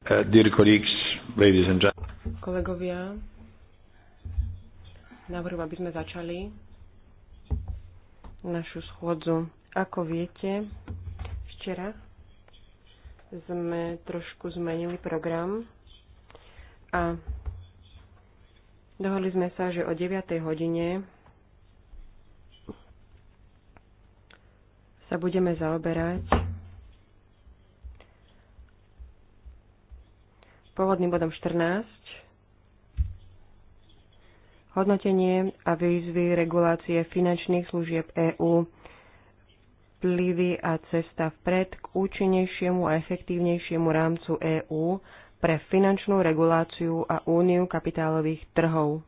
Uh, dear colleagues, ladies and gentlemen. Kolegovia, navrhujem, aby sme začali našu schôdzu. Ako viete, včera sme trošku zmenili program a dohodli sme sa, že o 9. hodine sa budeme zaoberať pôvodným bodom 14, hodnotenie a výzvy regulácie finančných služieb EÚ, vplyvy a cesta vpred k účinnejšiemu a efektívnejšiemu rámcu EÚ pre finančnú reguláciu a úniu kapitálových trhov.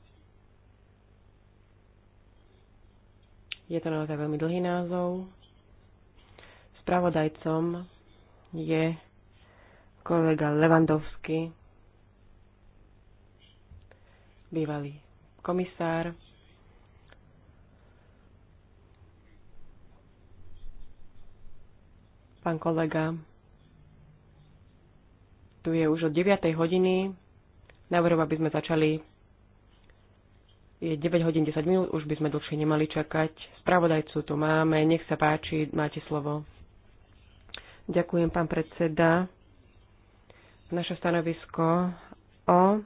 Je to naozaj veľmi dlhý názov. Spravodajcom je kolega Levandovský bývalý komisár. Pán kolega, tu je už od 9. hodiny. Navrhujem, aby sme začali. Je 9 hodín 10 minút, už by sme dlhšie nemali čakať. Spravodajcu tu máme, nech sa páči, máte slovo. Ďakujem, pán predseda. Naše stanovisko o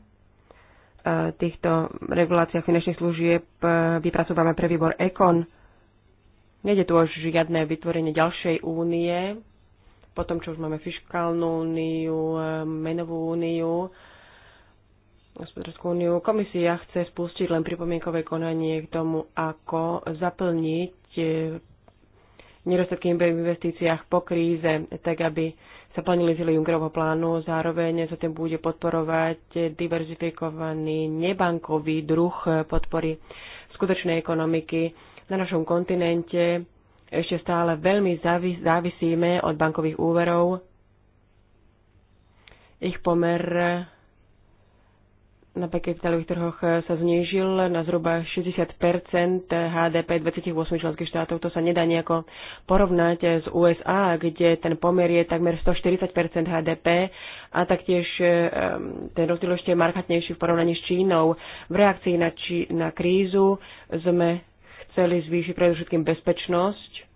týchto reguláciách finančných služieb e, vypracovávame pre výbor EKON. Nede tu o žiadne vytvorenie ďalšej únie, po tom, čo už máme fiskálnu úniu, e, menovú úniu, hospodárskú úniu. Komisia chce spustiť len pripomienkové konanie k tomu, ako zaplniť e, nedostatky v investíciách po kríze, tak aby sa plnili zile Junckerovho plánu, zároveň sa tým bude podporovať diverzifikovaný nebankový druh podpory skutočnej ekonomiky. Na našom kontinente ešte stále veľmi závisíme od bankových úverov. Ich pomer na kapitálových trhoch eh, sa znížil na zhruba 60 HDP 28 členských štátov. To sa nedá nejako porovnať eh, s USA, kde ten pomer je takmer 140 HDP a taktiež eh, ten rozdiel ešte je markantnejší v porovnaní s Čínou. V reakcii na, či- na krízu sme chceli zvýšiť predovšetkým bezpečnosť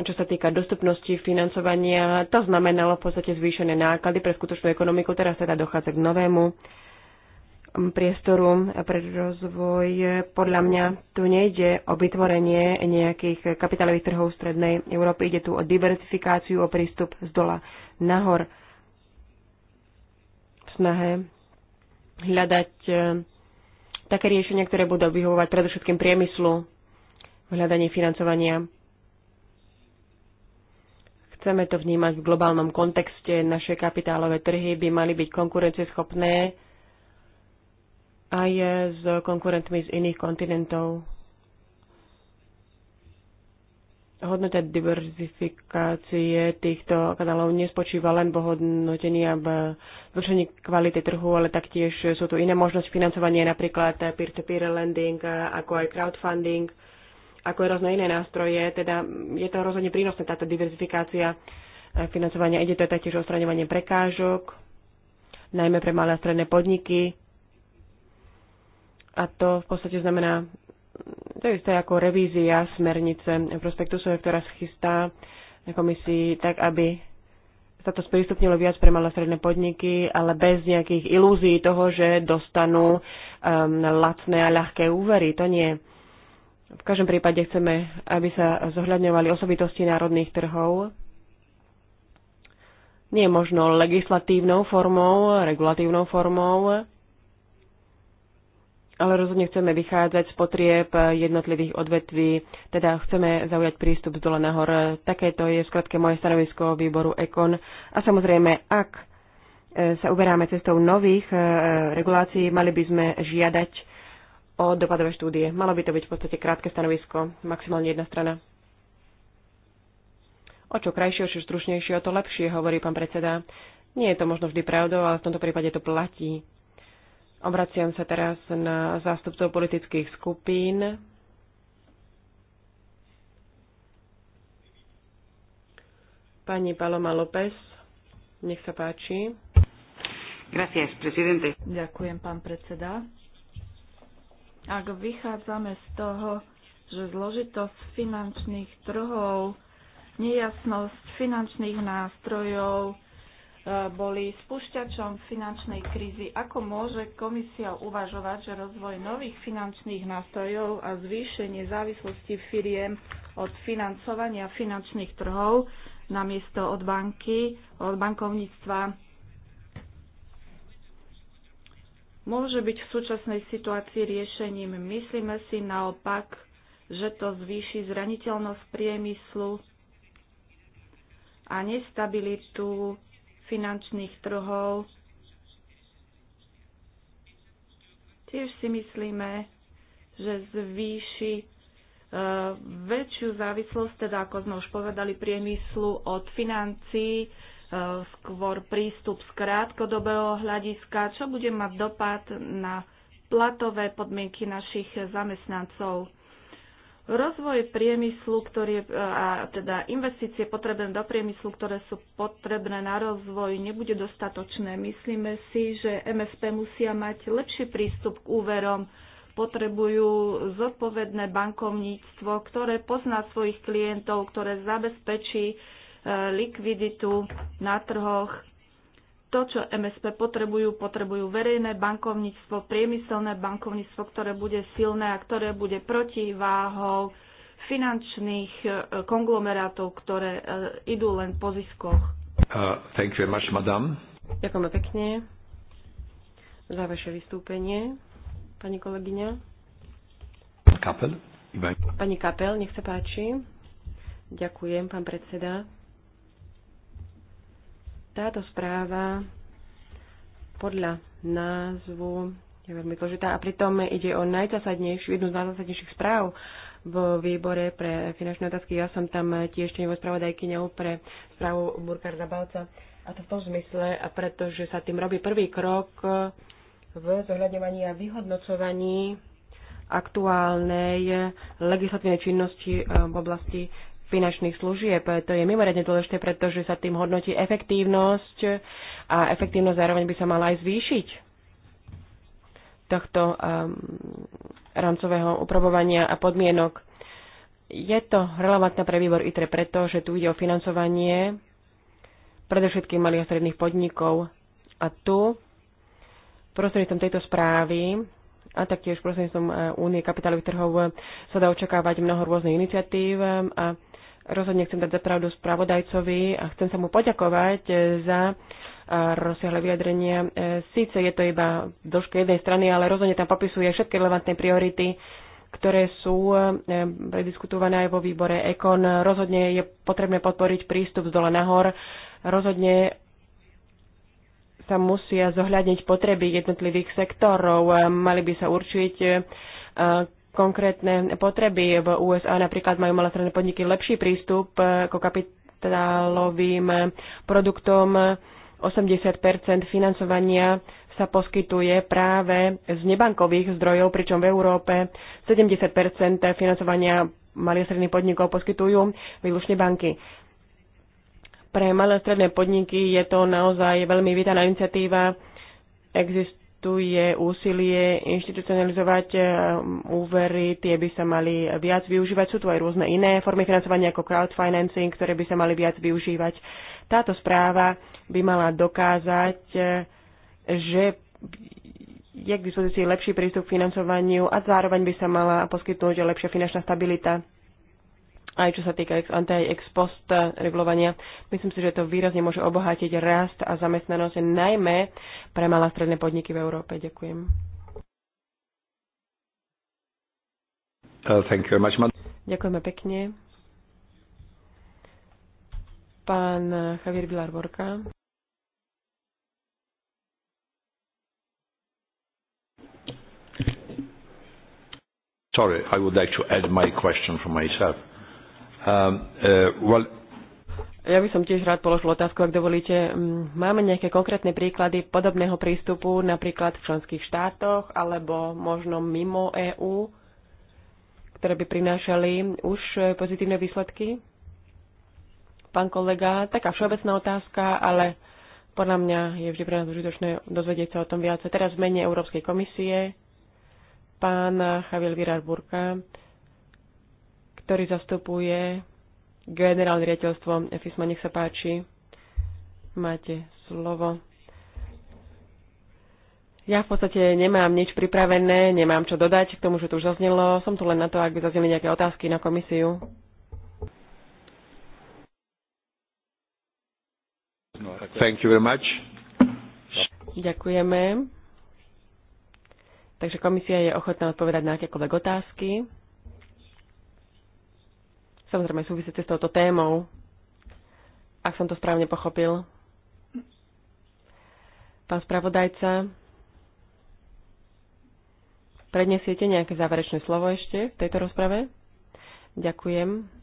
čo sa týka dostupnosti financovania, to znamenalo v podstate zvýšené náklady pre skutočnú ekonomiku. Teraz teda dochádza k novému priestoru pre rozvoj. Podľa mňa tu nejde o vytvorenie nejakých kapitálových trhov v Strednej Európy. Ide tu o diversifikáciu, o prístup z dola nahor v snahe hľadať eh, také riešenia, ktoré budú vyhovovať predovšetkým priemyslu v hľadaní financovania. Chceme to vnímať v globálnom kontexte. Naše kapitálové trhy by mali byť konkurencieschopné aj s konkurentmi z iných kontinentov. Hodnota diverzifikácie týchto kanálov nespočíva len v hodnotení a v kvality trhu, ale taktiež sú tu iné možnosti financovania, napríklad peer-to-peer -peer lending, ako aj crowdfunding, ako aj rôzne iné nástroje. Teda je to rozhodne prínosné táto diverzifikácia financovania. Ide to taktiež o prekážok, najmä pre malé a stredné podniky a to v podstate znamená to isté ako revízia smernice prospektu, ktorá schystá na komisii tak, aby sa to sprístupnilo viac pre malé stredné podniky, ale bez nejakých ilúzií toho, že dostanú um, lacné a ľahké úvery. To nie. V každom prípade chceme, aby sa zohľadňovali osobitosti národných trhov. Nie možno legislatívnou formou, regulatívnou formou, ale rozhodne chceme vychádzať z potrieb jednotlivých odvetví, teda chceme zaujať prístup z dole nahor. Takéto je v skratke moje stanovisko výboru EKON. A samozrejme, ak e, sa uberáme cestou nových e, regulácií, mali by sme žiadať o dopadové štúdie. Malo by to byť v podstate krátke stanovisko, maximálne jedna strana. O čo krajšie, o čo stručnejšie, o to lepšie, hovorí pán predseda. Nie je to možno vždy pravdou, ale v tomto prípade to platí. Obraciam sa teraz na zástupcov politických skupín. Pani Paloma López, nech sa páči. Gracias, presidente. Ďakujem, pán predseda. Ak vychádzame z toho, že zložitosť finančných trhov, nejasnosť finančných nástrojov, boli spúšťačom finančnej krízy. Ako môže komisia uvažovať, že rozvoj nových finančných nástrojov a zvýšenie závislosti firiem od financovania finančných trhov namiesto od banky, od bankovníctva môže byť v súčasnej situácii riešením. Myslíme si naopak, že to zvýši zraniteľnosť priemyslu a nestabilitu finančných trhov. Tiež si myslíme, že zvýši e, väčšiu závislosť, teda ako sme už povedali, priemyslu od financií, e, skôr prístup z krátkodobého hľadiska, čo bude mať dopad na platové podmienky našich zamestnancov. Rozvoj priemyslu, ktorý je, e, a teda investície potrebné do priemyslu, ktoré sú potrebné na rozvoj, nebude dostatočné. Myslíme si, že MSP musia mať lepší prístup k úverom, potrebujú zodpovedné bankovníctvo, ktoré pozná svojich klientov, ktoré zabezpečí e, likviditu na trhoch to, čo MSP potrebujú, potrebujú verejné bankovníctvo, priemyselné bankovníctvo, ktoré bude silné a ktoré bude protiváhou finančných e, konglomerátov, ktoré e, idú len po ziskoch. Uh, thank you very much, madam. Ďakujeme pekne za vaše vystúpenie, pani kolegyňa. Kapel? Pani Kapel, nech sa páči. Ďakujem, pán predseda. Táto správa podľa názvu je veľmi zložitá a pritom ide o najzásadnejšiu, jednu z najzásadnejších správ v výbore pre finančné otázky. Ja som tam tiež tenovou spravodajkyňou pre správu Burkar Zabalca. A to v tom zmysle, a pretože sa tým robí prvý krok v zohľadňovaní a vyhodnocovaní aktuálnej legislatívnej činnosti v oblasti finančných služieb. To je mimoriadne dôležité, pretože sa tým hodnotí efektívnosť a efektívnosť zároveň by sa mala aj zvýšiť tohto um, rámcového upravovania a podmienok. Je to relevantné pre výbor ITRE preto, že tu ide o financovanie predovšetkým malých a stredných podnikov a tu prostredníctvom tejto správy a taktiež prostredníctvom uh, Únie kapitálových trhov sa dá očakávať mnoho rôznych iniciatív um, a Rozhodne chcem dať zapravdu spravodajcovi a chcem sa mu poďakovať eh, za eh, rozsiahle vyjadrenia. Eh, síce je to iba dĺžka dĺžke jednej strany, ale rozhodne tam popisuje všetky relevantné priority, ktoré sú prediskutované aj vo výbore EKON. Rozhodne je potrebné podporiť prístup z dole nahor. Rozhodne sa musia zohľadniť potreby jednotlivých sektorov. Mali by sa určiť, konkrétne potreby. V USA napríklad majú malé stredné podniky lepší prístup eh, k kapitálovým eh, produktom. 80 financovania sa poskytuje práve z nebankových zdrojov, pričom v Európe 70 financovania malých stredných podnikov poskytujú výlučne banky. Pre malé stredné podniky je to naozaj veľmi vítaná iniciatíva. Exist, tu je úsilie inštitucionalizovať eh, úvery, tie by sa mali viac využívať. Sú tu aj rôzne iné formy financovania ako crowdfinancing, ktoré by sa mali viac využívať. Táto správa by mala dokázať, eh, že je k dispozícii lepší prístup k financovaniu a zároveň by sa mala poskytnúť lepšia finančná stabilita aj čo sa týka ex ante aj ex post eh, regulovania. Myslím si, že to výrazne môže obohatiť rast a zamestnanosť, najmä pre malé stredné podniky v Európe. Ďakujem. Uh, thank you very much. Ďakujeme pekne. Pán eh, Javier Vilar Borka. Sorry, I would like to add my question for myself. Um, uh, well... Ja by som tiež rád položil otázku, ak dovolíte. Mm, máme nejaké konkrétne príklady podobného prístupu napríklad v členských štátoch alebo možno mimo EÚ, ktoré by prinášali už pozitívne výsledky? Pán kolega, taká všeobecná otázka, ale podľa mňa je vždy pre nás užitočné dozvedieť sa o tom viac. Teraz v mene Európskej komisie pán Javier Virar Burka ktorý zastupuje generálne riaditeľstvo FISMA. Nech sa páči, máte slovo. Ja v podstate nemám nič pripravené, nemám čo dodať k tomu, že to už zaznelo. Som tu len na to, ak by zazneli nejaké otázky na komisiu. Thank you very much. Ďakujeme. Takže komisia je ochotná odpovedať na akékoľvek otázky samozrejme súvisíte s touto témou, ak som to správne pochopil. Pán spravodajca, prednesiete nejaké záverečné slovo ešte v tejto rozprave? Ďakujem.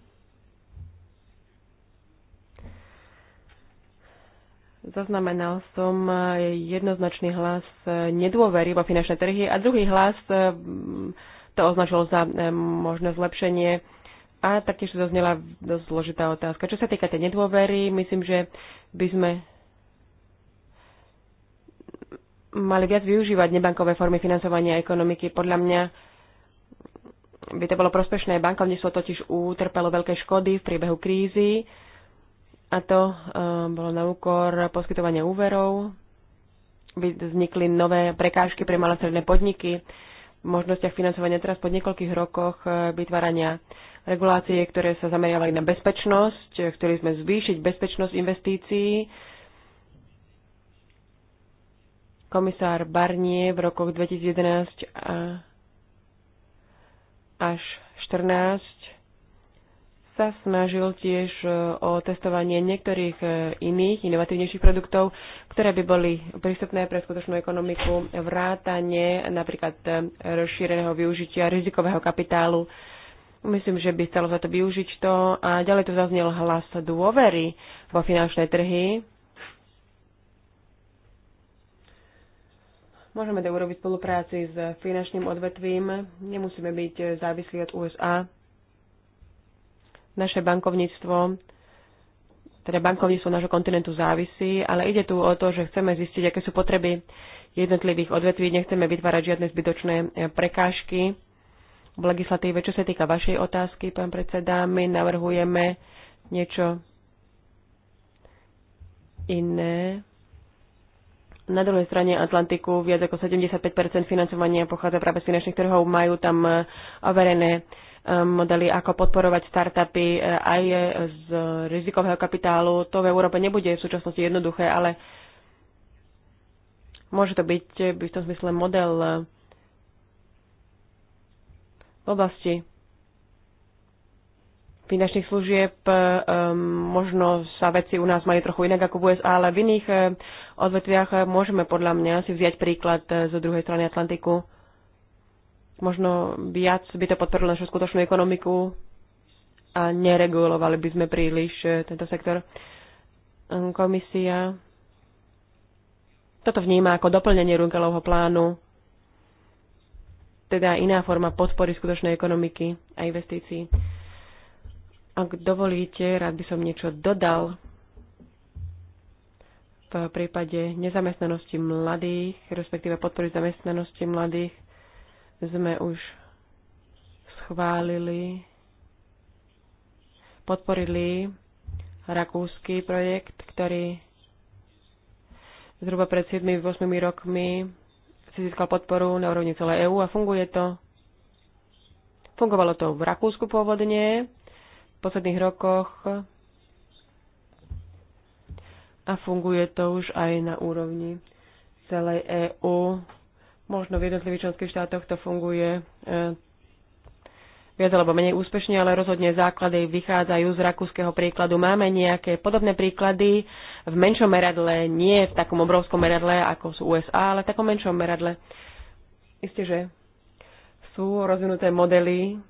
Zaznamenal som jednoznačný hlas nedôvery vo finančné trhy a druhý hlas mm, to označil za mm, možné zlepšenie a taktiež zaznela dosť zložitá otázka. Čo sa týka tej nedôvery, myslím, že by sme mali viac využívať nebankové formy financovania ekonomiky. Podľa mňa by to bolo prospešné. Bankovníctvo totiž utrpelo veľké škody v priebehu krízy a to eh, bolo na úkor poskytovania úverov. Vznikli nové prekážky pre malé stredné podniky v možnostiach financovania teraz po niekoľkých rokoch eh, vytvárania regulácie, ktoré sa zameriavali na bezpečnosť, chceli sme zvýšiť bezpečnosť investícií. Komisár Barnier v rokoch 2011 a až 14 sa snažil tiež e, o testovanie niektorých e, iných inovatívnejších produktov, ktoré by boli prístupné pre skutočnú ekonomiku, vrátanie napríklad e, rozšíreného využitia rizikového kapitálu, Myslím, že by stalo za to využiť to. A ďalej tu zaznel hlas dôvery vo finančné trhy. Môžeme to urobiť spolupráci s finančným odvetvím. Nemusíme byť závislí od USA. Naše bankovníctvo, teda bankovníctvo nášho kontinentu závisí, ale ide tu o to, že chceme zistiť, aké sú potreby jednotlivých odvetví. Nechceme vytvárať žiadne zbytočné prekážky v legislatíve. Čo sa týka vašej otázky, pán predseda, my navrhujeme niečo iné. Na druhej strane Atlantiku viac ako 75 financovania pochádza práve z finančných trhov. Majú tam e, overené e, modely, ako podporovať startupy e, aj z rizikového kapitálu. To v Európe nebude v súčasnosti jednoduché, ale môže to byť by v tom smysle model v oblasti finančných služieb e, možno sa veci u nás majú trochu inak ako v USA, ale v iných e, odvetviach môžeme podľa mňa si vziať príklad e, zo druhej strany Atlantiku. Možno viac by to podporilo našu skutočnú ekonomiku a neregulovali by sme príliš tento sektor. Komisia toto vníma ako doplnenie Runkelovho plánu teda iná forma podpory skutočnej ekonomiky a investícií. Ak dovolíte, rád by som niečo dodal. V prípade nezamestnanosti mladých, respektíve podpory zamestnanosti mladých, sme už schválili, podporili rakúsky projekt, ktorý zhruba pred 7-8 rokmi si získal podporu na úrovni celé EÚ a funguje to. Fungovalo to v Rakúsku pôvodne, v posledných rokoch a funguje to už aj na úrovni celej EÚ. Možno v jednotlivých členských štátoch to funguje e, viac alebo menej úspešne, ale rozhodne základy vychádzajú z rakúskeho príkladu. Máme nejaké podobné príklady v menšom meradle, nie v takom obrovskom meradle, ako sú USA, ale v takom menšom meradle. Isté, že sú rozvinuté modely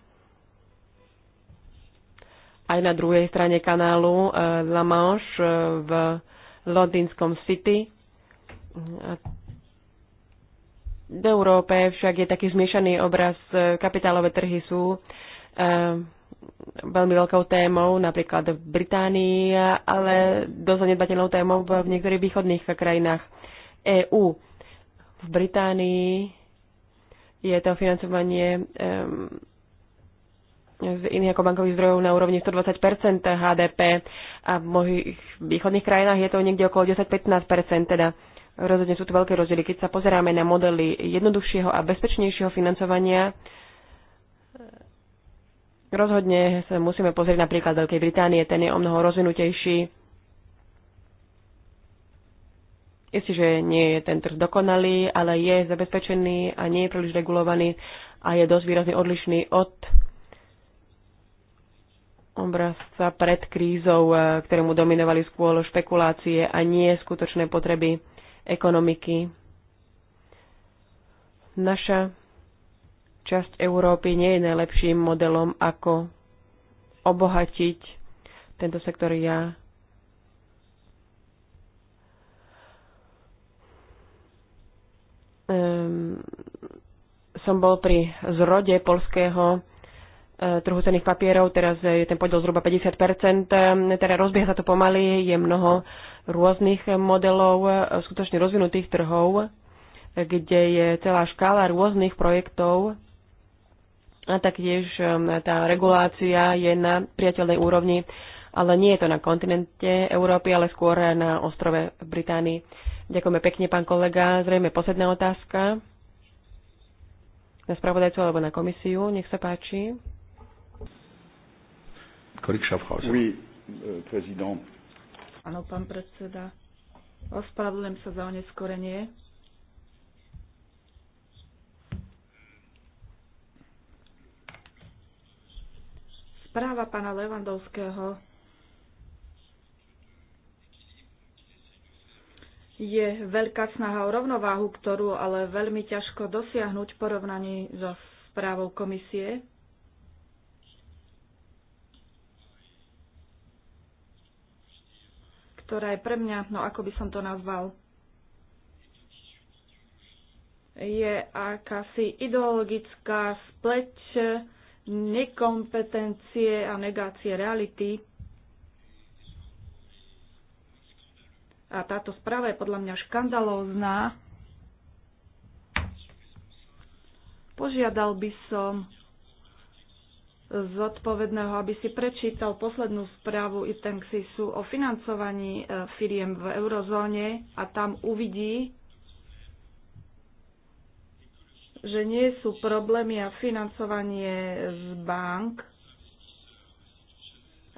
aj na druhej strane kanálu eh, La Manche eh, v londýnskom City. A v Európe však je taký zmiešaný obraz. E, kapitálové trhy sú e, veľmi veľkou témou, napríklad v Británii, ale dosť zanedbateľnou témou v niektorých východných krajinách EÚ. V Británii je to financovanie z iných ako bankových zdrojov na úrovni 120 HDP a v mnohých východných krajinách je to niekde okolo 10-15 teda Rozhodne sú tu veľké rozdiely. Keď sa pozeráme na modely jednoduchšieho a bezpečnejšieho financovania, rozhodne sa musíme pozrieť napríklad Veľkej Británie, ten je o mnoho rozvinutejší. Isté, že nie je ten trh dokonalý, ale je zabezpečený a nie je príliš regulovaný a je dosť výrazne odlišný od obrazca pred krízou, eh, ktorému dominovali skôr špekulácie a nie skutočné potreby ekonomiky. Naša časť Európy nie je najlepším modelom, ako obohatiť tento sektor. Ja um, som bol pri zrode polského e, trhu cených papierov, teraz je ten podiel zhruba 50%, teda rozbieha sa to pomaly, je mnoho rôznych modelov e, skutočne rozvinutých trhov, e, kde je celá škála rôznych projektov a taktiež e, tá regulácia je na priateľnej úrovni, ale nie je to na kontinente Európy, ale skôr na ostrove Británii. Ďakujeme pekne, pán kolega. Zrejme posledná otázka na spravodajcu alebo na komisiu. Nech sa páči. Kolik Schaffhauser. Oui, euh, président. Áno, pán predseda. Ospravedlňujem sa za oneskorenie. Správa pána Levandovského je veľká snaha o rovnováhu, ktorú ale veľmi ťažko dosiahnuť v porovnaní so správou komisie. ktorá je pre mňa, no ako by som to nazval, je akási ideologická spleť nekompetencie a negácie reality. A táto správa je podľa mňa škandalózna. Požiadal by som zodpovedného, aby si prečítal poslednú správu ITENXISu o financovaní e, firiem v eurozóne a tam uvidí, že nie sú problémy a financovanie z bank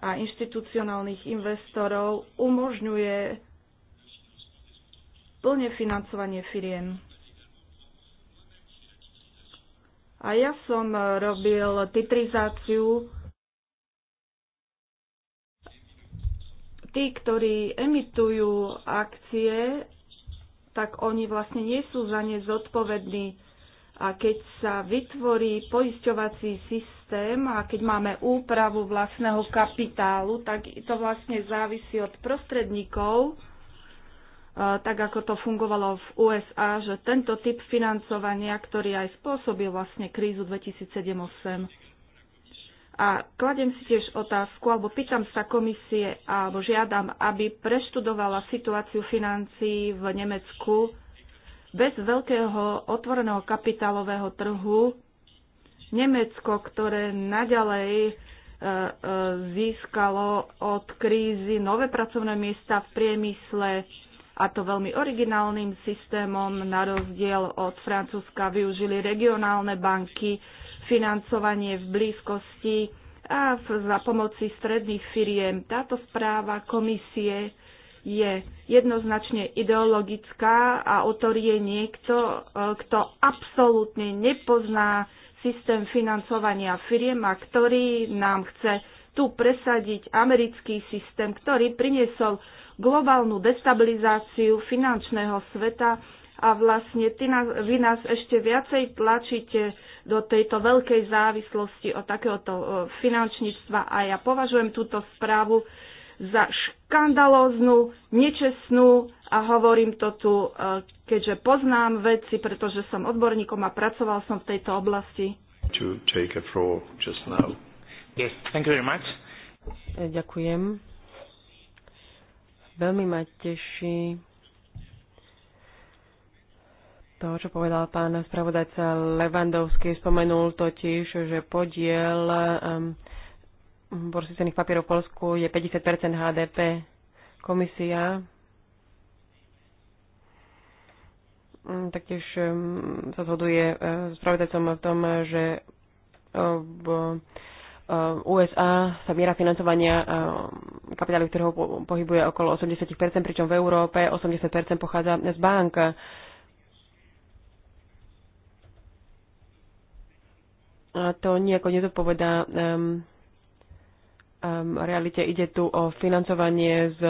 a inštitucionálnych investorov umožňuje plne financovanie firiem. A ja som e, robil titrizáciu tí, ktorí emitujú akcie, tak oni vlastne nie sú za ne zodpovední. A keď sa vytvorí poisťovací systém a keď máme úpravu vlastného kapitálu, tak to vlastne závisí od prostredníkov, E, tak ako to fungovalo v USA, že tento typ financovania, ktorý aj spôsobil vlastne krízu 2007-2008. A kladem si tiež otázku, alebo pýtam sa komisie, alebo žiadam, aby preštudovala situáciu financií v Nemecku bez veľkého otvoreného kapitálového trhu. Nemecko, ktoré naďalej e, e, získalo od krízy nové pracovné miesta v priemysle, a to veľmi originálnym systémom. Na rozdiel od Francúzska využili regionálne banky, financovanie v blízkosti a za pomoci stredných firiem. Táto správa komisie je jednoznačne ideologická a autor je niekto, e, kto absolútne nepozná systém financovania firiem a ktorý nám chce tu presadiť americký systém, ktorý priniesol globálnu destabilizáciu finančného sveta a vlastne ty nás, vy nás ešte viacej tlačíte do tejto veľkej závislosti od takéhoto e, finančníctva a ja považujem túto správu za škandalóznu, nečestnú a hovorím to tu, e, keďže poznám veci, pretože som odborníkom a pracoval som v tejto oblasti. To take a just now. Yes, thank you very much. E, ďakujem. Veľmi ma teší to, čo povedal pán spravodajca Levandovský. Spomenul totiž, že podiel um, borsicených papierov v Polsku je 50 HDP. Komisia taktiež um, sa zhoduje e, s spravodajcom v tom, že e, v Eh, USA sa miera financovania eh, kapitálu trhov pohybuje okolo 80%, pričom v Európe 80% pochádza z bank. A to nejako nedopovedá um, um, realite. Ide tu o financovanie z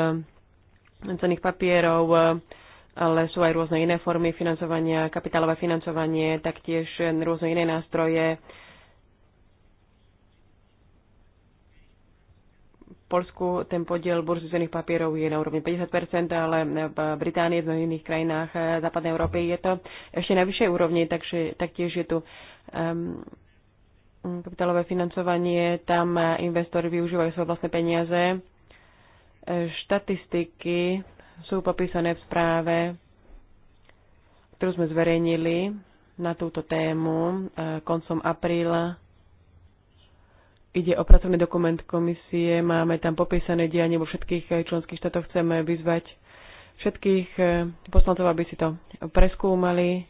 cených papierov, ale sú aj rôzne iné formy financovania, kapitálové financovanie, taktiež rôzne iné nástroje, Polsku ten podiel cených papierov je na úrovni 50%, ale v Británii, v mnohých iných krajinách eh, západnej Európy je to ešte na vyššej úrovni, takže taktiež je tu um, kapitálové financovanie, tam eh, investori využívajú svoje vlastné peniaze. Eh, štatistiky sú popísané v správe, ktorú sme zverejnili na túto tému koncom apríla Ide o pracovný dokument komisie, máme tam popísané dianie vo všetkých eh, členských štátoch, chceme vyzvať všetkých eh, poslancov, aby si to preskúmali.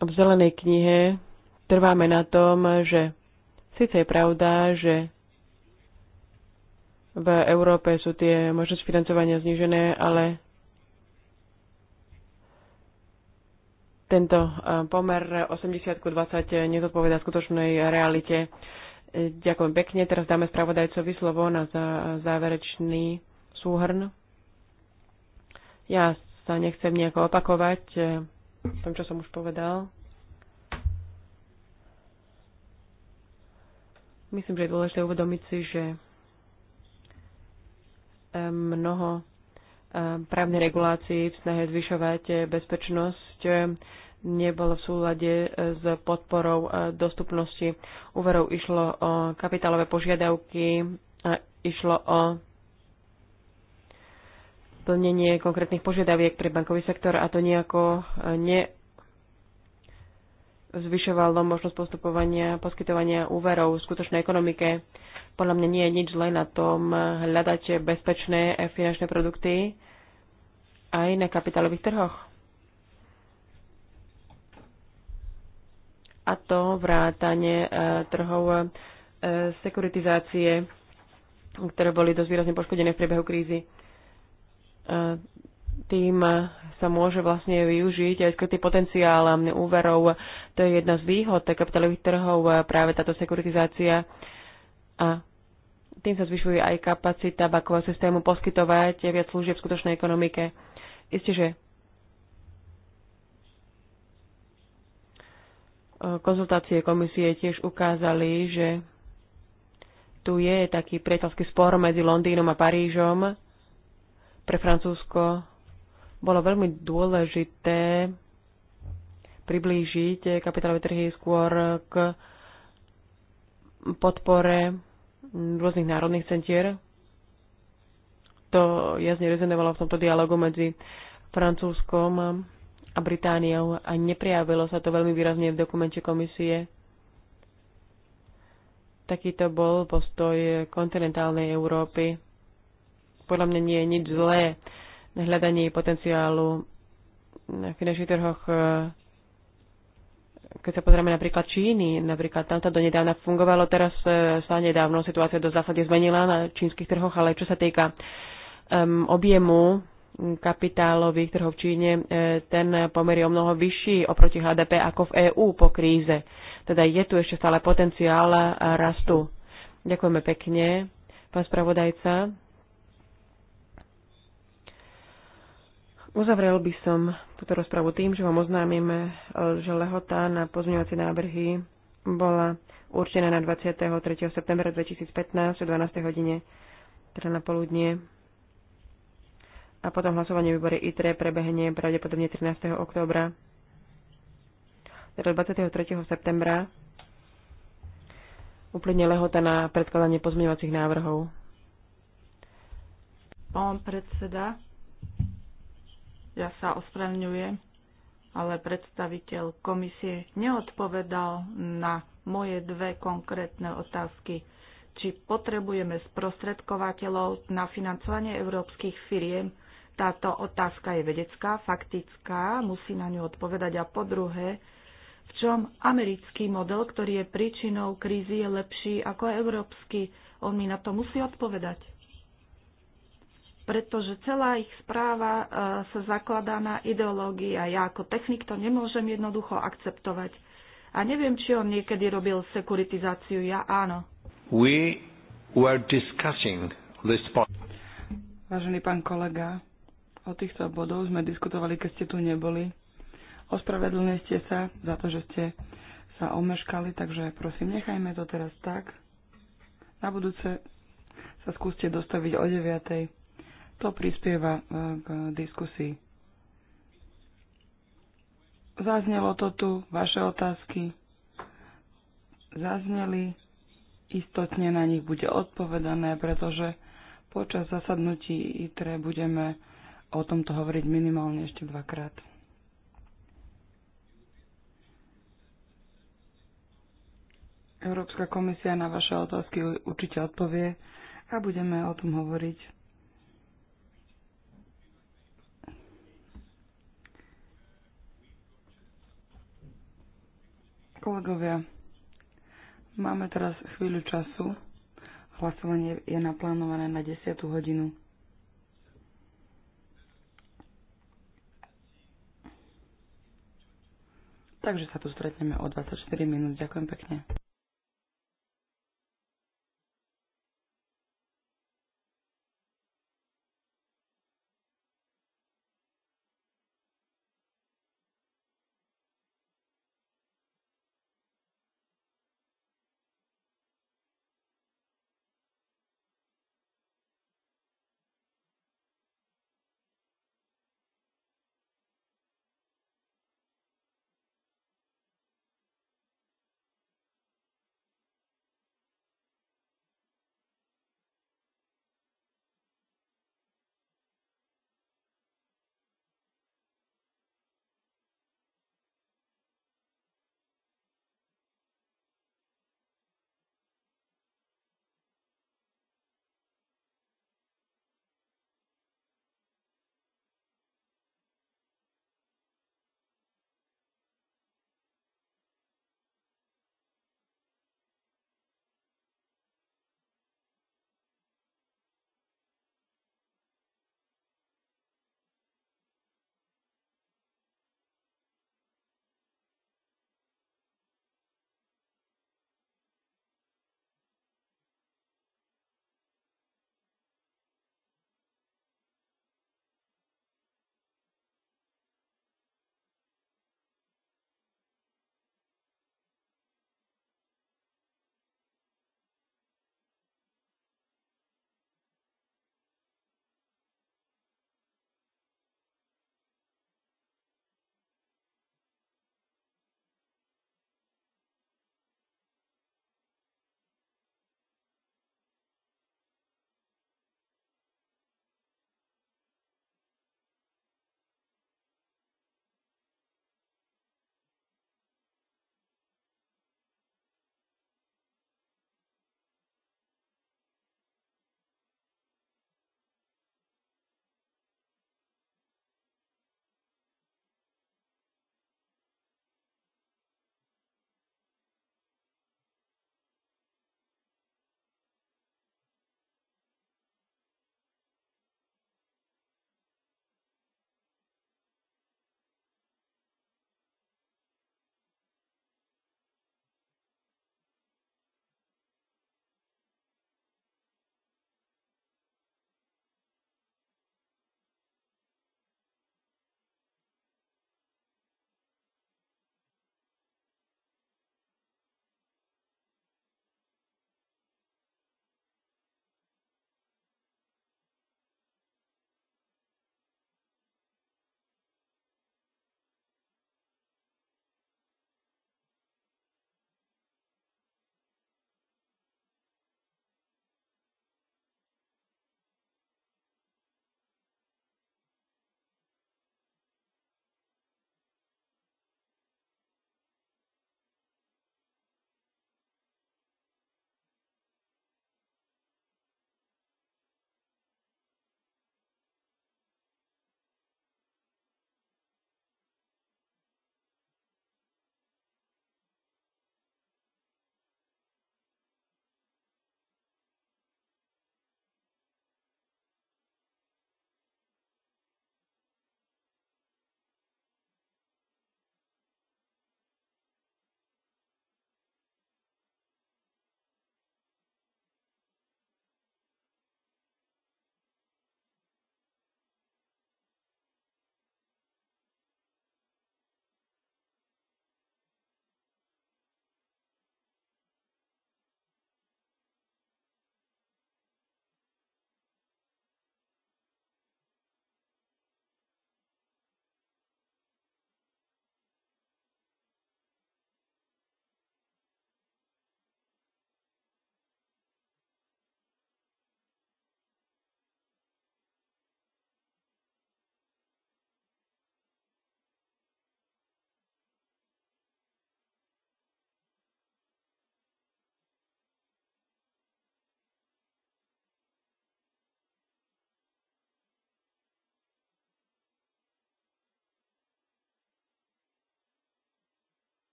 V zelenej knihe trváme na tom, že síce je pravda, že v Európe sú tie možnosti financovania znižené, ale Tento e, pomer 80 ku 20 nezodpoveda skutočnej realite. E, ďakujem pekne. Teraz dáme spravodajcovi slovo na záverečný súhrn. Ja sa nechcem nejako opakovať e, v tom, čo som už povedal. Myslím, že je dôležité uvedomiť si, že mnoho právnej regulácii v snahe zvyšovať bezpečnosť eh, nebolo v súlade eh, s podporou eh, dostupnosti úverov. Išlo o kapitálové požiadavky, išlo o plnenie konkrétnych požiadaviek pre bankový sektor a to nejako ne zvyšovalo možnosť postupovania, poskytovania úverov v skutočnej ekonomike. Podľa mňa nie je nič zlé na tom hľadať bezpečné finančné produkty aj na kapitálových trhoch. A to vrátanie e, trhov e, sekuritizácie, ktoré boli dosť výrazne poškodené v priebehu krízy. E, tým sa môže vlastne využiť aj skrytý potenciál úverov. To je jedna z výhod kapitálových trhov, práve táto sekuritizácia a tým sa zvyšuje aj kapacita bankového systému poskytovať viac služieb v skutočnej ekonomike. Isté, že e, konzultácie komisie tiež ukázali, že tu je taký priateľský spor medzi Londýnom a Parížom. Pre Francúzsko bolo veľmi dôležité priblížiť kapitálové trhy skôr k podpore rôznych národných centier. To jasne rezonovalo v tomto dialogu medzi Francúzskom a Britániou a neprijavilo sa to veľmi výrazne v dokumente komisie. Takýto bol postoj kontinentálnej Európy. Podľa mňa nie je nič zlé na hľadanie potenciálu na finančných trhoch keď sa pozrieme napríklad Číny, napríklad tam to donedávna fungovalo, teraz e, sa nedávno situácia do zásade zmenila na čínskych trhoch, ale čo sa týka um, objemu kapitálových trhov v Číne, e, ten pomer je o mnoho vyšší oproti HDP ako v EÚ po kríze. Teda je tu ešte stále potenciál rastu. Ďakujeme pekne, pán spravodajca. Uzavrel by som túto rozpravu tým, že vám oznámim, e, že lehota na pozmeňovacie návrhy bola určená na 23. septembra 2015 o 12. hodine, teda na poludnie. A potom hlasovanie výbory ITRE prebehne pravdepodobne 13. októbra. Teda 23. septembra uplynie lehota na predkladanie pozmeňovacích návrhov. Pán predseda, ja sa ospravňujem, ale predstaviteľ komisie neodpovedal na moje dve konkrétne otázky. Či potrebujeme sprostredkovateľov na financovanie európskych firiem? Táto otázka je vedecká, faktická, musí na ňu odpovedať. A po druhé, v čom americký model, ktorý je príčinou krízy, je lepší ako európsky? On mi na to musí odpovedať pretože celá ich správa e, sa zakladá na ideológii a ja ako technik to nemôžem jednoducho akceptovať. A neviem, či on niekedy robil sekuritizáciu, ja áno. We were discussing this point. Vážený pán kolega, o týchto bodoch sme diskutovali, keď ste tu neboli. Ospravedlňujem ste sa za to, že ste sa omeškali, takže prosím, nechajme to teraz tak. Na budúce sa skúste dostaviť o 9. To prispieva e, k diskusii. Zaznelo to tu, vaše otázky zazneli, istotne na nich bude odpovedané, pretože počas zasadnutí ITRE budeme o tomto hovoriť minimálne ešte dvakrát. Európska komisia na vaše otázky určite odpovie a budeme o tom hovoriť. Kolegovia, máme teraz chvíľu času. Hlasovanie je naplánované na 10. hodinu. Takže sa tu stretneme o 24 minút. Ďakujem pekne.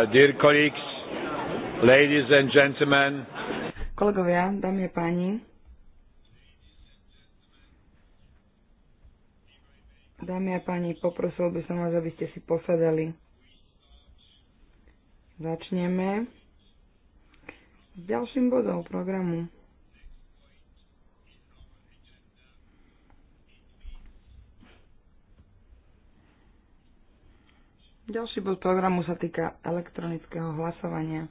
Uh, dear colleagues, ladies and gentlemen. Kolegovia, dámy a páni. Dámy a páni, poprosil by som vás, aby ste si posadali. Začneme s ďalším bodom programu. Ďalší bod programu sa týka elektronického hlasovania.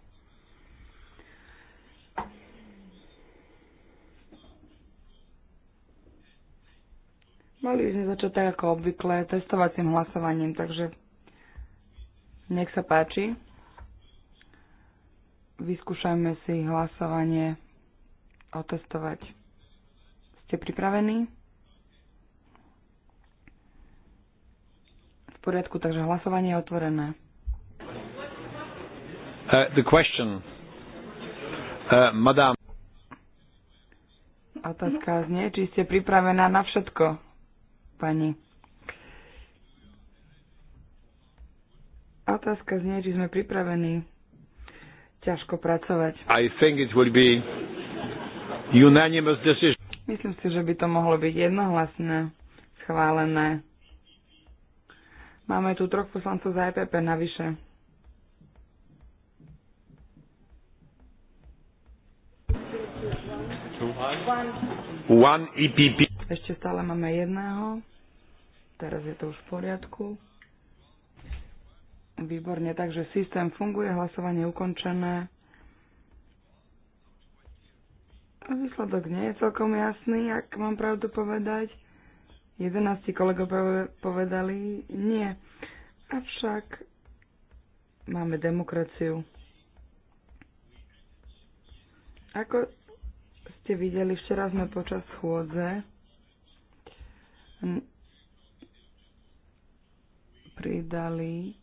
Mali by sme začať tak ako obvykle, testovacím hlasovaním, takže nech sa páči. Vyskúšajme si hlasovanie otestovať. Ste pripravení? poriadku, takže hlasovanie je otvorené. Uh, the question. Uh, madame. Otázka znie, či ste pripravená na všetko, pani. Otázka znie, či sme pripravení ťažko pracovať. I think it will be unanimous decision. Myslím si, že by to mohlo byť jednohlasné, schválené. Máme tu troch poslancov za EPP navyše. One EPP. Ešte stále máme jedného. Teraz je to už v poriadku. Výborne, takže systém funguje, hlasovanie ukončené. Výsledok nie je celkom jasný, ak mám pravdu povedať. 11 kolegov povedali nie. Avšak máme demokraciu. Ako ste videli, včera sme počas chôdze pridali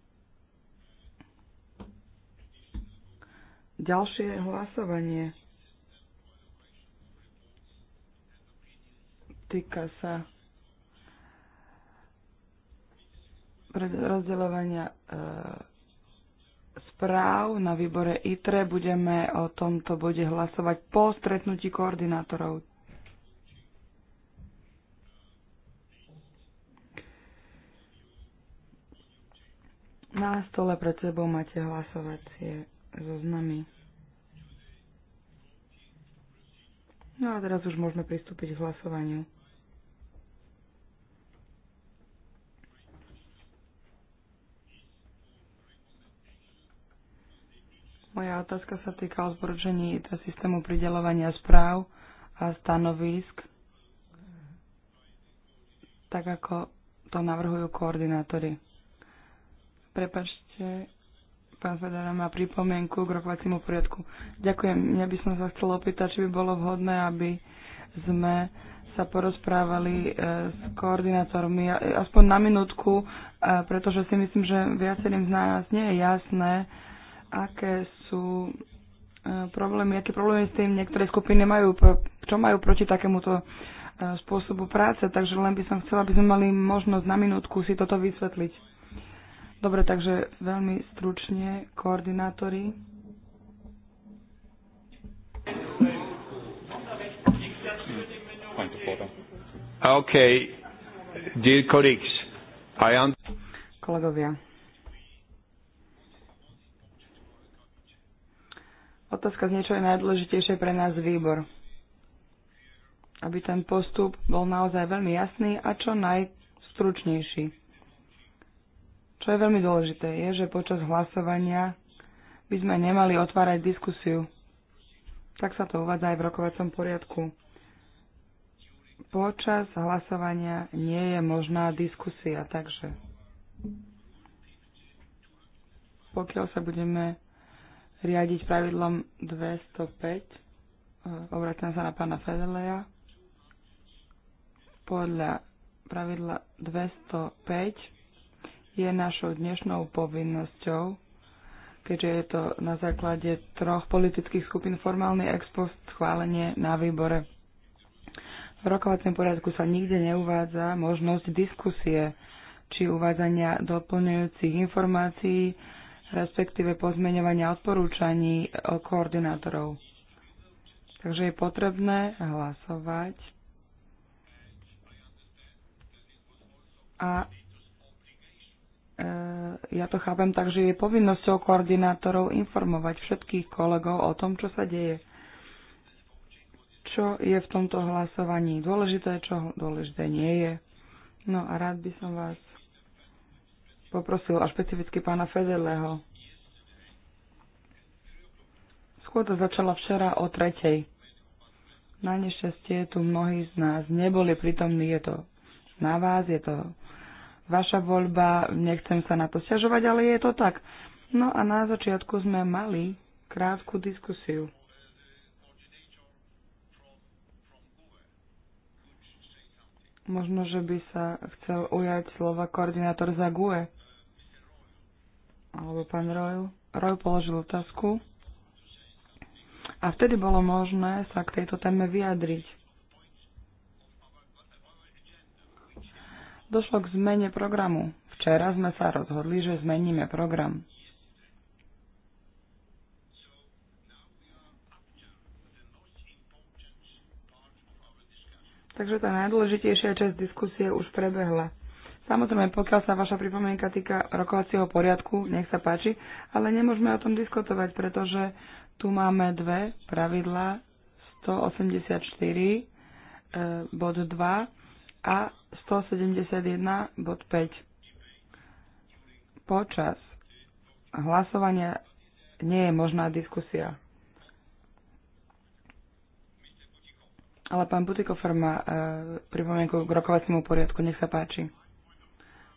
ďalšie hlasovanie. Týka sa rozdeľovania e, správ na výbore ITRE. Budeme o tomto bode hlasovať po stretnutí koordinátorov. Na stole pred sebou máte hlasovacie zoznamy. No a teraz už môžeme pristúpiť k hlasovaniu. Moja otázka sa týka odporúčení systému pridelovania správ a stanovisk, tak ako to navrhujú koordinátori. Prepačte, pán Federa má pripomienku k rokovaciemu poriadku. Ďakujem. Ja by som sa chcela opýtať, či by bolo vhodné, aby sme sa porozprávali e, s koordinátormi, e, aspoň na minútku, e, pretože si myslím, že viacerým z nás nie je jasné, aké sú e, problémy, aké problémy s tým niektoré skupiny majú, čo majú proti takémuto e, spôsobu práce, takže len by som chcela, aby sme mali možnosť na minútku si toto vysvetliť. Dobre, takže veľmi stručne koordinátori. Okay, dear colleagues, I am... Kolegovia, Otázka z niečo je najdôležitejšie pre nás výbor. Aby ten postup bol naozaj veľmi jasný a čo najstručnejší. Čo je veľmi dôležité, je, že počas hlasovania by sme nemali otvárať diskusiu. Tak sa to uvádza aj v rokovacom poriadku. Počas hlasovania nie je možná diskusia, takže pokiaľ sa budeme riadiť pravidlom 205. E, obraciam sa na pána Fedeleja. Podľa pravidla 205 je našou dnešnou povinnosťou, keďže je to na základe troch politických skupín formálny expost schválenie na výbore. V rokovacom poriadku sa nikde neuvádza možnosť diskusie či uvádzania doplňujúcich informácií, respektíve pozmeňovania odporúčaní e, koordinátorov. Takže je potrebné hlasovať a e, ja to chápem tak, že je povinnosťou koordinátorov informovať všetkých kolegov o tom, čo sa deje. Čo je v tomto hlasovaní dôležité, čo dôležité nie je. No a rád by som vás poprosil a špecificky pána Federleho. Schôdza začala včera o tretej. Na nešťastie tu mnohí z nás neboli pritomní, je to na vás, je to vaša voľba, nechcem sa na to sťažovať, ale je to tak. No a na začiatku sme mali krátku diskusiu. Možno, že by sa chcel ujať slova koordinátor za GUE alebo pán Roju, Roju položil otázku a vtedy bolo možné sa k tejto téme vyjadriť. Došlo k zmene programu. Včera sme sa rozhodli, že zmeníme program. Takže tá najdôležitejšia časť diskusie už prebehla. Samozrejme, pokiaľ sa vaša pripomienka týka rokovacieho poriadku, nech sa páči, ale nemôžeme o tom diskutovať, pretože tu máme dve pravidlá 184 eh, bod 2 a 171 bod 5. Počas hlasovania nie je možná diskusia. Ale pán Butikofer má e, eh, pripomienku k rokovaciemu poriadku. Nech sa páči.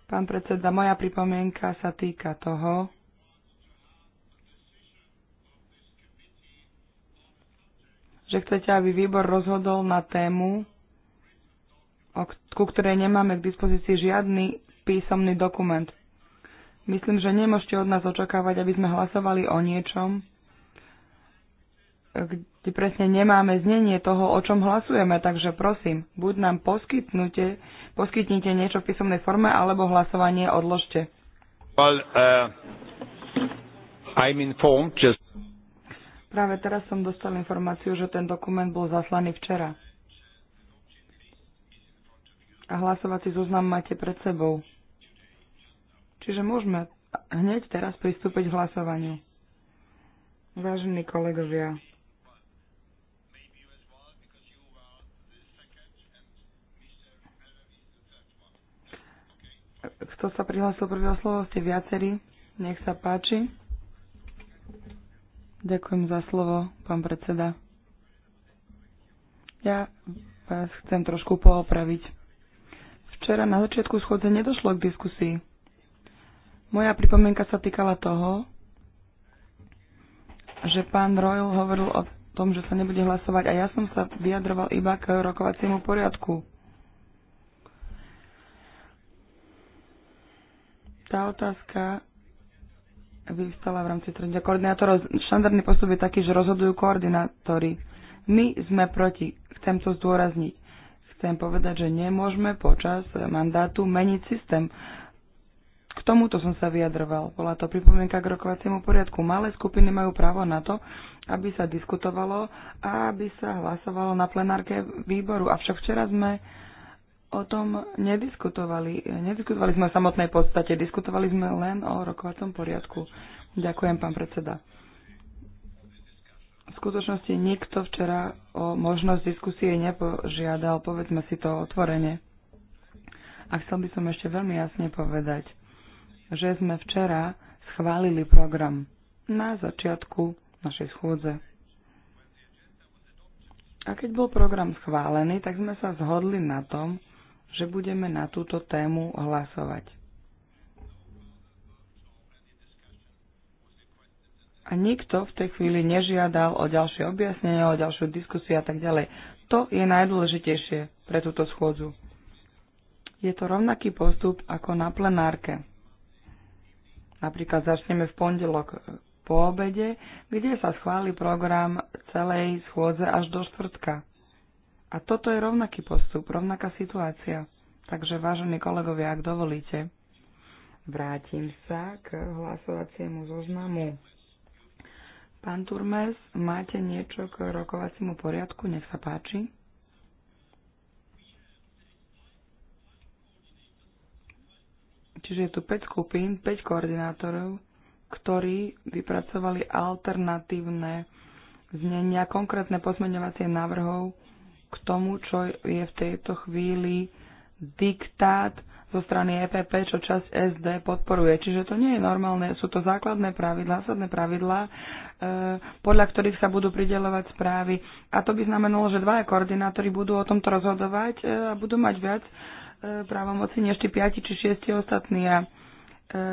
Pán predseda, moja pripomienka sa týka toho, že chcete, aby výbor rozhodol na tému, ku ktorej nemáme k dispozícii žiadny písomný dokument. Myslím, že nemôžete od nás očakávať, aby sme hlasovali o niečom, kde presne nemáme znenie toho, o čom hlasujeme, takže prosím, buď nám poskytnite, poskytnite niečo v písomnej forme, alebo hlasovanie odložte. Well, uh, I'm informed just... Práve teraz som dostal informáciu, že ten dokument bol zaslaný včera. A hlasovací zoznam máte pred sebou. Čiže môžeme hneď teraz pristúpiť k hlasovaniu. Vážení kolegovia, Kto sa prihlásil prvého slovo? Ste viacerí? Nech sa páči. Ďakujem za slovo, pán predseda. Ja vás chcem trošku poopraviť. Včera na začiatku schodze nedošlo k diskusii. Moja pripomienka sa týkala toho, že pán Royal hovoril o tom, že sa nebude hlasovať a ja som sa vyjadroval iba k rokovaciemu poriadku. Tá otázka vyvstala v rámci trendia koordinátorov. Štandardný postup je taký, že rozhodujú koordinátori. My sme proti. Chcem to zdôrazniť. Chcem povedať, že nemôžeme počas mandátu meniť systém. K tomuto som sa vyjadroval. Bola to pripomienka k rokovaciemu poriadku. Malé skupiny majú právo na to, aby sa diskutovalo a aby sa hlasovalo na plenárke výboru. Avšak včera sme o tom nediskutovali. Nediskutovali sme o samotnej podstate, diskutovali sme len o rokovacom poriadku. Ďakujem, pán predseda. V skutočnosti nikto včera o možnosť diskusie nepožiadal, povedzme si to otvorene. A chcel by som ešte veľmi jasne povedať, že sme včera schválili program na začiatku našej schôdze. A keď bol program schválený, tak sme sa zhodli na tom, že budeme na túto tému hlasovať. A nikto v tej chvíli nežiadal o ďalšie objasnenia, o ďalšiu diskusiu a tak ďalej. To je najdôležitejšie pre túto schôdzu. Je to rovnaký postup ako na plenárke. Napríklad začneme v pondelok po obede, kde sa schváli program celej schôdze až do štvrtka. A toto je rovnaký postup, rovnaká situácia. Takže, vážení kolegovia, ak dovolíte, vrátim sa k hlasovaciemu zoznamu. Pán Turmes, máte niečo k rokovaciemu poriadku? Nech sa páči. Čiže je tu 5 skupín, 5 koordinátorov, ktorí vypracovali alternatívne znenia, konkrétne pozmeňovacie návrhov k tomu, čo je v tejto chvíli diktát zo strany EPP, čo časť SD podporuje. Čiže to nie je normálne, sú to základné pravidlá, zásadné pravidlá, e, podľa ktorých sa budú pridelovať správy. A to by znamenalo, že dvaja koordinátori budú o tomto rozhodovať e, a budú mať viac e, právomoci než tí piati či šiesti ostatní. A e,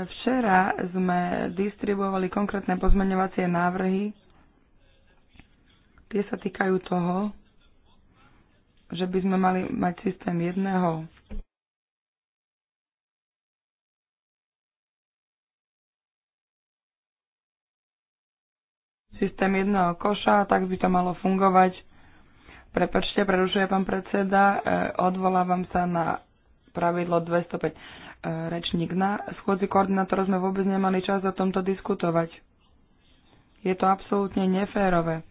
včera sme distribuovali konkrétne pozmeňovacie návrhy. Tie sa týkajú toho, že by sme mali mať systém jedného systém jedného koša, tak by to malo fungovať. Prepačte, prerušuje pán predseda, e, odvolávam sa na pravidlo 205 e, rečník. Na schôdzi koordinátora sme vôbec nemali čas o tomto diskutovať. Je to absolútne neférové.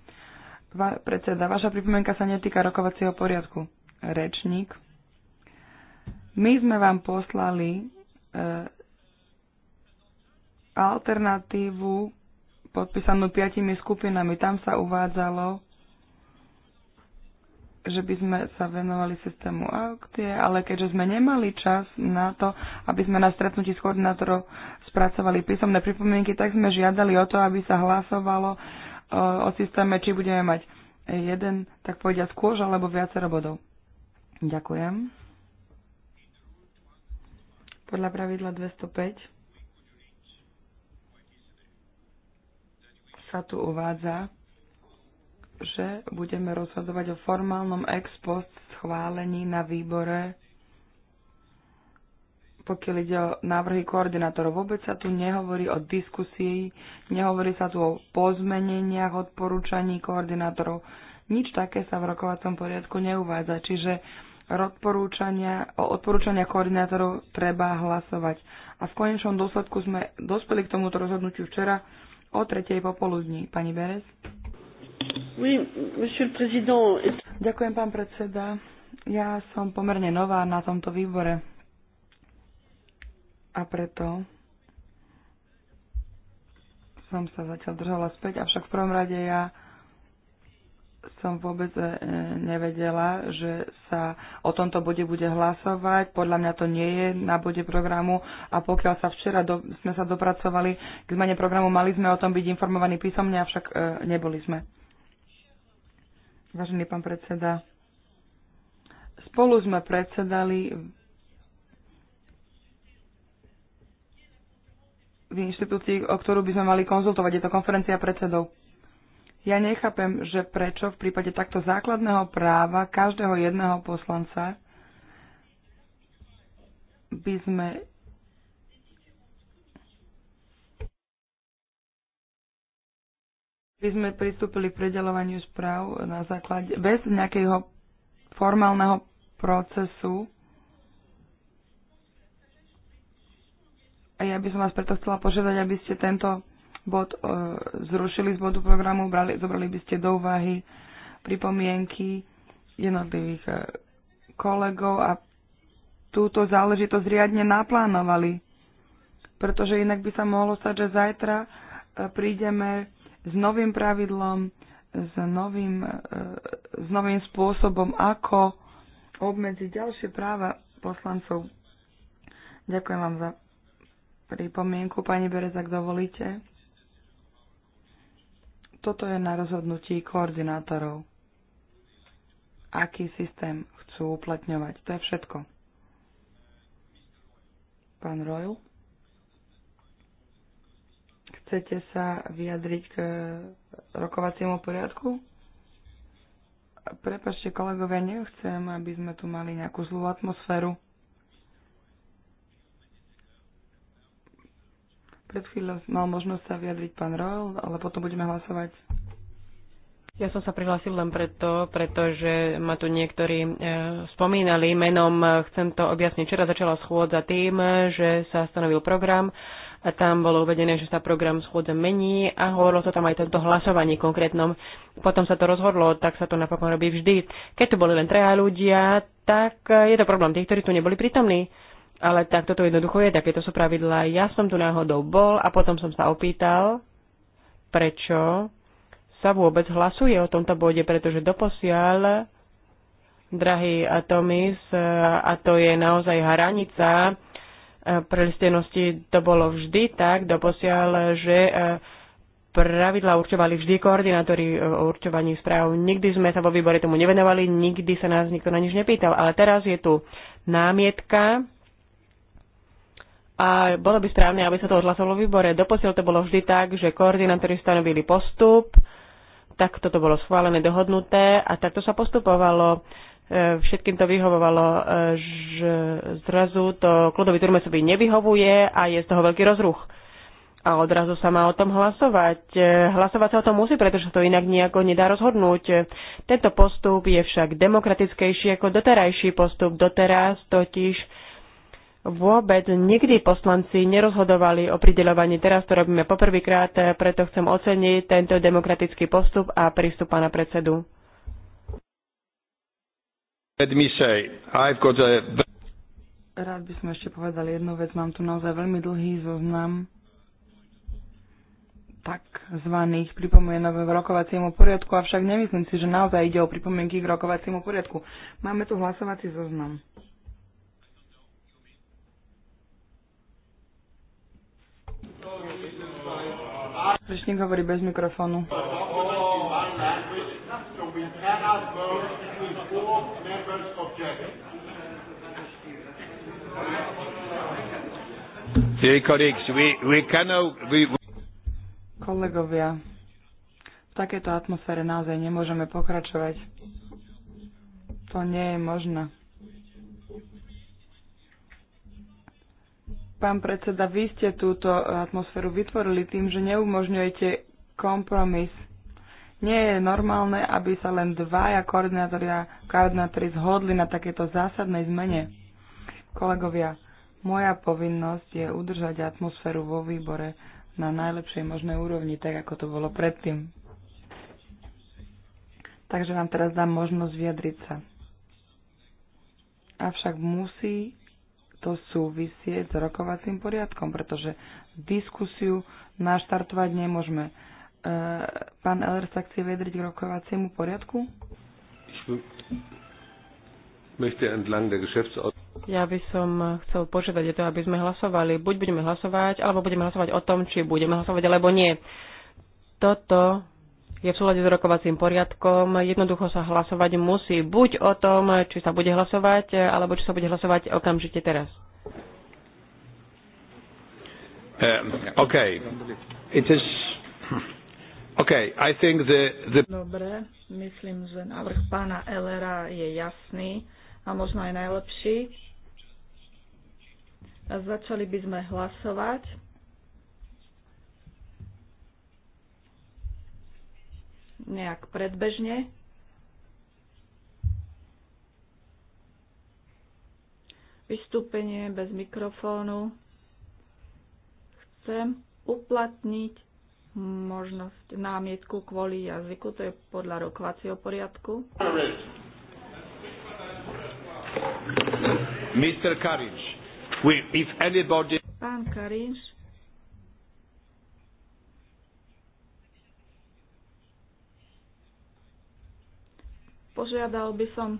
Va, predseda, vaša pripomienka sa netýka rokovacieho poriadku. Rečník. My sme vám poslali e, alternatívu podpísanú piatimi skupinami. Tam sa uvádzalo, že by sme sa venovali systému aukcie, ale keďže sme nemali čas na to, aby sme na stretnutí s koordinátorom spracovali písomné pripomienky, tak sme žiadali o to, aby sa hlasovalo o systéme, či budeme mať jeden, tak povediať, skôr, alebo viacero bodov. Ďakujem. Podľa pravidla 205 sa tu uvádza, že budeme rozhodovať o formálnom ex post schválení na výbore pokiaľ ide o návrhy koordinátorov. Vôbec sa tu nehovorí o diskusii, nehovorí sa tu o pozmeneniach, odporúčaní koordinátorov. Nič také sa v rokovacom poriadku neuvádza, čiže odporúčania, o odporúčania koordinátorov treba hlasovať. A v konečnom dôsledku sme dospeli k tomuto rozhodnutiu včera o tretej popoludní. Pani Beres? Oui, monsieur le président. Ďakujem, pán predseda. Ja som pomerne nová na tomto výbore a preto som sa zatiaľ držala späť, avšak v prvom rade ja som vôbec e, nevedela, že sa o tomto bode bude hlasovať. Podľa mňa to nie je na bode programu a pokiaľ sa včera do, sme sa dopracovali k zmene programu, mali sme o tom byť informovaní písomne, avšak e, neboli sme. Vážený pán predseda, spolu sme predsedali v inštitúcii, o ktorú by sme mali konzultovať. Je to konferencia predsedov. Ja nechápem, že prečo v prípade takto základného práva každého jedného poslanca by sme by sme pristúpili k predelovaniu správ na základe bez nejakého formálneho procesu A ja by som vás preto chcela požiadať, aby ste tento bod e, zrušili z bodu programu, brali, zobrali by ste do úvahy pripomienky jednotlivých e, kolegov a túto záležitosť riadne naplánovali. Pretože inak by sa mohlo stať, že zajtra e, prídeme s novým pravidlom, s novým, e, s novým spôsobom, ako obmedziť ďalšie práva poslancov. Ďakujem vám za pripomienku, pani Berez, ak dovolíte. Toto je na rozhodnutí koordinátorov. Aký systém chcú uplatňovať. To je všetko. Pán Royal? Chcete sa vyjadriť k rokovaciemu poriadku? Prepačte, kolegovia, nechcem, aby sme tu mali nejakú zlú atmosféru. Pred chvíľou mal možnosť sa vyjadriť pán Roel, ale potom budeme hlasovať. Ja som sa prihlásil len preto, pretože ma tu niektorí e, spomínali menom, chcem to objasniť. Včera začala schôdza tým, že sa stanovil program a tam bolo uvedené, že sa program schôdze mení a hovorilo to tam aj toto hlasovanie konkrétnom. Potom sa to rozhodlo, tak sa to napokon robí vždy. Keď tu boli len treja ľudia, tak e, je to problém tých, ktorí tu neboli prítomní. Ale tak toto jednoducho je, takéto sú pravidlá. Ja som tu náhodou bol a potom som sa opýtal, prečo sa vôbec hlasuje o tomto bode, pretože doposiaľ, drahý atomis, a to je naozaj hranica e, prelistenosti, to bolo vždy tak, doposiaľ, že e, pravidla určovali vždy koordinátori e, o určovaní správ. Nikdy sme sa vo výbore tomu nevenovali, nikdy sa nás nikto na nič nepýtal. Ale teraz je tu námietka a bolo by správne, aby sa to odhlasovalo v výbore. Doposiaľ to bolo vždy tak, že koordinátori stanovili postup, tak toto bolo schválené, dohodnuté a takto sa postupovalo. E, všetkým to vyhovovalo, e, že zrazu to Klodovi Turmesovi nevyhovuje a je z toho veľký rozruch. A odrazu sa má o tom hlasovať. E, hlasovať sa o tom musí, pretože to inak nejako nedá rozhodnúť. Tento postup je však demokratickejší ako doterajší postup. Doteraz totiž Vôbec nikdy poslanci nerozhodovali o prideľovaní. Teraz to robíme poprvýkrát, preto chcem oceniť tento demokratický postup a prístup pána predsedu. Rád by som ešte povedal jednu vec. Mám tu naozaj veľmi dlhý zoznam takzvaných pripomienok v rokovaciemu poriadku, avšak nemyslím si, že naozaj ide o pripomienky k rokovaciemu poriadku. Máme tu hlasovací zoznam. Rečník hovorí bez mikrofónu. Kolegovia, v takéto atmosfére naozaj nemôžeme pokračovať. To nie je možné. Pán predseda, vy ste túto atmosféru vytvorili tým, že neumožňujete kompromis. Nie je normálne, aby sa len dvaja koordinátori a koordinátori zhodli na takéto zásadnej zmene. Kolegovia, moja povinnosť je udržať atmosféru vo výbore na najlepšej možnej úrovni, tak ako to bolo predtým. Takže vám teraz dám možnosť vyjadriť sa. Avšak musí to súvisie s rokovacím poriadkom, pretože diskusiu naštartovať nemôžeme. E, pán Eller sa chce vedriť k rokovaciemu poriadku? Ja by som chcel požiadať to, aby sme hlasovali. Buď budeme hlasovať, alebo budeme hlasovať o tom, či budeme hlasovať, alebo nie. Toto je v súlade s rokovacím poriadkom. Jednoducho sa hlasovať musí buď o tom, či sa bude hlasovať, alebo či sa bude hlasovať okamžite teraz. Um, OK. It is... OK, I think the, the... Dobre, myslím, že návrh pána Elera je jasný a možno aj najlepší. Začali by sme hlasovať. nejak predbežne. Vystúpenie bez mikrofónu. Chcem uplatniť možnosť námietku kvôli jazyku, to je podľa rokovacieho poriadku. Mr. Karinč, if anybody... Pán Karinč, Požiadal by som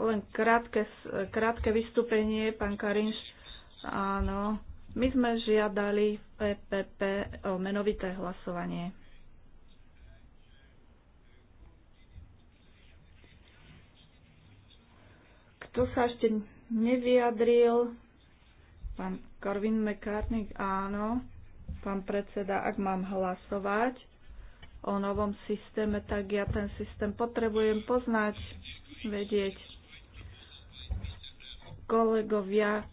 len krátke, krátke vystúpenie, pán Karinš. Áno, my sme žiadali v PPP o menovité hlasovanie. Kto sa ešte nevyjadril? Pán Corvin McCartney, áno. Pán predseda, ak mám hlasovať, o novom systéme, tak ja ten systém potrebujem poznať, vedieť. Kolegovia,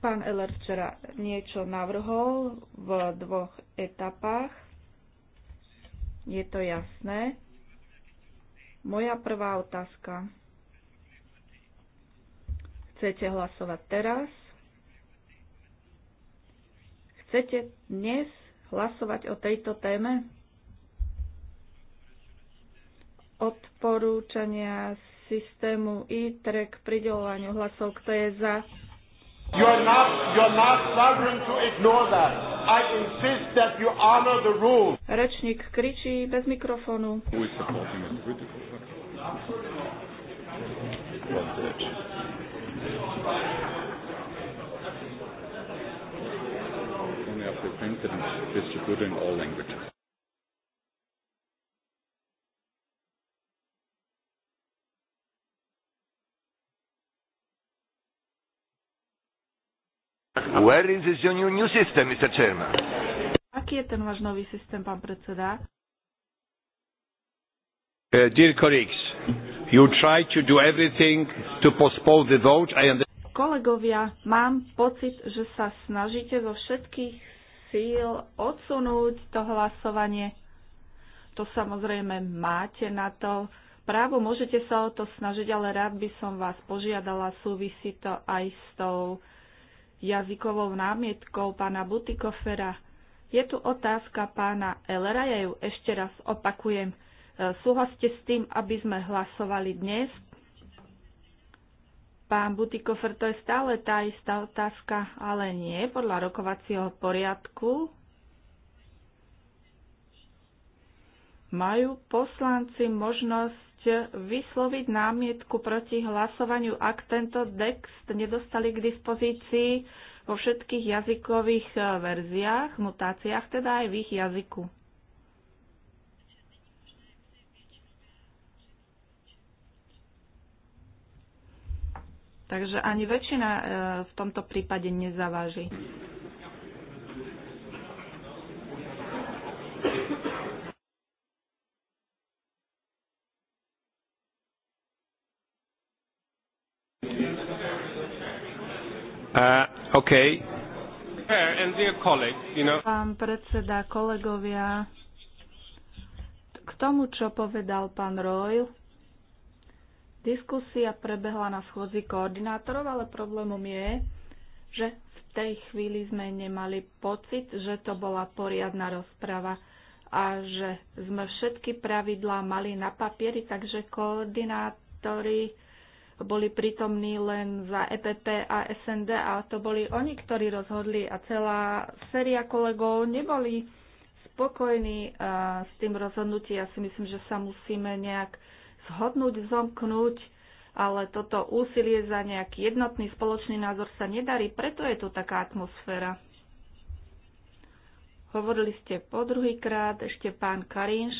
pán Eller včera niečo navrhol v dvoch etapách. Je to jasné. Moja prvá otázka. Chcete hlasovať teraz? Chcete dnes hlasovať o tejto téme? odporúčania systému ITRE k pridelovaniu hlasov. Kto je za? you Rečník kričí bez mikrofónu. Only after printed and distributed in all languages. Where is this your new, new system, Mr. Chairman? Aký je ten váš nový systém, pán predseda? Uh, dear colleagues, you try to do everything to postpone the vote. I understand kolegovia, mám pocit, že sa snažíte zo všetkých síl odsunúť to hlasovanie. To samozrejme máte na to právo, môžete sa o to snažiť, ale rád by som vás požiadala, súvisí to aj s tou jazykovou námietkou pána Butikofera. Je tu otázka pána Elera, ja ju ešte raz opakujem. E, súhlaste s tým, aby sme hlasovali dnes? Pán Butikofer, to je stále tá istá otázka, ale nie podľa rokovacieho poriadku. Majú poslanci možnosť vysloviť námietku proti hlasovaniu, ak tento text nedostali k dispozícii vo všetkých jazykových e, verziách, mutáciách, teda aj v ich jazyku. Takže ani väčšina e, v tomto prípade nezaváži. Uh, OK. And dear colleagues, you know... Pán predseda, kolegovia, k tomu, čo povedal pán Royal, diskusia prebehla na schôdzi koordinátorov, ale problémom je, že v tej chvíli sme nemali pocit, že to bola poriadna rozprava a že sme všetky pravidlá mali na papieri, takže koordinátori boli prítomní len za EPP a SND a to boli oni, ktorí rozhodli a celá séria kolegov neboli spokojní eh, s tým rozhodnutím. Ja si myslím, že sa musíme nejak zhodnúť, zomknúť, ale toto úsilie za nejaký jednotný spoločný názor sa nedarí, preto je tu taká atmosféra. Hovorili ste po druhýkrát ešte pán Karinš.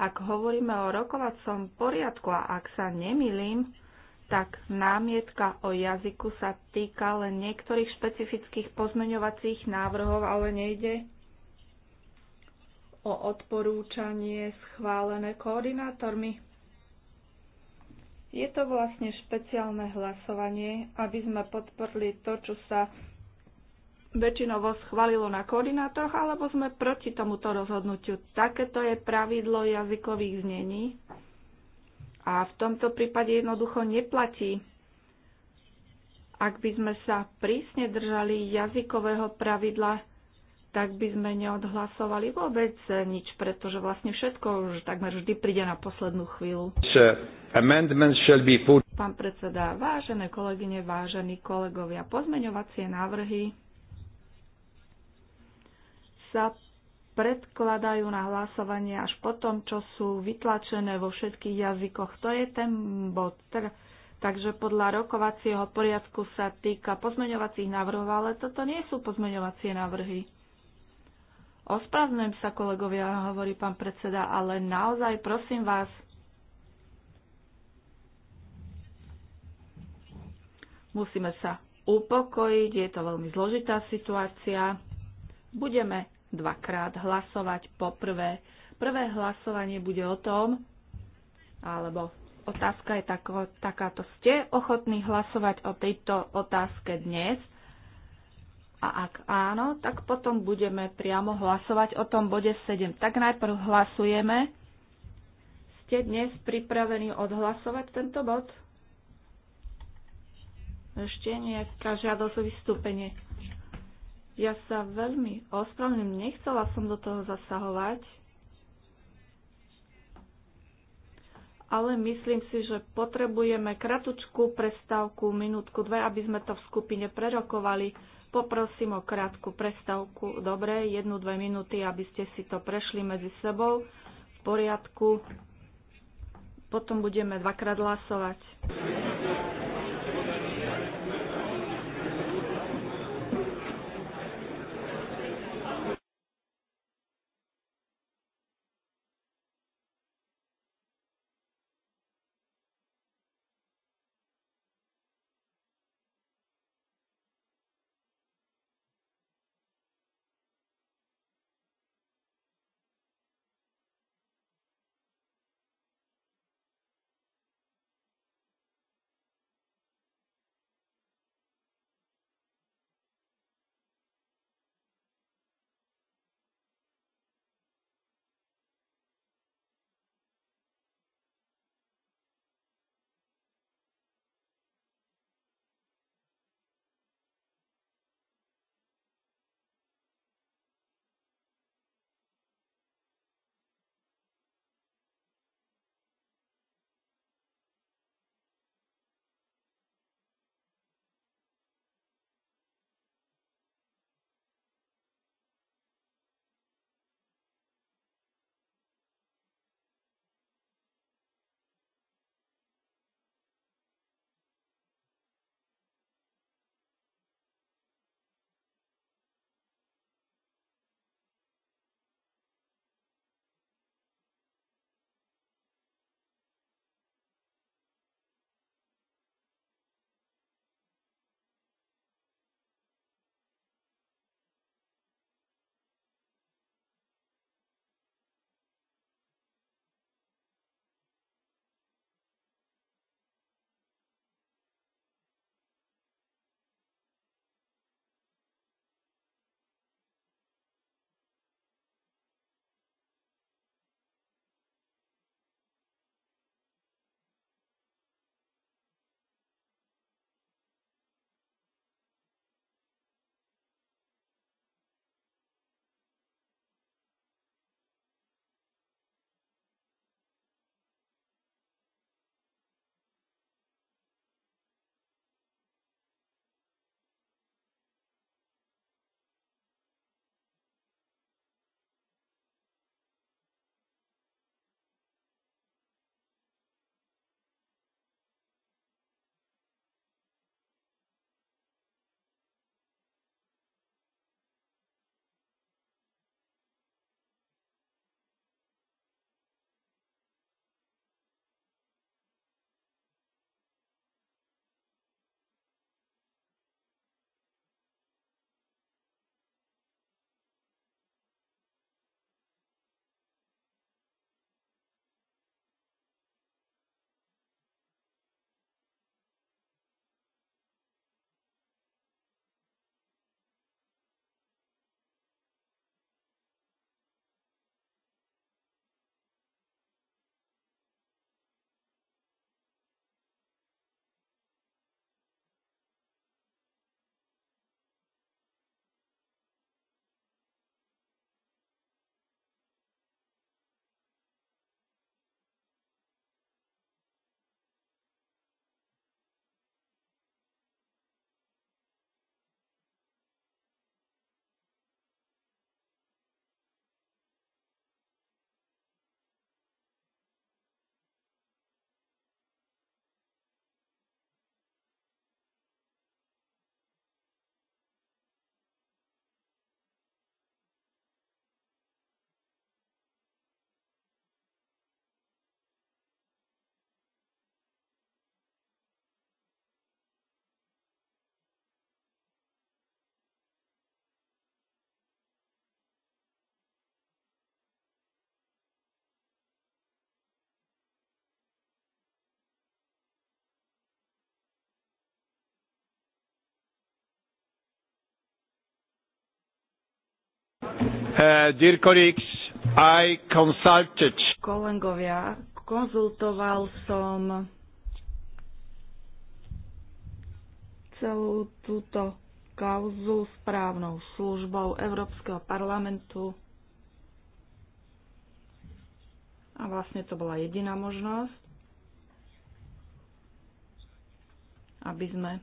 Ak hovoríme o rokovacom poriadku a ak sa nemýlim, tak námietka o jazyku sa týka len niektorých špecifických pozmeňovacích návrhov, ale nejde o odporúčanie schválené koordinátormi. Je to vlastne špeciálne hlasovanie, aby sme podporili to, čo sa väčšinovo schválilo na koordinátoroch, alebo sme proti tomuto rozhodnutiu. Takéto je pravidlo jazykových znení a v tomto prípade jednoducho neplatí. Ak by sme sa prísne držali jazykového pravidla, tak by sme neodhlasovali vôbec nič, pretože vlastne všetko už takmer vždy príde na poslednú chvíľu. Pán predseda, vážené kolegyne, vážení kolegovia, pozmeňovacie návrhy sa predkladajú na hlasovanie až po tom, čo sú vytlačené vo všetkých jazykoch. To je ten bod. Takže podľa rokovacieho poriadku sa týka pozmeňovacích návrhov, ale toto nie sú pozmeňovacie návrhy. Ospravedlňujem sa, kolegovia, hovorí pán predseda, ale naozaj prosím vás, musíme sa upokojiť, je to veľmi zložitá situácia. Budeme dvakrát hlasovať. Poprvé, prvé hlasovanie bude o tom, alebo otázka je tako, takáto. Ste ochotní hlasovať o tejto otázke dnes? A ak áno, tak potom budeme priamo hlasovať o tom bode 7. Tak najprv hlasujeme. Ste dnes pripravení odhlasovať tento bod? Ešte nejaká žiadosť o vystúpenie. Ja sa veľmi ospravedlňujem, nechcela som do toho zasahovať, ale myslím si, že potrebujeme kratučku prestávku, minútku, dve, aby sme to v skupine prerokovali. Poprosím o krátku prestávku, dobre, jednu, dve minúty, aby ste si to prešli medzi sebou v poriadku. Potom budeme dvakrát hlasovať. Uh, dear colleagues, I consulted. Kolegovia, konzultoval som celú túto kauzu správnou službou Európskeho parlamentu. A vlastne to bola jediná možnosť, aby sme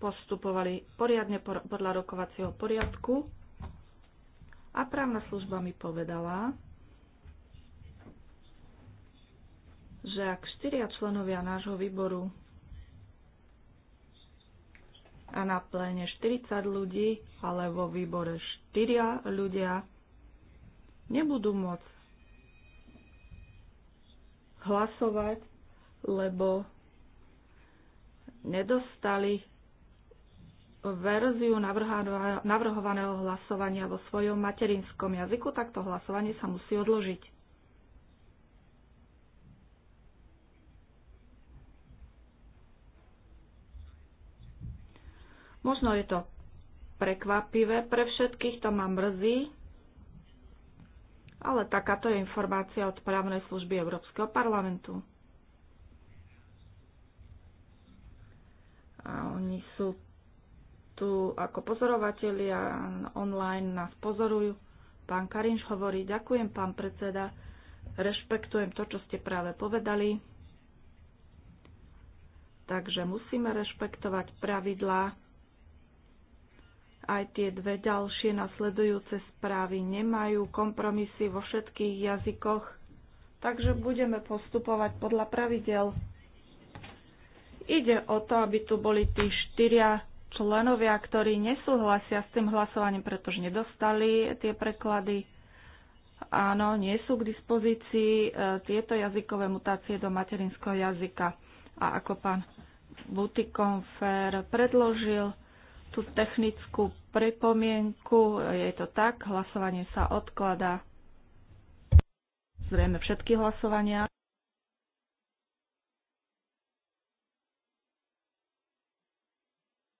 postupovali poriadne podľa rokovacieho poriadku. A právna služba mi povedala, že ak štyria členovia nášho výboru a na pléne 40 ľudí, ale vo výbore 4 ľudia nebudú môcť hlasovať, lebo nedostali verziu navrhovaného hlasovania vo svojom materinskom jazyku, tak to hlasovanie sa musí odložiť. Možno je to prekvapivé pre všetkých, to ma mrzí, ale takáto je informácia od právnej služby Európskeho parlamentu. A oni sú tu ako pozorovatelia online nás pozorujú. Pán Karinš hovorí, ďakujem pán predseda, rešpektujem to, čo ste práve povedali. Takže musíme rešpektovať pravidlá. Aj tie dve ďalšie nasledujúce správy nemajú kompromisy vo všetkých jazykoch, takže budeme postupovať podľa pravidel. Ide o to, aby tu boli tí štyria členovia, ktorí nesúhlasia s tým hlasovaním, pretože nedostali tie preklady. Áno, nie sú k dispozícii e, tieto jazykové mutácie do materinského jazyka. A ako pán Butikonfer predložil tú technickú pripomienku, je to tak, hlasovanie sa odkladá. Zrejme všetky hlasovania.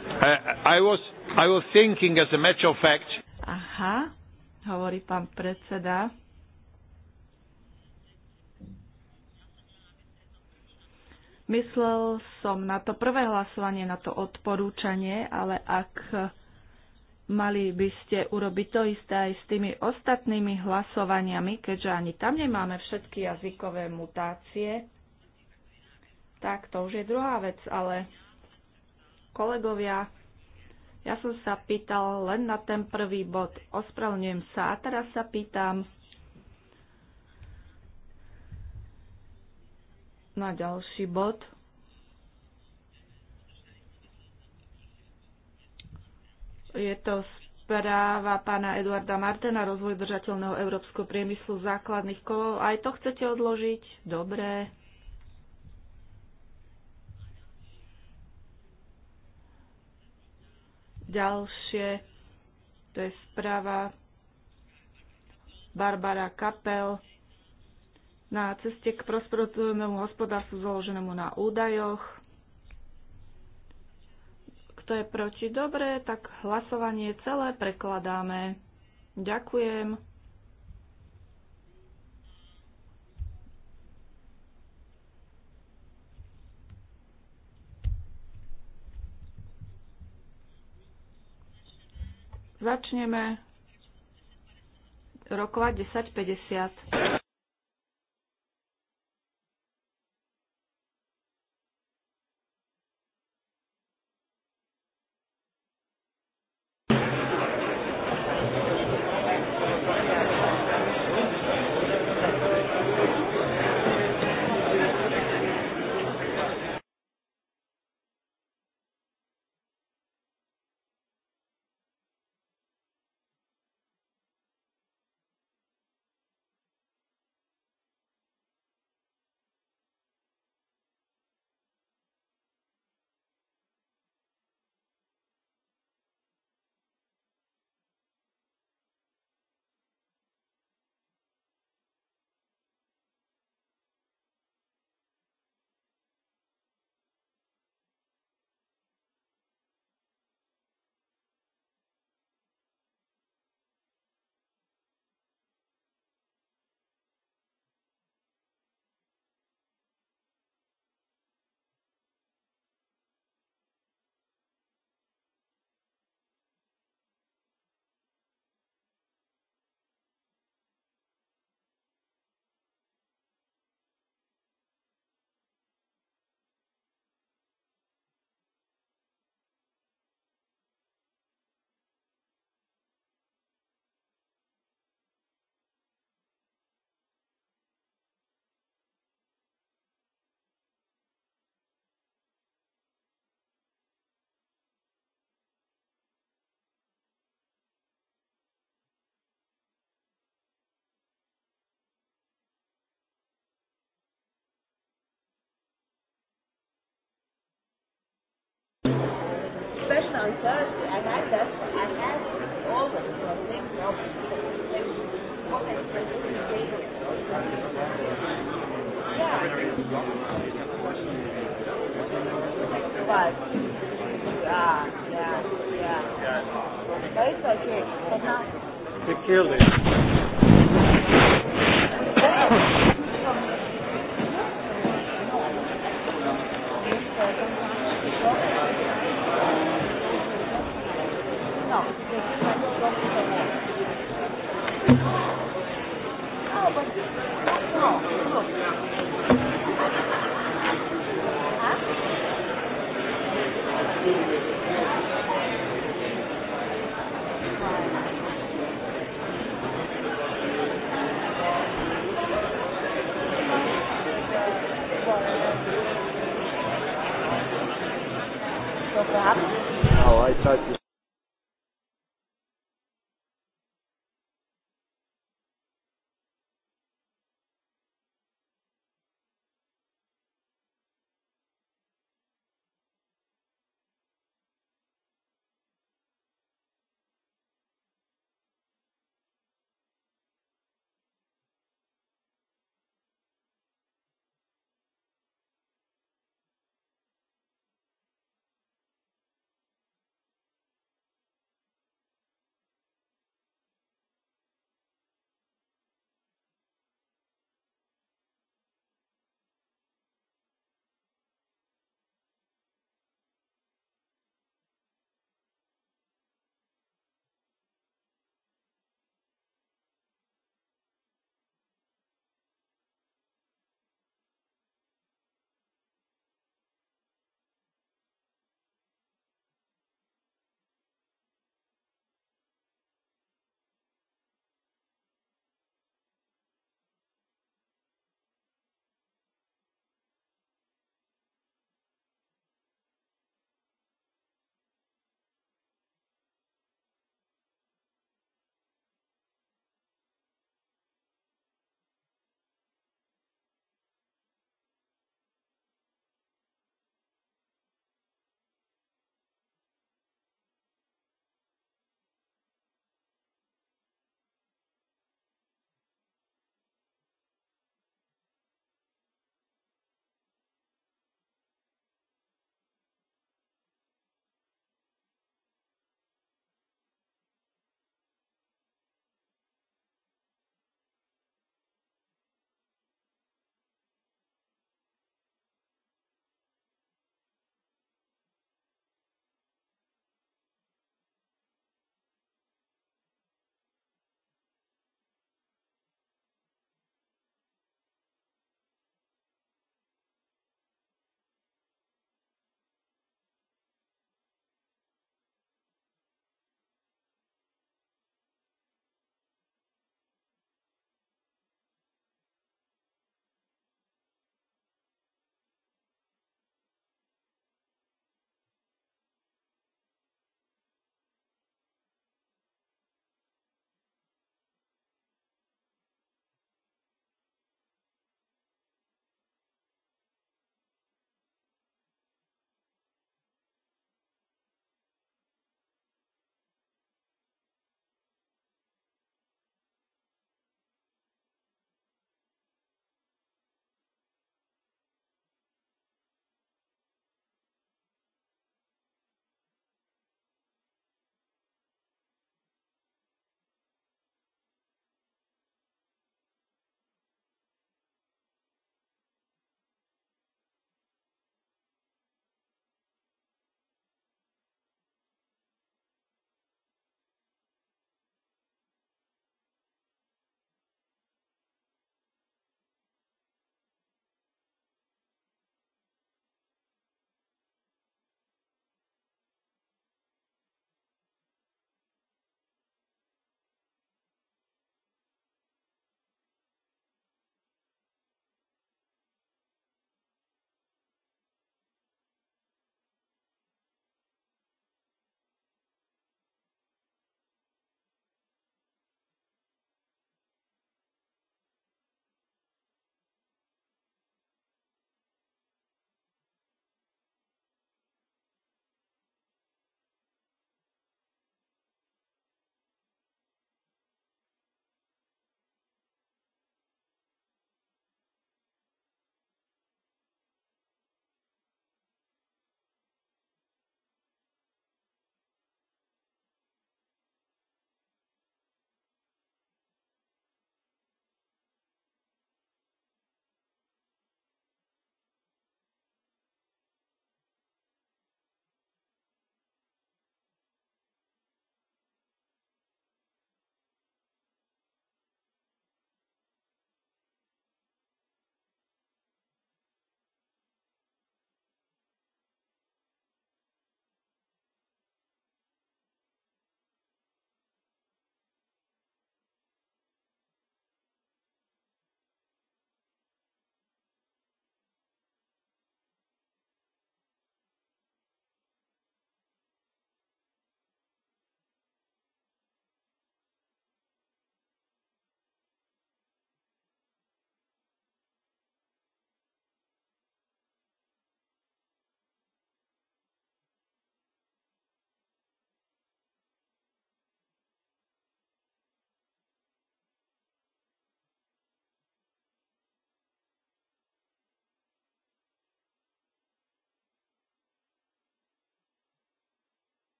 Uh, I was, I was thinking as a matter of fact. Aha, hovorí pán predseda. Myslel som na to prvé hlasovanie, na to odporúčanie, ale ak mali by ste urobiť to isté aj s tými ostatnými hlasovaniami, keďže ani tam nemáme všetky jazykové mutácie, tak to už je druhá vec, ale kolegovia. Ja som sa pýtal len na ten prvý bod. Ospravňujem sa a teraz sa pýtam na ďalší bod. Je to správa pána Eduarda Martena, rozvoj držateľného európskeho priemyslu základných kolov. Aj to chcete odložiť? Dobre. Ďalšie, to je správa Barbara Kapel na ceste k prosperujúcemu hospodárstvu založenému na údajoch. Kto je proti? Dobre, tak hlasovanie celé prekladáme. Ďakujem. Začneme rokovať 10.50. on Thursday. I had that. I had all the things of Yeah. But, yeah, But it's okay. But now. They killed it.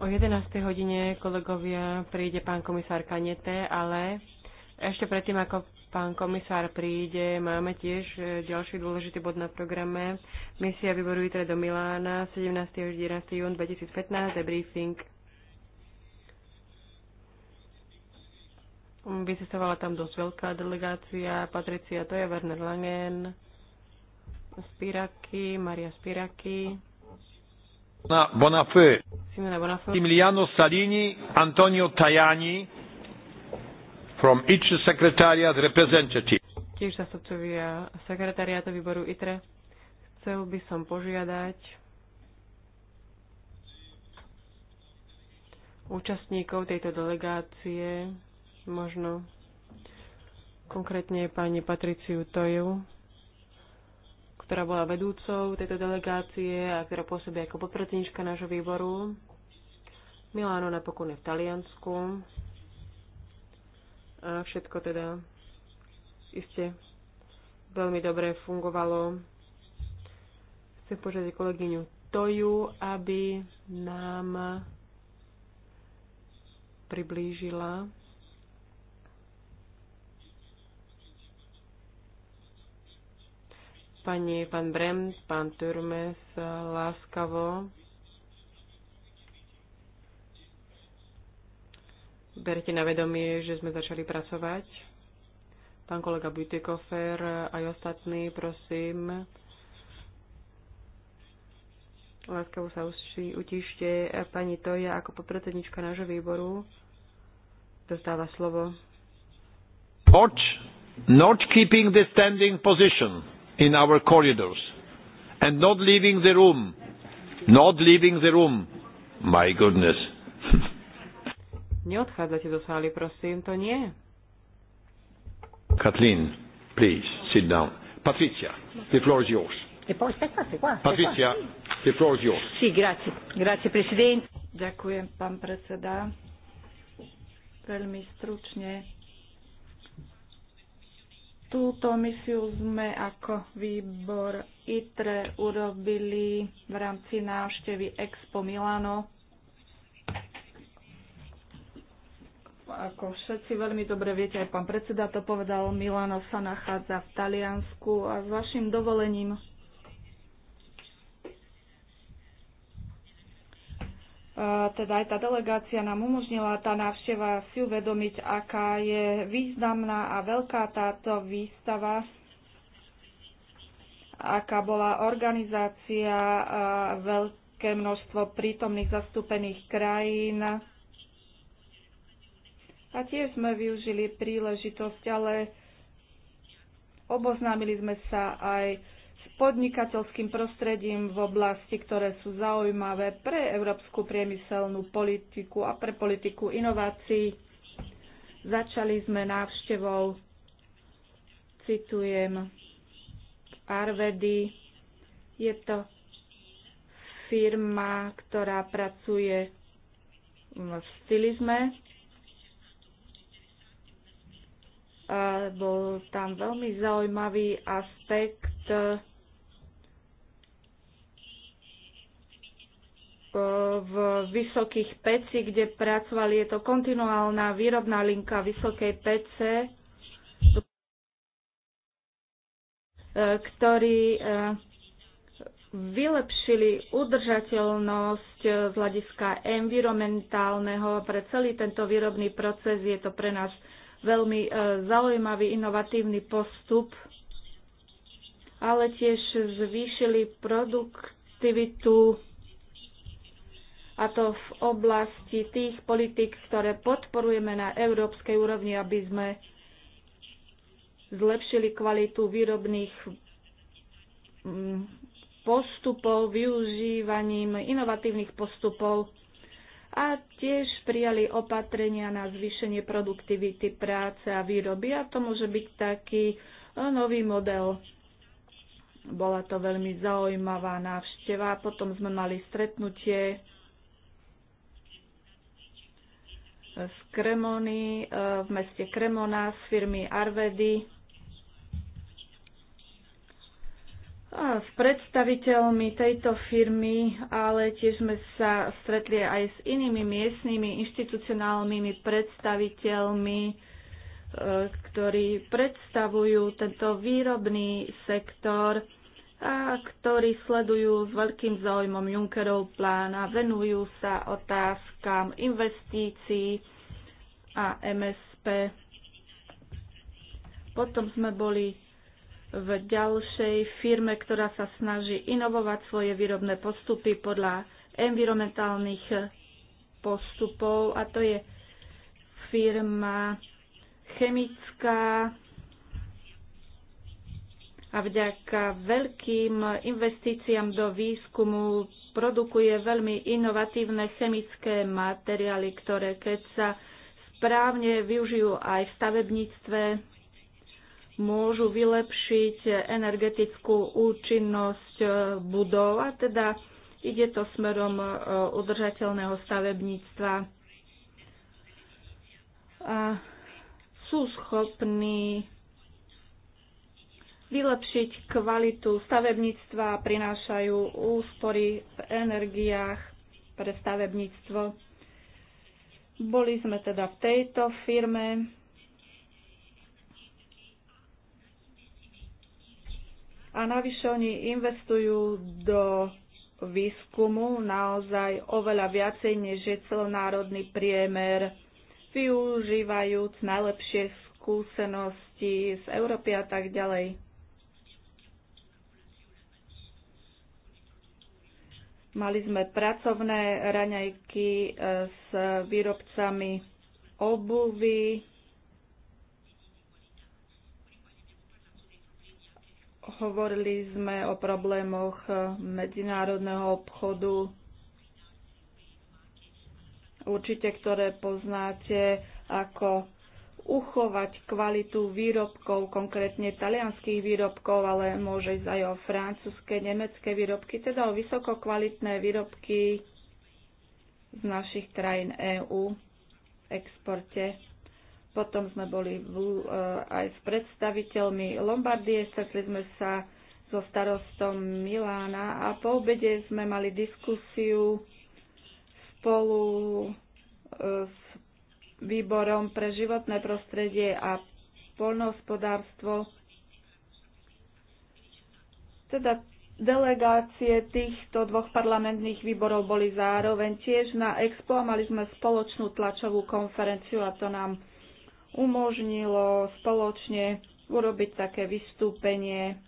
O 11. hodine, kolegovia, príde pán komisár Kanete, ale ešte predtým, ako pán komisár príde, máme tiež e, ďalší dôležitý bod na programe. Misia výboru ITRE do Milána, 17. až 11. jún 2015, debriefing. Mm, Vysestovala tam dosť veľká delegácia, Patricia, to je Werner Langen, Spiraky, Maria Spiraky. Bonafé. Simone Bonafé. Emiliano Salini, Antonio Tajani, from each secretariat representative. Tiež zastupcovia sekretariátu výboru ITRE. Chcel by som požiadať účastníkov tejto delegácie, možno konkrétne pani Patriciu Toju, ktorá bola vedúcou tejto delegácie a ktorá pôsobí ako podpredsednička nášho výboru. Miláno napokon je v Taliansku. A všetko teda iste veľmi dobre fungovalo. Chcem požiadať kolegyňu Toju, aby nám priblížila pani, pán Brems, pán Turmes láskavo. Berte na vedomie, že sme začali pracovať. Pán kolega Butekofer, aj ostatní, prosím. Láskavo sa utište. Pani Toja ako podpredsednička nášho výboru dostáva slovo. Not, not keeping the standing position in our corridors and not leaving the room. Not leaving the room. My goodness. Neodchádzate do sály, prosím, to nie. Kathleen, please, sit down. Patricia, the floor is yours. E Patricia, the floor is yours. Sì, grazie. Grazie, Presidente. Ďakujem, pán predseda. Veľmi stručne Túto misiu sme ako výbor ITRE urobili v rámci návštevy Expo Milano. Ako všetci veľmi dobre viete, aj pán predseda to povedal, Milano sa nachádza v Taliansku a s vašim dovolením teda aj tá delegácia nám umožnila tá návšteva si uvedomiť, aká je významná a veľká táto výstava, aká bola organizácia, veľké množstvo prítomných zastúpených krajín. A tiež sme využili príležitosť, ale oboznámili sme sa aj podnikateľským prostredím v oblasti, ktoré sú zaujímavé pre európsku priemyselnú politiku a pre politiku inovácií. Začali sme návštevou, citujem, Arvedy. Je to firma, ktorá pracuje v stylizme. Bol tam veľmi zaujímavý aspekt v vysokých peci, kde pracovali. Je to kontinuálna výrobná linka vysokej pece, ktorí e, vylepšili udržateľnosť e, z hľadiska environmentálneho pre celý tento výrobný proces. Je to pre nás veľmi e, zaujímavý, inovatívny postup, ale tiež zvýšili produktivitu a to v oblasti tých politik, ktoré podporujeme na európskej úrovni, aby sme zlepšili kvalitu výrobných mm, postupov, využívaním inovatívnych postupov a tiež prijali opatrenia na zvýšenie produktivity práce a výroby a to môže byť taký e, nový model. Bola to veľmi zaujímavá návšteva. Potom sme mali stretnutie z Kremony, e, v meste Kremona z firmy Arvedy a s predstaviteľmi tejto firmy, ale tiež sme sa stretli aj s inými miestnymi inštitucionálnymi predstaviteľmi, e, ktorí predstavujú tento výrobný sektor a ktorí sledujú s veľkým záujmom Junckerov plán a venujú sa otázkam investícií a MSP. Potom sme boli v ďalšej firme, ktorá sa snaží inovovať svoje výrobné postupy podľa environmentálnych postupov a to je firma chemická a vďaka veľkým investíciám do výskumu produkuje veľmi inovatívne chemické materiály, ktoré keď sa správne využijú aj v stavebníctve, môžu vylepšiť energetickú účinnosť e, budov a teda ide to smerom e, udržateľného stavebníctva. A sú schopní vylepšiť kvalitu stavebníctva, prinášajú úspory v energiách pre stavebníctvo. Boli sme teda v tejto firme. A navyše oni investujú do výskumu naozaj oveľa viacej, než je celonárodný priemer, využívajúc najlepšie skúsenosti z Európy a tak ďalej. Mali sme pracovné raňajky e, s výrobcami obuvy. Hovorili sme o problémoch e, medzinárodného obchodu, určite ktoré poznáte ako uchovať kvalitu výrobkov, konkrétne talianských výrobkov, ale môže ísť aj o francúzske, nemecké výrobky, teda o vysokokvalitné výrobky z našich krajín EÚ v exporte. Potom sme boli v, eh, aj s predstaviteľmi Lombardie, stretli sme sa so starostom Milána a po obede sme mali diskusiu spolu eh, s výborom pre životné prostredie a poľnohospodárstvo. Teda delegácie týchto dvoch parlamentných výborov boli zároveň tiež na Expo a mali sme spoločnú tlačovú konferenciu a to nám umožnilo spoločne urobiť také vystúpenie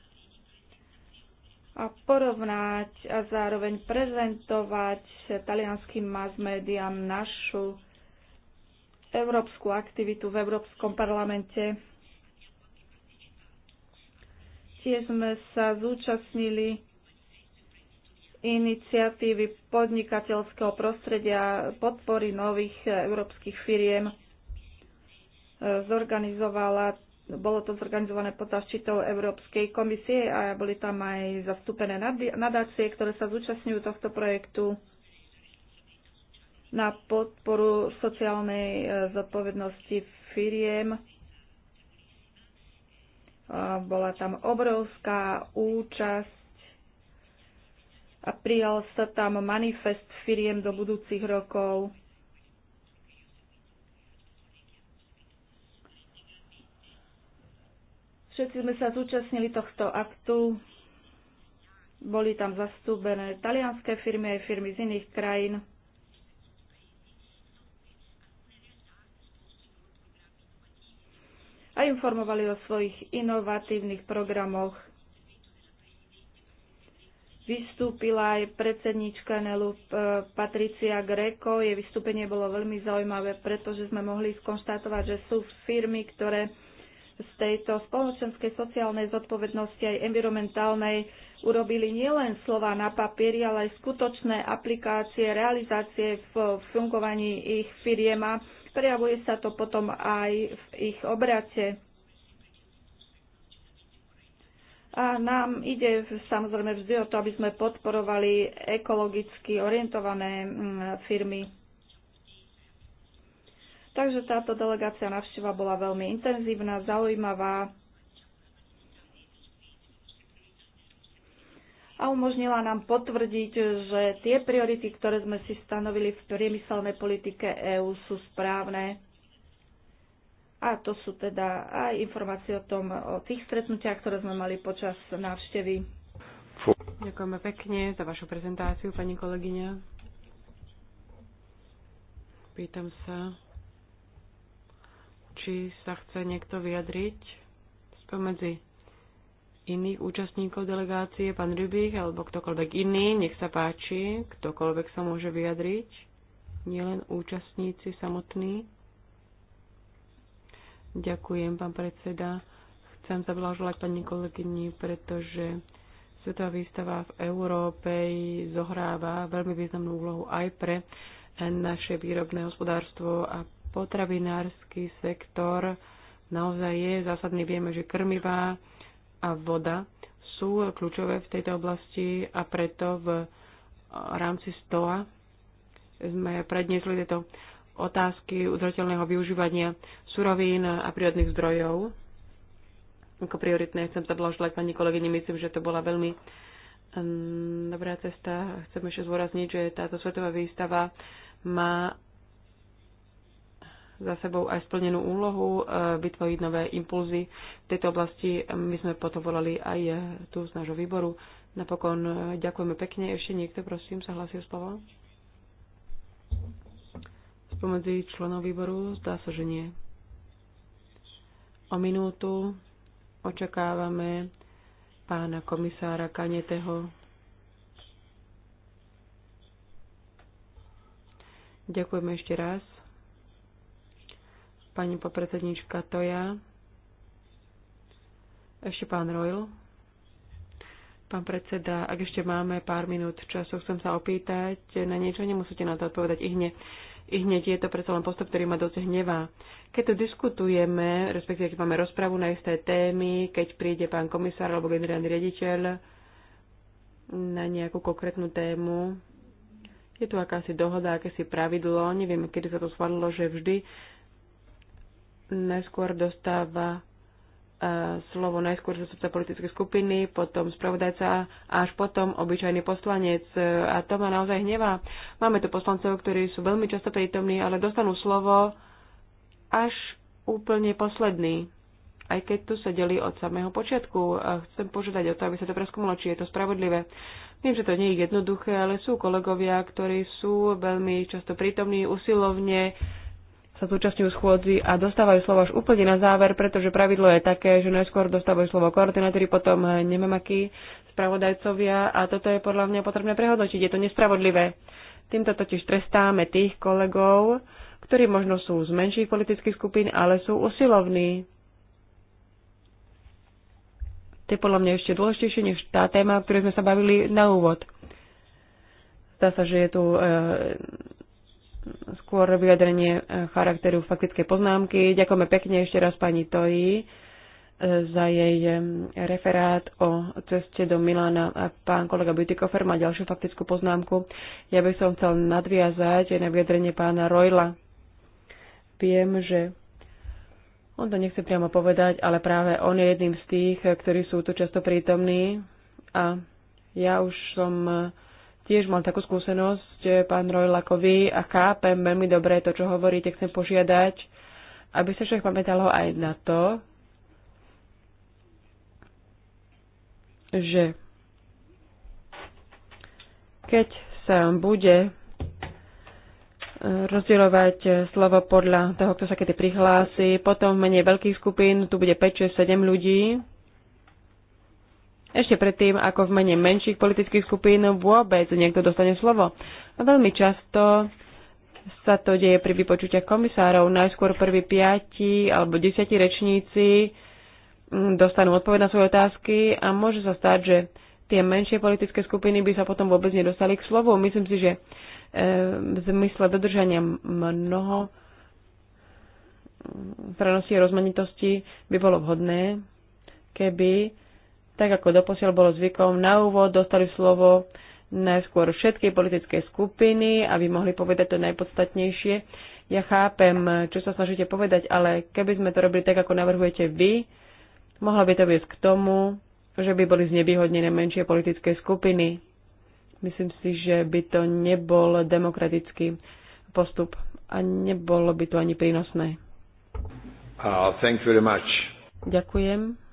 a porovnať a zároveň prezentovať talianským mass médiám našu európsku aktivitu v Európskom parlamente. Tiež sme sa zúčastnili iniciatívy podnikateľského prostredia podpory nových európskych firiem. Zorganizovala, bolo to zorganizované pod zaštitou Európskej komisie a boli tam aj zastúpené nadácie, ktoré sa zúčastňujú tohto projektu na podporu sociálnej e, zodpovednosti firiem. Bola tam obrovská účasť a prijal sa tam manifest firiem do budúcich rokov. Všetci sme sa zúčastnili tohto aktu. Boli tam zastúbené talianské firmy aj firmy z iných krajín. a informovali o svojich inovatívnych programoch. Vystúpila aj predsednička NELU e, Patricia Greco. Jej vystúpenie bolo veľmi zaujímavé, pretože sme mohli skonštatovať, že sú firmy, ktoré z tejto spoločenskej sociálnej zodpovednosti aj environmentálnej urobili nielen slova na papieri, ale aj skutočné aplikácie, realizácie v fungovaní ich firiem Prejavuje sa to potom aj v ich obrate. A nám ide samozrejme vždy o to, aby sme podporovali ekologicky orientované mm, firmy. Takže táto delegácia návšteva bola veľmi intenzívna, zaujímavá a umožnila nám potvrdiť, že tie priority, ktoré sme si stanovili v priemyselnej politike EÚ, sú správne. A to sú teda aj informácie o tom, o tých stretnutiach, ktoré sme mali počas návštevy. Ďakujeme pekne za vašu prezentáciu, pani kolegyňa. Pýtam sa, či sa chce niekto vyjadriť spomedzi iných účastníkov delegácie, pán Rybich alebo ktokoľvek iný, nech sa páči, ktokoľvek sa môže vyjadriť, nielen účastníci samotní. Ďakujem, pán predseda. Chcem sa zablahoželať pani kolegyni, pretože Svetová výstava v Európe zohráva veľmi významnú úlohu aj pre naše výrobné hospodárstvo a potravinársky sektor naozaj je zásadný. Vieme, že krmivá, a voda sú kľúčové v tejto oblasti a preto v rámci STOA sme predniesli tieto otázky udržateľného využívania surovín a prírodných zdrojov. Ako prioritné chcem sa blahoželať pani kolegyni, myslím, že to bola veľmi mm, dobrá cesta. Chcem ešte zvorazniť, že táto svetová výstava má za sebou aj splnenú úlohu e, vytvoriť nové impulzy. V tejto oblasti my sme potom volali aj e, tu z nášho výboru. Napokon e, ďakujeme pekne. Ešte niekto, prosím, sa hlasí o slovo? Spomedzi členov výboru zdá sa, že nie. O minútu očakávame pána komisára Kaneteho. Ďakujeme ešte raz pani podpredsednička Toja, ešte pán Royal. Pán predseda, ak ešte máme pár minút času, chcem sa opýtať na niečo, nemusíte na to odpovedať i hneď. I hneď je to predsa len postup, ktorý ma dosť hnevá. Keď to diskutujeme, respektíve keď máme rozpravu na isté témy, keď príde pán komisár alebo generálny riaditeľ na nejakú konkrétnu tému, je tu akási dohoda, akési pravidlo, neviem, kedy sa to schválilo, že vždy najskôr dostáva e, slovo najskôr zastupca politické skupiny, potom spravodajca a až potom obyčajný poslanec. E, a to ma naozaj hnevá. Máme tu poslancov, ktorí sú veľmi často prítomní, ale dostanú slovo až úplne posledný. Aj keď tu sedeli od samého počiatku. A chcem požiadať o to, aby sa to preskúmalo, či je to spravodlivé. Viem, že to nie je jednoduché, ale sú kolegovia, ktorí sú veľmi často prítomní, usilovne sa zúčastňujú schôdzi a dostávajú slovo až úplne na záver, pretože pravidlo je také, že najskôr dostávajú slovo koordinátori, potom eh, nemamaky, spravodajcovia a toto je podľa mňa potrebné prehodnotiť. Je to nespravodlivé. Týmto totiž trestáme tých kolegov, ktorí možno sú z menších politických skupín, ale sú usilovní. To je podľa mňa ešte dôležitejšie než tá téma, o ktorej sme sa bavili na úvod. Zdá sa, že je tu e, skôr vyjadrenie e, charakteru faktické poznámky. Ďakujeme pekne ešte raz pani Toji e, za jej e, referát o ceste do Milána. A pán kolega Butikofer má ďalšiu faktickú poznámku. Ja by som chcel nadviazať aj na vyjadrenie pána Rojla. Viem, že on to nechce priamo povedať, ale práve on je jedným z tých, ktorí sú tu často prítomní a ja už som tiež mal takú skúsenosť, e, pán Rojlakovi, a chápem veľmi dobre to, čo hovoríte. Chcem požiadať, aby sa však pamätalo aj na to, že keď sa bude e, rozdielovať e, slovo podľa toho, kto sa kedy prihlási. Potom menej veľkých skupín, tu bude 5, 6, 7 ľudí ešte predtým, ako v mene menších politických skupín vôbec niekto dostane slovo. A veľmi často sa to deje pri vypočutiach komisárov. Najskôr prví piati alebo desiatí rečníci mm, dostanú odpoveď na svoje otázky a môže sa stať, že tie menšie politické skupiny by sa potom vôbec nedostali k slovu. Myslím si, že e, v zmysle dodržania mnoho prenosí mm, rozmanitosti by bolo vhodné, keby tak ako doposiaľ bolo zvykom, na úvod dostali slovo najskôr všetky politické skupiny, aby mohli povedať to najpodstatnejšie. Ja chápem, čo sa snažíte povedať, ale keby sme to robili tak, ako navrhujete vy, mohlo by to viesť k tomu, že by boli znevýhodnené menšie politické skupiny. Myslím si, že by to nebol demokratický postup a nebolo by to ani prínosné. Uh, thank you very much. Ďakujem.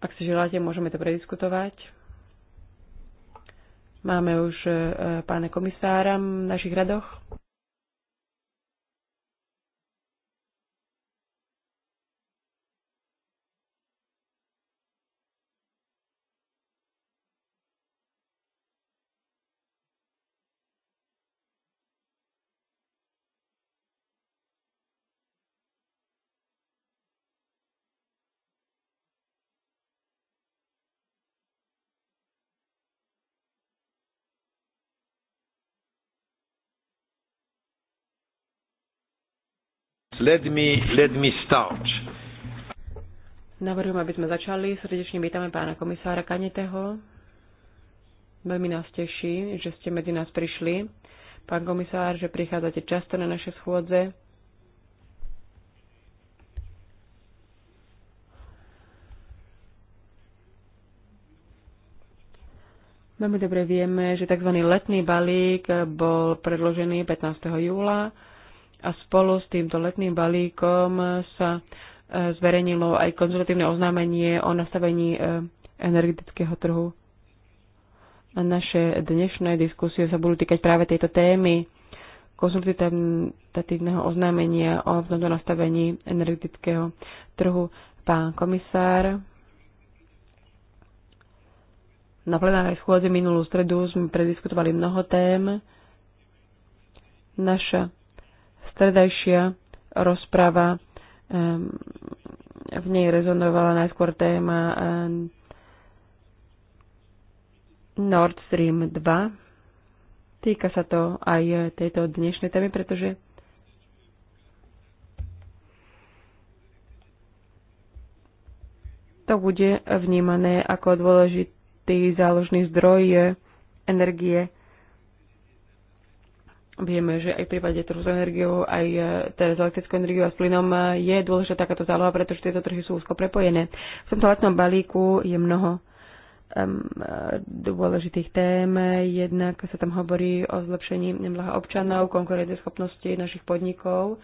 Ak si želáte, môžeme to prediskutovať. Máme už e, pána komisára v našich radoch. Let me, let me start. Navrhujem, aby sme začali. Srdečne vítame pána komisára Kaneteho. Veľmi nás teší, že ste medzi nás prišli. Pán komisár, že prichádzate často na naše schôdze. Veľmi dobre vieme, že tzv. letný balík bol predložený 15. júla a spolu s týmto letným balíkom sa e, zverejnilo aj konzultatívne oznámenie o nastavení e, energetického trhu. A naše dnešné diskusie sa budú týkať práve tejto témy konzultatívneho oznámenia o vzhľadu nastavení energetického trhu. Pán komisár, na plenárnej schôdzi minulú stredu sme prediskutovali mnoho tém. Naša Stredajšia rozprava v nej rezonovala najskôr téma Nord Stream 2. Týka sa to aj tejto dnešnej témy, pretože to bude vnímané ako dôležitý záložný zdroj energie Vieme, že aj v prípade trhu s energiou, aj e, teraz s elektrickou energiou a s plynom e, je dôležitá takáto záloha, pretože tieto trhy sú úzko prepojené. V tomto letnom balíku je mnoho um, dôležitých tém. Jednak sa tam hovorí o zlepšení mnoha občanov, konkurenceschopnosti našich podnikov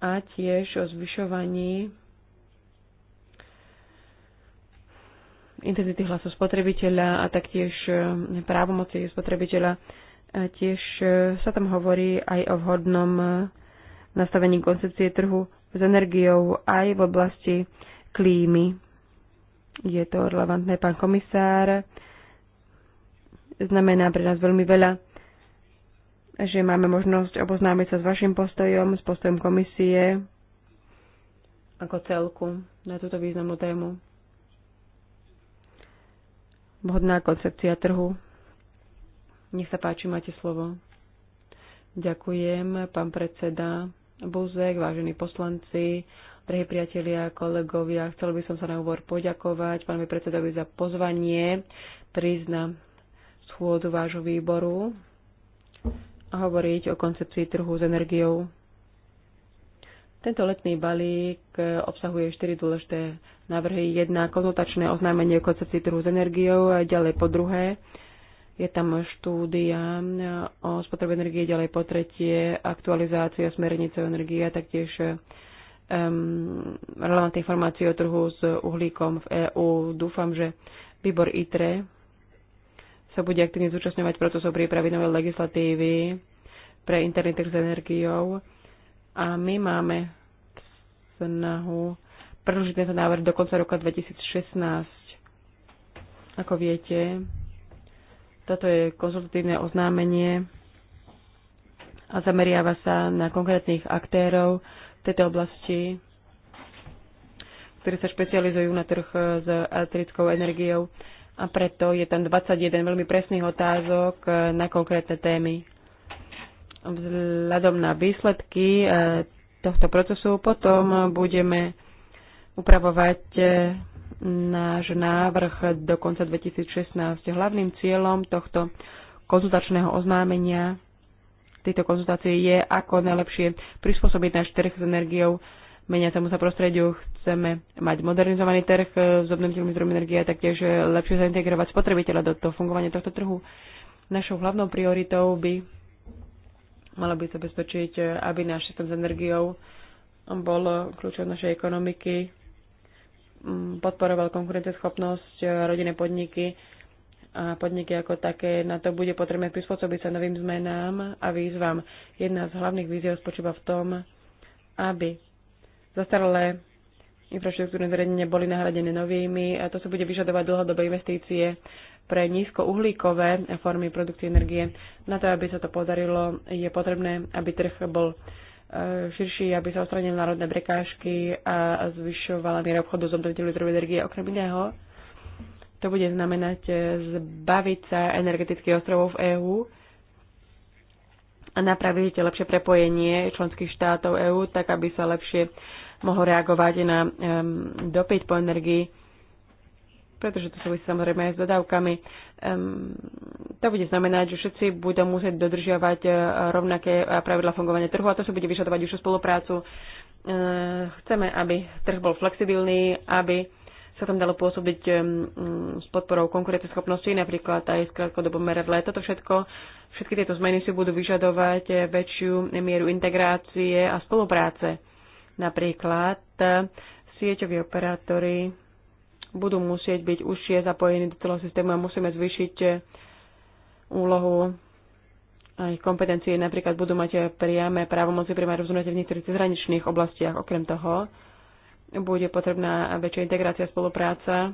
a tiež o zvyšovaní intenzity hlasu spotrebiteľa a taktiež právomoci spotrebiteľa a tiež e, sa tam hovorí aj o vhodnom e, nastavení koncepcie trhu s energiou aj v oblasti klímy. Je to relevantné, pán komisár. Znamená pre nás veľmi veľa, že máme možnosť oboznámiť sa s vašim postojom, s postojom komisie ako celku na túto významnú tému. Vhodná koncepcia trhu nech sa páči, máte slovo. Ďakujem, pán predseda Buzek, vážení poslanci, drahí priatelia, kolegovia. Chcel by som sa na úvod poďakovať pánovi predsedovi za pozvanie prísť na schôdu vášho výboru a hovoriť o koncepcii trhu s energiou. Tento letný balík obsahuje štyri dôležité návrhy. Jedna konzultačné oznámenie o koncepcii trhu s energiou, a ďalej po druhé je tam štúdia e, o spotrebe energie, ďalej po tretie aktualizácia smernice o energii a taktiež um, relevantné informácie o trhu s uhlíkom v EÚ. Dúfam, že výbor ITRE sa bude aktívne zúčastňovať procesov prípravy novej legislatívy pre interný trh s energiou a my máme snahu predlžiť tento návrh do konca roka 2016. Ako viete, toto je konzultatívne oznámenie a zameriava sa na konkrétnych aktérov v tejto oblasti, ktorí sa špecializujú na trh s elektrickou energiou a preto je tam 21 veľmi presných otázok na konkrétne témy. Vzhľadom na výsledky eh, tohto procesu potom budeme upravovať eh, náš návrh do konca 2016. Hlavným cieľom tohto konzultačného oznámenia tejto konzultácie je, ako najlepšie prispôsobiť náš trh s energiou meniacemu sa prostrediu. Chceme mať modernizovaný trh s obnoviteľmi zdrojmi energie a taktiež lepšie zaintegrovať spotrebiteľa do toho fungovania tohto trhu. Našou hlavnou prioritou by malo byť zabezpečiť, aby náš systém s energiou bol kľúčom našej ekonomiky Mm, podporoval konkurenceschopnosť eh, rodinné podniky a podniky ako také. Na to bude potrebné prispôsobiť sa novým zmenám a výzvam. Jedna z hlavných víziev spočíva v tom, aby zastaralé infraštruktúrne zariadenia boli nahradené novými a to sa bude vyžadovať dlhodobé investície pre nízkouhlíkové formy produkcie energie. Na to, aby sa to podarilo, je potrebné, aby trh bol Eh, širší, aby sa odstranili národné prekážky a zvyšovala miera obchodu s obnoviteľmi zdrojov energie. Okrem iného, to bude znamenať eh, zbaviť sa energetických ostrovov v EÚ a napraviť lepšie prepojenie členských štátov EÚ, tak aby sa lepšie mohlo reagovať na um, dopyt po energii, pretože to súvisí samozrejme aj s dodávkami to bude znamenať, že všetci budú musieť dodržiavať e, rovnaké e, pravidla fungovania trhu a to sa bude vyžadovať už spoluprácu. E, chceme, aby trh bol flexibilný, aby sa tam dalo pôsobiť mm, s podporou konkurenceschopnosti, napríklad aj s krátkodobom meradle. Toto všetko, všetky tieto zmeny si budú vyžadovať väčšiu mieru integrácie a spolupráce. Napríklad sieťoví operátory budú musieť byť užšie zapojení do celého systému a musíme zvýšiť eh, úlohu aj kompetencie. Napríklad budú mať eh, priame právomoci priame rozhodnutia v niektorých cezhraničných oblastiach. Okrem toho bude potrebná väčšia integrácia, spolupráca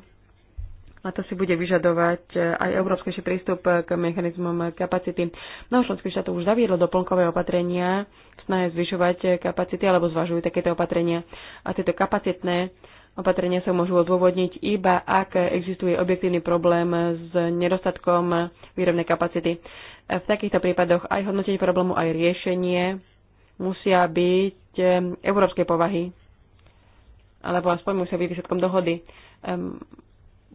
a to si bude vyžadovať eh, aj európskejší prístup k mechanizmom kapacity. Mnoho členských štátov už zaviedlo doplnkové opatrenia, snahe zvyšovať kapacity alebo zvažujú takéto opatrenia. A tieto kapacitné Opatrenia sa môžu odôvodniť iba, ak existuje objektívny problém s nedostatkom výrobnej kapacity. V takýchto prípadoch aj hodnotenie problému, aj riešenie musia byť európskej povahy, alebo aspoň musia byť výsledkom dohody.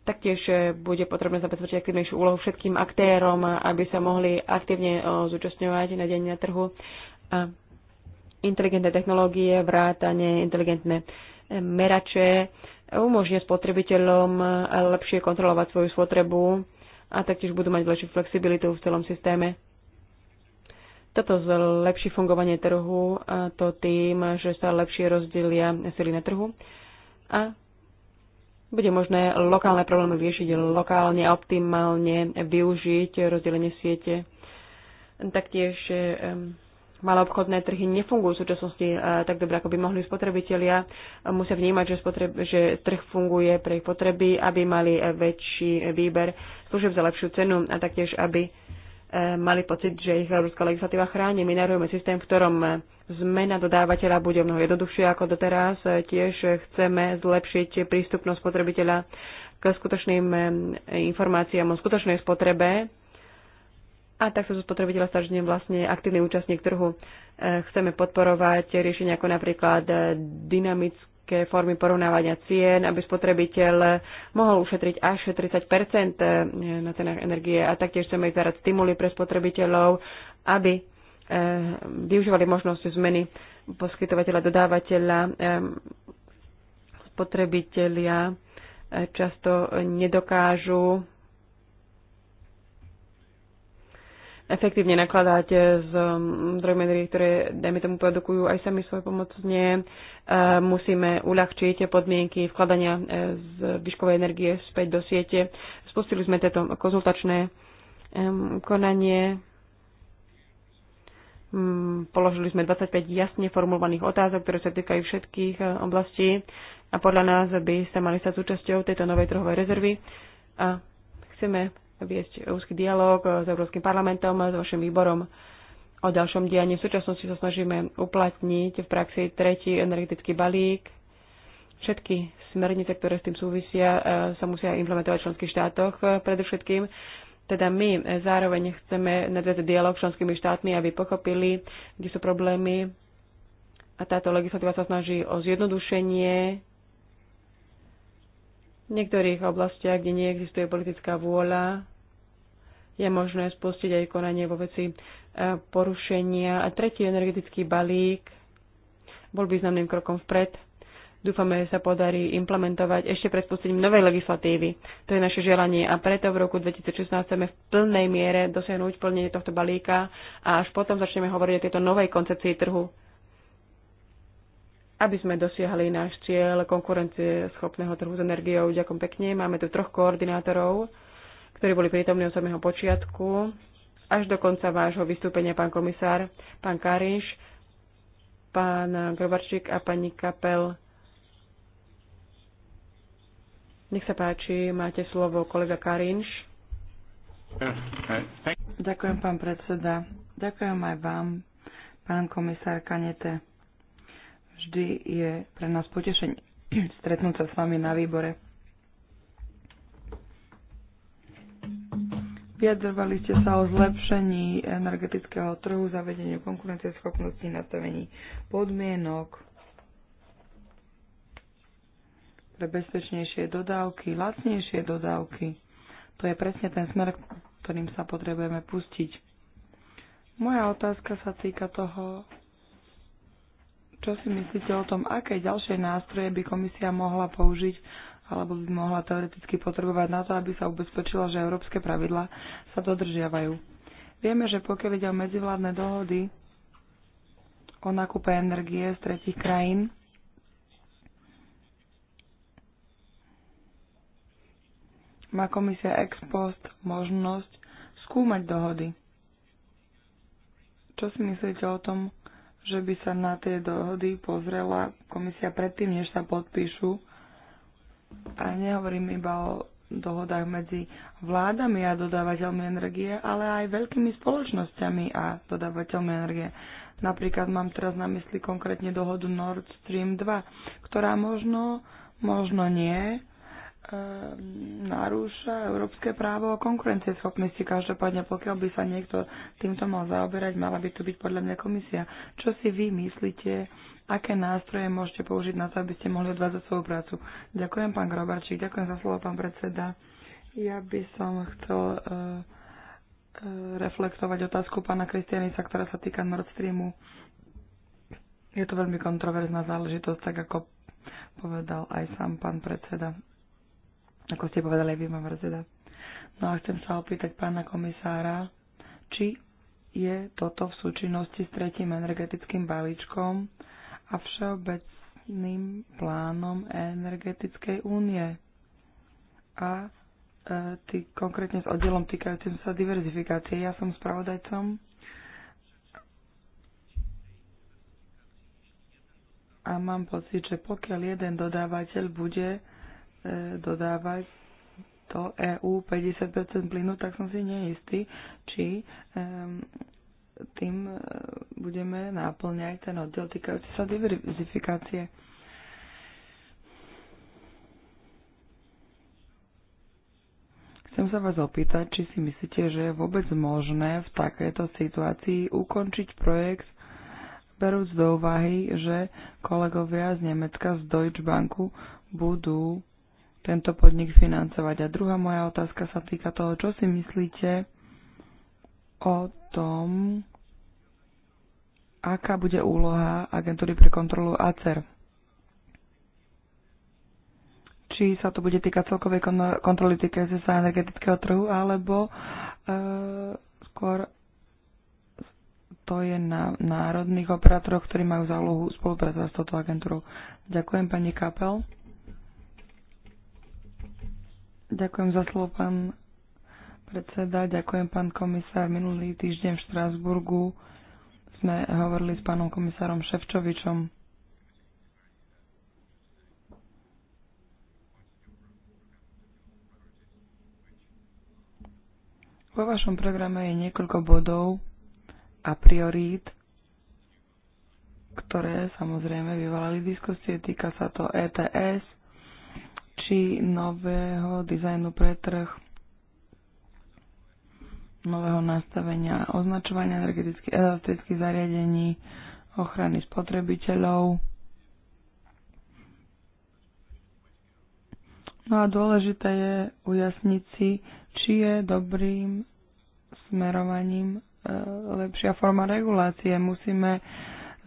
Taktiež eh, bude potrebné zabezpečiť aktívnejšiu úlohu všetkým aktérom, aby sa mohli aktívne eh, zúčastňovať na deň na trhu. A inteligentné technológie, vrátanie inteligentné merače umožnia spotrebiteľom lepšie kontrolovať svoju spotrebu a taktiež budú mať lepšiu flexibilitu v celom systéme. Toto zlepší fungovanie trhu a to tým, že sa lepšie rozdelia sily na trhu a bude možné lokálne problémy riešiť lokálne a optimálne využiť rozdelenie siete. Taktiež um, obchodné trhy nefungujú v súčasnosti eh, tak dobre, ako by mohli spotrebitelia. Eh, musia vnímať, že, spotreb, že trh funguje pre ich potreby, aby mali eh, väčší výber služieb za lepšiu cenu a taktiež, aby mali pocit, že ich európska legislatíva chráni. My narujeme systém, v ktorom zmena dodávateľa bude mnoho jednoduchšia ako doteraz. Tiež chceme zlepšiť prístupnosť spotrebiteľa k skutočným informáciám o skutočnej spotrebe a tak zo spotrebiteľa stažne vlastne aktívny účastník trhu. E, chceme podporovať riešenia ako napríklad e, dynamické formy porovnávania cien, aby spotrebiteľ mohol ušetriť až 30 e, na cenách energie a taktiež chceme zarať stimuly pre spotrebiteľov, aby využívali možnosť zmeny poskytovateľa, dodávateľa, spotrebitelia často nedokážu efektívne nakladať eh, s mm, zdrojmi ktoré, dajme tomu, produkujú aj sami svoje pomocne. Eh, musíme uľahčiť podmienky vkladania eh, z výškovej energie späť do siete. Spustili sme tieto konzultačné konanie. Mm, položili sme 25 jasne formulovaných otázok, ktoré sa týkajú všetkých oblastí a podľa nás by sa mali stať súčasťou tejto novej trhovej rezervy. A chceme viesť úzky dialog s Európskym parlamentom, s vašim výborom o ďalšom dianí. V súčasnosti sa snažíme uplatniť v praxi tretí energetický balík. Všetky smernice, ktoré s tým súvisia, e, sa musia implementovať v členských štátoch e, predovšetkým. Teda my zároveň chceme nadviazať dialog s členskými štátmi, aby pochopili, kde sú problémy. A táto legislatíva sa snaží o zjednodušenie v niektorých oblastiach, kde neexistuje politická vôľa, je možné spustiť aj konanie vo veci e, porušenia. A tretí energetický balík bol významným krokom vpred. Dúfame, že sa podarí implementovať ešte pred spustením novej legislatívy. To je naše želanie a preto v roku 2016 chceme v plnej miere dosiahnuť plnenie tohto balíka a až potom začneme hovoriť o tejto novej koncepcii trhu aby sme dosiahli náš cieľ konkurencie schopného trhu s energiou. Ďakujem pekne. Máme tu troch koordinátorov, ktorí boli prítomní od samého počiatku až do konca vášho vystúpenia, pán komisár, pán Kariš, pán Grobarčík a pani Kapel. Nech sa páči, máte slovo kolega Karinš. Ďakujem, pán predseda. Ďakujem aj vám, pán komisár Kanete. Vždy je pre nás potešenie stretnúť sa s vami na výbore. Vyjadrovali ste sa o zlepšení energetického trhu, zavedeniu konkurencieschopnosti, nastavení podmienok pre bezpečnejšie dodávky, lacnejšie dodávky. To je presne ten smer, ktorým sa potrebujeme pustiť. Moja otázka sa týka toho, čo si myslíte o tom, aké ďalšie nástroje by komisia mohla použiť alebo by mohla teoreticky potrebovať na to, aby sa ubezpečila, že európske pravidla sa dodržiavajú. Vieme, že pokiaľ ide o medzivládne dohody o nákupe energie z tretich krajín, má komisia ex post možnosť skúmať dohody. Čo si myslíte o tom, že by sa na tie dohody pozrela komisia predtým, než sa podpíšu. A nehovorím iba o dohodách medzi vládami a dodávateľmi energie, ale aj veľkými spoločnosťami a dodávateľmi energie. Napríklad mám teraz na mysli konkrétne dohodu Nord Stream 2, ktorá možno, možno nie, Ehm, narúša európske právo o schopnosti Každopádne, pokiaľ by sa niekto týmto mal zaoberať, mala by tu byť podľa mňa komisia. Čo si vy myslíte, aké nástroje môžete použiť na to, aby ste mohli odvádzať svoju prácu? Ďakujem, pán Grobarčík, ďakujem za slovo, pán predseda. Ja by som chcel uh, uh, reflektovať otázku pána Kristianisa, ktorá sa týka Nord Streamu. Je to veľmi kontroverzná záležitosť, tak ako povedal aj sám pán predseda. Ako ste povedali, vy ma rozeda. No a chcem sa opýtať pána komisára, či je toto v súčinnosti s tretím energetickým balíčkom a všeobecným plánom energetickej únie a e, tý, konkrétne s oddelom týkajúcim sa diverzifikácie. Ja som spravodajcom a mám pocit, že pokiaľ jeden dodávateľ bude dodávať to EU 50 plynu, tak som si neistý, či tým e, budeme náplňať ten oddiel týkajúci sa diverzifikácie. Chcem sa vás opýtať, či si myslíte, že je vôbec možné v takejto situácii ukončiť projekt, berúc do úvahy, že kolegovia z Nemecka z Deutsche Banku budú tento podnik financovať. A druhá moja otázka sa týka toho, čo si myslíte o tom, aká bude úloha agentúry pre kontrolu ACER. Či sa to bude týkať celkovej kontroly týkajúce sa energetického trhu, alebo e, skôr to je na národných operátoroch, ktorí majú zálohu spolupracovať s touto agentúrou. Ďakujem pani Kapel. Ďakujem za slovo, pán predseda. Ďakujem, pán komisár. Minulý týždeň v Štrásburgu sme hovorili s pánom komisárom Ševčovičom. Vo vašom programe je niekoľko bodov a priorít, ktoré samozrejme vyvolali diskusie. Týka sa to ETS, či nového dizajnu pre trh, nového nastavenia označovania energetických elektrických zariadení, ochrany spotrebiteľov. No a dôležité je ujasniť si, či je dobrým smerovaním e, lepšia forma regulácie. Musíme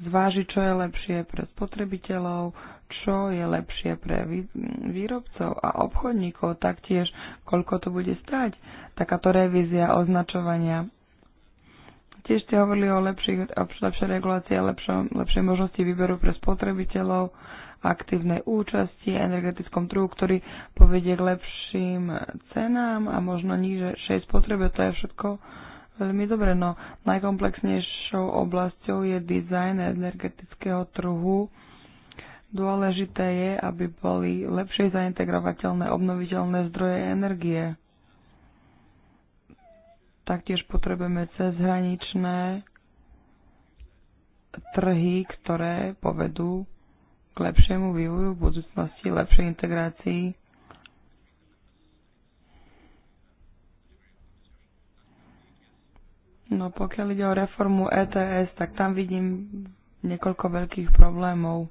zvážiť, čo je lepšie pre spotrebiteľov, čo je lepšie pre výrobcov a obchodníkov, taktiež koľko to bude stať, takáto revízia označovania. Tiež ste hovorili o lepších, lepšej regulácii a lepšej možnosti výberu pre spotrebiteľov, aktívnej účasti energetickom trhu, ktorý povedie k lepším cenám a možno nižšej spotrebe. To je všetko veľmi dobre. No, najkomplexnejšou oblasťou je dizajn energetického trhu Dôležité je, aby boli lepšie zaintegrovateľné obnoviteľné zdroje energie. Taktiež potrebujeme cezhraničné trhy, ktoré povedú k lepšiemu vývoju v budúcnosti, lepšej integrácii. No pokiaľ ide o reformu ETS, tak tam vidím niekoľko veľkých problémov.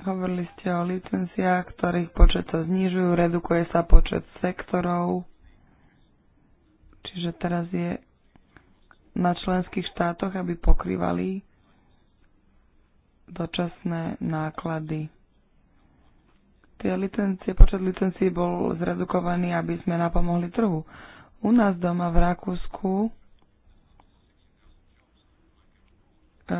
Hovorili ste o licenciách, ktorých počet sa znižujú, redukuje sa počet sektorov. Čiže teraz je na členských štátoch, aby pokrývali dočasné náklady. Tie licencie, počet licencií bol zredukovaný, aby sme napomohli trhu. U nás doma v Rakúsku E,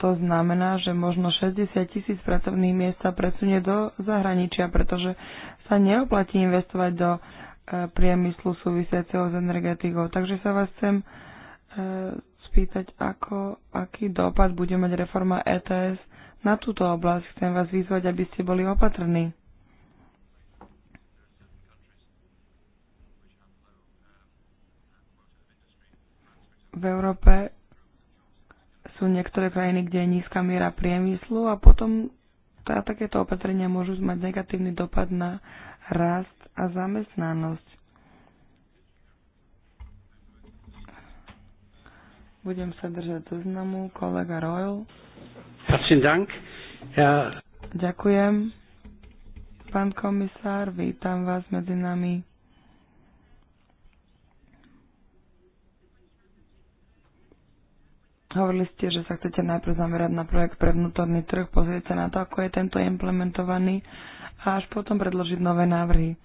to znamená, že možno 60 tisíc pracovných miest sa presunie do zahraničia, pretože sa neoplatí investovať do e, priemyslu súvisiaceho s energetikou. Takže sa vás chcem e, spýtať, ako, aký dopad bude mať reforma ETS na túto oblasť. Chcem vás vyzvať, aby ste boli opatrní. V Európe sú niektoré krajiny, kde je nízka miera priemyslu a potom tá, takéto opatrenia môžu mať negatívny dopad na rast a zamestnanosť. Budem sa držať zoznamu. Kolega Royal. Herzlichen Dank. Ja... Ďakujem. Pán komisár, vítam vás medzi nami. Hovorili ste, že sa chcete najprv zamerať na projekt pre vnútorný trh, pozrieť sa na to, ako je tento implementovaný a až potom predložiť nové návrhy.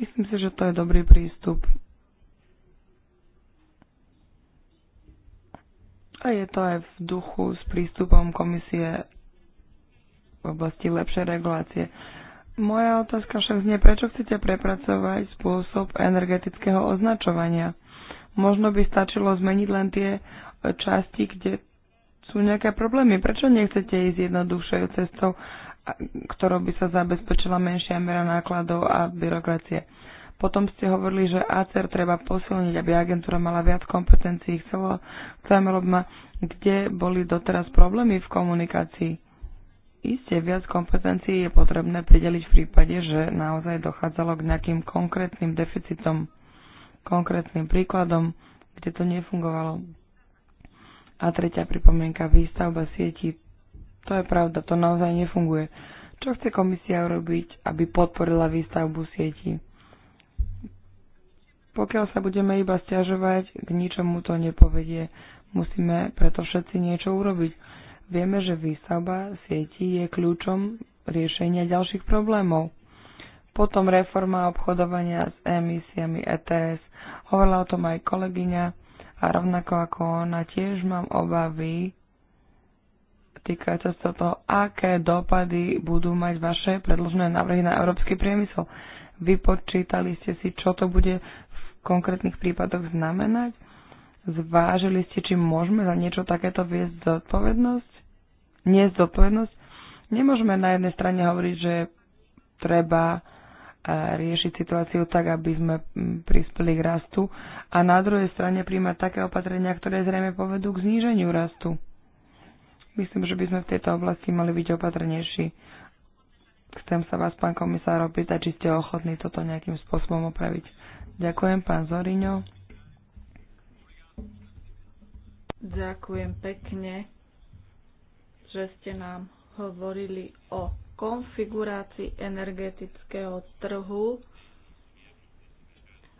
Myslím si, že to je dobrý prístup. A je to aj v duchu s prístupom komisie v oblasti lepšej regulácie. Moja otázka však znie, prečo chcete prepracovať spôsob energetického označovania? Možno by stačilo zmeniť len tie časti, kde sú nejaké problémy. Prečo nechcete ísť jednoduchšou cestou, ktorou by sa zabezpečila menšia miera nákladov a byrokracie? Potom ste hovorili, že ACER treba posilniť, aby agentúra mala viac kompetencií. Chcelo, zaujímalo ma, kde boli doteraz problémy v komunikácii. Isté, viac kompetencií je potrebné prideliť v prípade, že naozaj dochádzalo k nejakým konkrétnym deficitom, konkrétnym príkladom, kde to nefungovalo. A tretia pripomienka, výstavba sieti. To je pravda, to naozaj nefunguje. Čo chce komisia urobiť, aby podporila výstavbu sieti? Pokiaľ sa budeme iba stiažovať, k ničomu to nepovedie. Musíme preto všetci niečo urobiť. Vieme, že výstavba sieti je kľúčom riešenia ďalších problémov. Potom reforma obchodovania s emisiami ETS. Hovorila o tom aj kolegyňa. A rovnako ako ona, tiež mám obavy týkajúce sa toho, aké dopady budú mať vaše predložené návrhy na európsky priemysel. Vypočítali ste si, čo to bude v konkrétnych prípadoch znamenať? Zvážili ste, či môžeme za niečo takéto viesť zodpovednosť? Nie zodpovednosť? Nemôžeme na jednej strane hovoriť, že treba riešiť situáciu tak, aby sme mm, prispeli k rastu a na druhej strane príjmať také opatrenia, ktoré zrejme povedú k zníženiu rastu. Myslím, že by sme v tejto oblasti mali byť opatrnejší. Chcem sa vás, pán komisár, opýtať, či ste ochotní toto nejakým spôsobom opraviť. Ďakujem, pán Zoriňo. Ďakujem pekne, že ste nám hovorili o konfigurácii energetického trhu,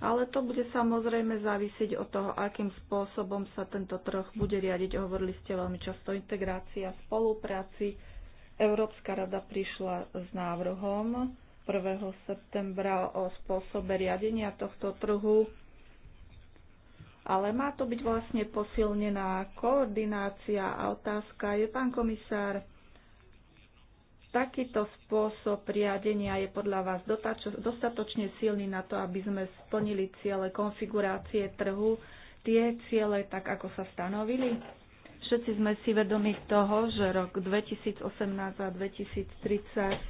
ale to bude samozrejme závisieť od toho, akým spôsobom sa tento trh bude riadiť. Hovorili ste veľmi často integrácia, spolupráci. Európska rada prišla s návrhom 1. septembra o spôsobe riadenia tohto trhu ale má to byť vlastne posilnená koordinácia a otázka je, pán komisár, Takýto spôsob riadenia je podľa vás dostatočne silný na to, aby sme splnili ciele konfigurácie trhu, tie ciele tak, ako sa stanovili? Všetci sme si vedomi toho, že rok 2018 a 2030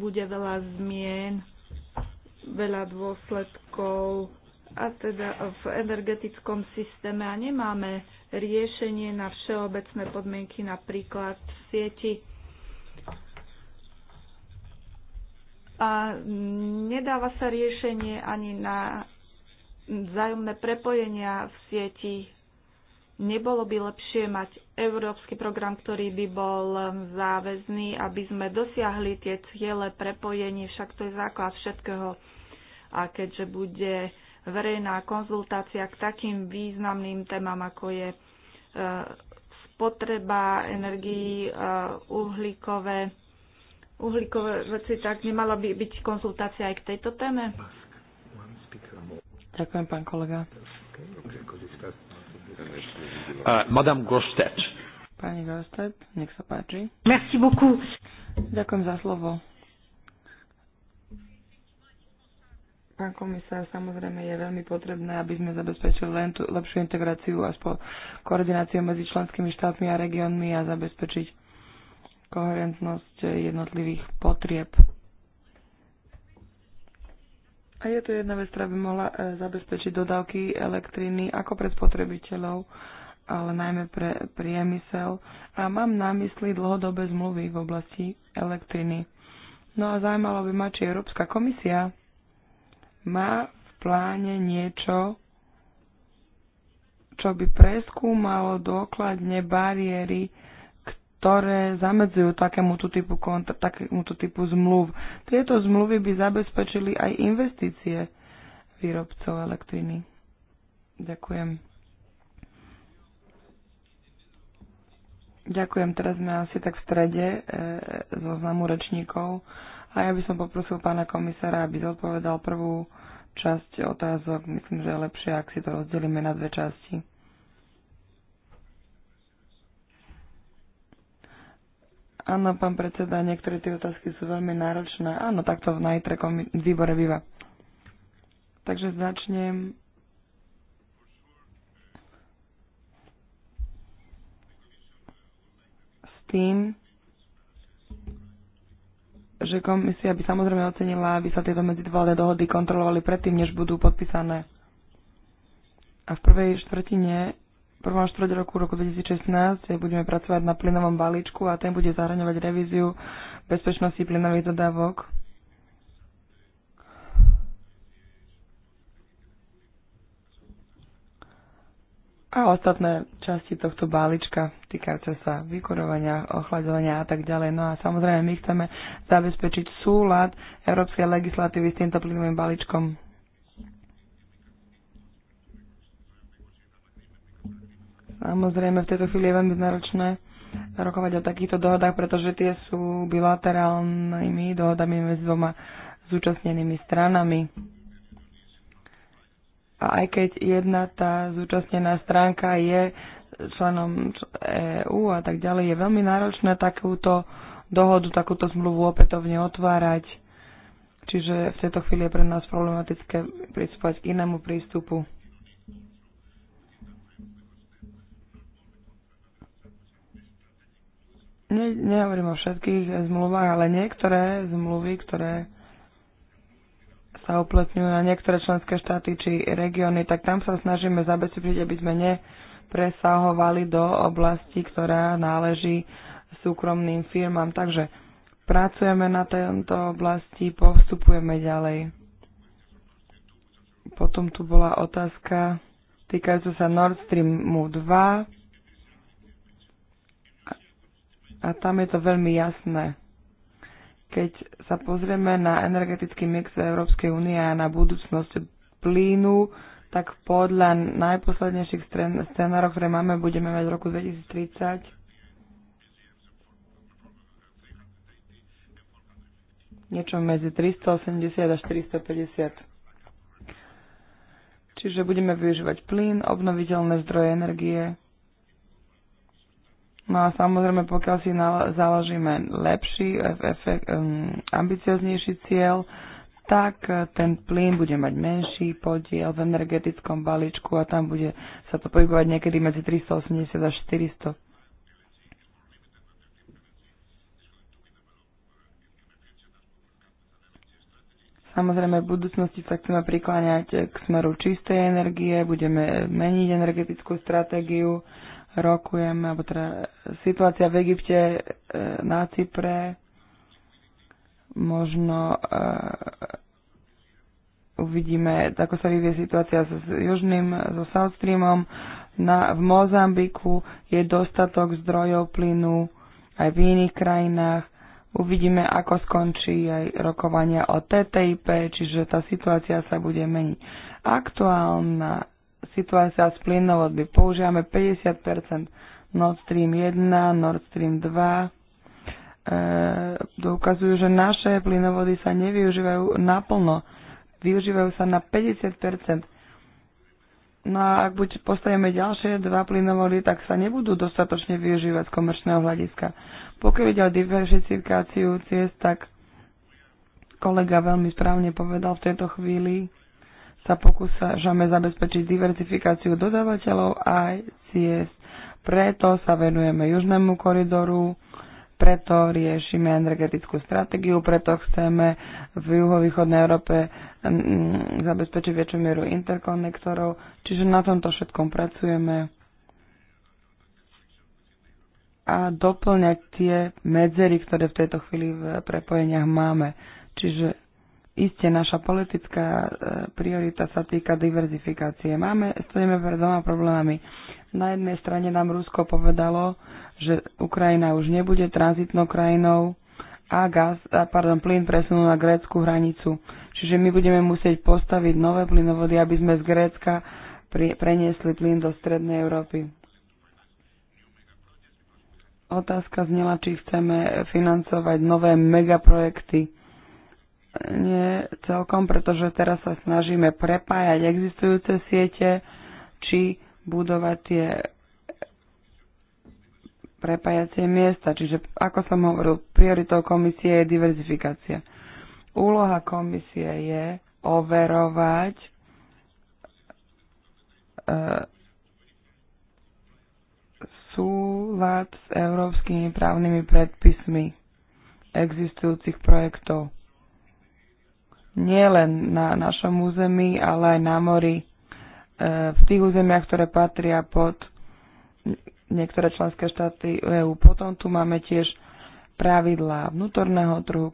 bude veľa zmien, veľa dôsledkov a teda v energetickom systéme a nemáme riešenie na všeobecné podmienky, napríklad v sieti. A nedáva sa riešenie ani na vzájomné prepojenia v sieti. Nebolo by lepšie mať európsky program, ktorý by bol záväzný, aby sme dosiahli tie ciele prepojenie, však to je základ všetkého. A keďže bude verejná konzultácia k takým významným témam, ako je e, spotreba energií, e, uhlíkové, uhlíkové veci, tak nemala by byť konzultácia aj k tejto téme? Ďakujem, pán kolega. Uh, Madame Gostet. Pani Gostet, nech sa páči. Merci beaucoup. Ďakujem za slovo. Pán komisár, samozrejme je veľmi potrebné, aby sme zabezpečili len tú lepšiu integráciu a spol- koordináciu medzi členskými štátmi a regiónmi a zabezpečiť koherentnosť jednotlivých potrieb. A je to jedna vec, ktorá by mohla e, zabezpečiť dodávky elektriny ako pre spotrebiteľov, ale najmä pre priemysel. A mám na mysli dlhodobé zmluvy v oblasti elektriny. No a zaujímalo by ma, či Európska komisia má v pláne niečo, čo by preskúmalo dôkladne bariéry, ktoré zamedzujú takémuto typu, kontra, takémuto typu zmluv. Tieto zmluvy by zabezpečili aj investície výrobcov elektriny. Ďakujem. Ďakujem, teraz sme asi tak v strede e, zoznamu rečníkov. A ja by som poprosil pána komisára, aby zodpovedal prvú časť otázok. Myslím, že je lepšie, ak si to rozdelíme na dve časti. Áno, pán predseda, niektoré tie otázky sú veľmi náročné. Áno, takto v najtre výbore býva. Takže začnem s tým, že komisia by samozrejme ocenila, aby sa tieto medzidválne dohody kontrolovali predtým, než budú podpísané. A v prvej štvrtine, v prvom štvrť roku roku 2016 budeme pracovať na plynovom balíčku a ten bude zahraňovať revíziu bezpečnosti plynových dodávok a ostatné časti tohto balíčka týkajúce sa vykurovania, ochladzovania a tak ďalej. No a samozrejme my chceme zabezpečiť súlad európskej legislatívy s týmto plynovým balíčkom. Samozrejme v tejto chvíli je veľmi náročné rokovať o takýchto dohodách, pretože tie sú bilaterálnymi dohodami medzi dvoma zúčastnenými stranami. A aj keď jedna tá zúčastnená stránka je členom EÚ a tak ďalej, je veľmi náročné takúto dohodu, takúto zmluvu opätovne otvárať. Čiže v tejto chvíli je pre nás problematické pristúpať k inému prístupu. ne, nehovorím o všetkých zmluvách, ale niektoré zmluvy, ktoré sa uplatňujú na niektoré členské štáty či regióny, tak tam sa snažíme zabezpečiť, aby sme nepresahovali do oblasti, ktorá náleží súkromným firmám. Takže pracujeme na tejto oblasti, postupujeme ďalej. Potom tu bola otázka týkajúca sa Nord Streamu 2 a tam je to veľmi jasné. Keď sa pozrieme na energetický mix Európskej únie a na budúcnosť plynu, tak podľa najposlednejších scenárov, ktoré máme, budeme mať v roku 2030 niečo medzi 380 až 450 čiže budeme využívať plyn, obnoviteľné zdroje energie No a samozrejme, pokiaľ si založíme lepší, ambicioznejší cieľ, tak e, ten plyn bude mať menší podiel v energetickom balíčku a tam bude sa to pohybovať niekedy medzi 380 až 400. Samozrejme, v budúcnosti sa chceme prikláňať k smeru čistej energie, budeme meniť energetickú stratégiu, rokujeme, alebo teda situácia v Egypte e, na Cypre, možno e, uvidíme, ako sa vyvie situácia s južným, so South Streamom. Na, v Mozambiku je dostatok zdrojov plynu aj v iných krajinách. Uvidíme, ako skončí aj rokovania o TTIP, čiže tá situácia sa bude meniť. Aktuálna situácia s plynovodmi. Používame 50% Nord Stream 1, Nord Stream 2. E, doukazujú, že naše plynovody sa nevyužívajú naplno. Využívajú sa na 50%. No a ak buď postavíme ďalšie dva plynovody, tak sa nebudú dostatočne využívať z komerčného hľadiska. Pokiaľ ide o diversifikáciu ciest, tak kolega veľmi správne povedal v tejto chvíli, sa pokúšame zabezpečiť diverzifikáciu dodávateľov aj ciest. Preto sa venujeme južnému koridoru, preto riešime energetickú stratégiu, preto chceme v juhovýchodnej Európe mm, zabezpečiť väčšiu mieru interkonektorov, čiže na tomto všetkom pracujeme a doplňať tie medzery, ktoré v tejto chvíli v prepojeniach máme. Čiže Isté, naša politická e, priorita sa týka diverzifikácie. Máme, stojíme pred dvoma problémami. Na jednej strane nám Rusko povedalo, že Ukrajina už nebude tranzitnou krajinou a, gaz, a pardon, plyn presunú na grécku hranicu. Čiže my budeme musieť postaviť nové plynovody, aby sme z Grécka pri, preniesli plyn do Strednej Európy. Otázka znela, či chceme financovať nové megaprojekty nie celkom, pretože teraz sa snažíme prepájať existujúce siete, či budovať tie prepájacie miesta. Čiže, ako som hovoril, prioritou komisie je diverzifikácia. Úloha komisie je overovať e, súlad s európskymi právnymi predpismi existujúcich projektov nie len na našom území, ale aj na mori, e, v tých územiach, ktoré patria pod niektoré členské štáty EÚ. Potom tu máme tiež pravidlá vnútorného trhu,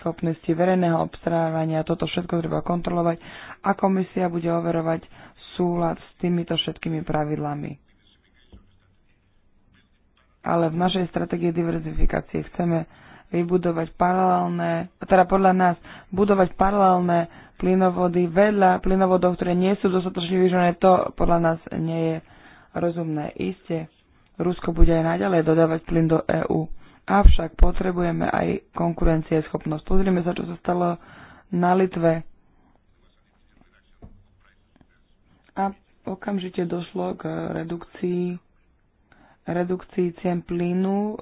schopnosti, verejného obstarávania, toto všetko treba kontrolovať a komisia bude overovať súlad s týmito všetkými pravidlami. Ale v našej strategii diverzifikácie chceme vybudovať paralelné, teda podľa nás, budovať paralelné plynovody vedľa plynovodov, ktoré nie sú dostatočne vyžené, to podľa nás nie je rozumné. Isté, Rusko bude aj naďalej dodávať plyn do EÚ, avšak potrebujeme aj schopnosť. Pozrime sa, čo sa stalo na Litve. A okamžite došlo k redukcii, redukcii cien plynu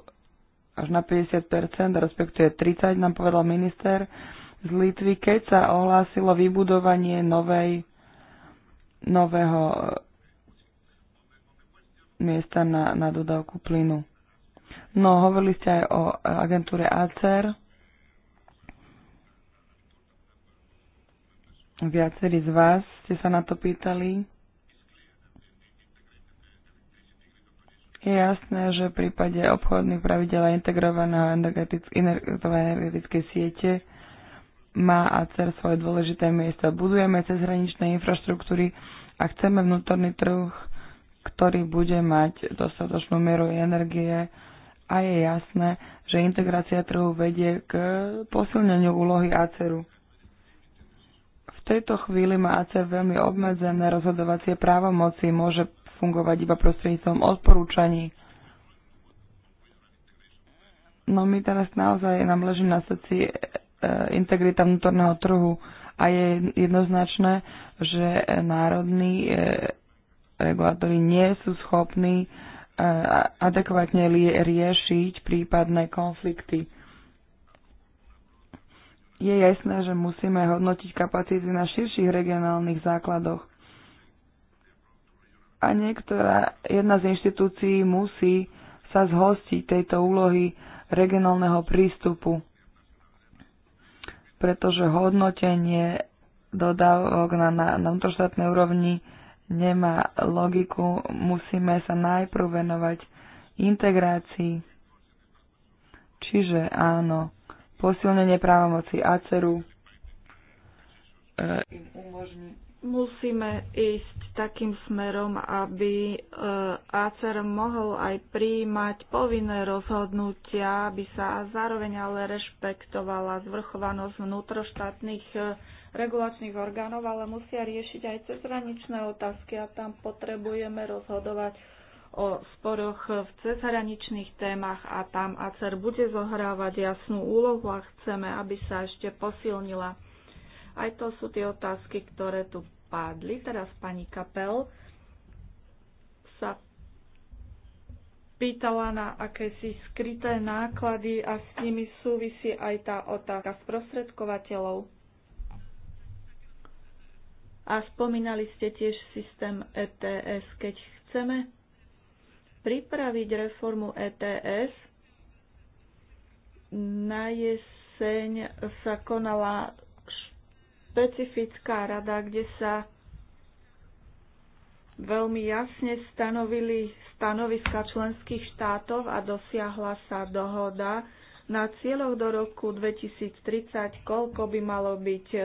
až na 50%, respektuje 30, nám povedal minister z Litvy, keď sa ohlásilo vybudovanie novej, nového e, miesta na, na dodávku plynu. No, hovorili ste aj o e, agentúre ACER. Viacerí z vás ste sa na to pýtali. Je jasné, že v prípade obchodných pravidel a integrovaného energetickej siete má ACER svoje dôležité miesto. Budujeme cezhraničné infraštruktúry a chceme vnútorný trh, ktorý bude mať dostatočnú mieru energie a je jasné, že integrácia trhu vedie k posilneniu úlohy ACERu. V tejto chvíli má ACER veľmi obmedzené rozhodovacie právomoci, môže fungovať iba prostredníctvom odporúčaní. No my teraz naozaj nám leží na srdci e, integrita vnútorného trhu a je jednoznačné, že národní e, regulátori nie sú schopní e, adekvátne riešiť prípadné konflikty. Je jasné, že musíme hodnotiť kapacity na širších regionálnych základoch a niektorá jedna z inštitúcií musí sa zhostiť tejto úlohy regionálneho prístupu, pretože hodnotenie dodávok na, na, na vnútroštátnej úrovni nemá logiku. Musíme sa najprv venovať integrácii. Čiže áno, posilnenie právomoci ACERu e, im umožní musíme ísť takým smerom, aby eh, ACER mohol aj príjmať povinné rozhodnutia, aby sa zároveň ale rešpektovala zvrchovanosť vnútroštátnych eh, regulačných orgánov, ale musia riešiť aj cezhraničné otázky a tam potrebujeme rozhodovať o sporoch v cezhraničných témach a tam ACER bude zohrávať jasnú úlohu a chceme, aby sa ešte posilnila aj to sú tie otázky, ktoré tu padli. Teraz pani Kapel sa pýtala na akési skryté náklady a s nimi súvisí aj tá otázka sprostredkovateľov. A spomínali ste tiež systém ETS. Keď chceme pripraviť reformu ETS, na jeseň sa konala špecifická rada, kde sa veľmi jasne stanovili stanoviska členských štátov a dosiahla sa dohoda na cieľoch do roku 2030, koľko by malo byť e,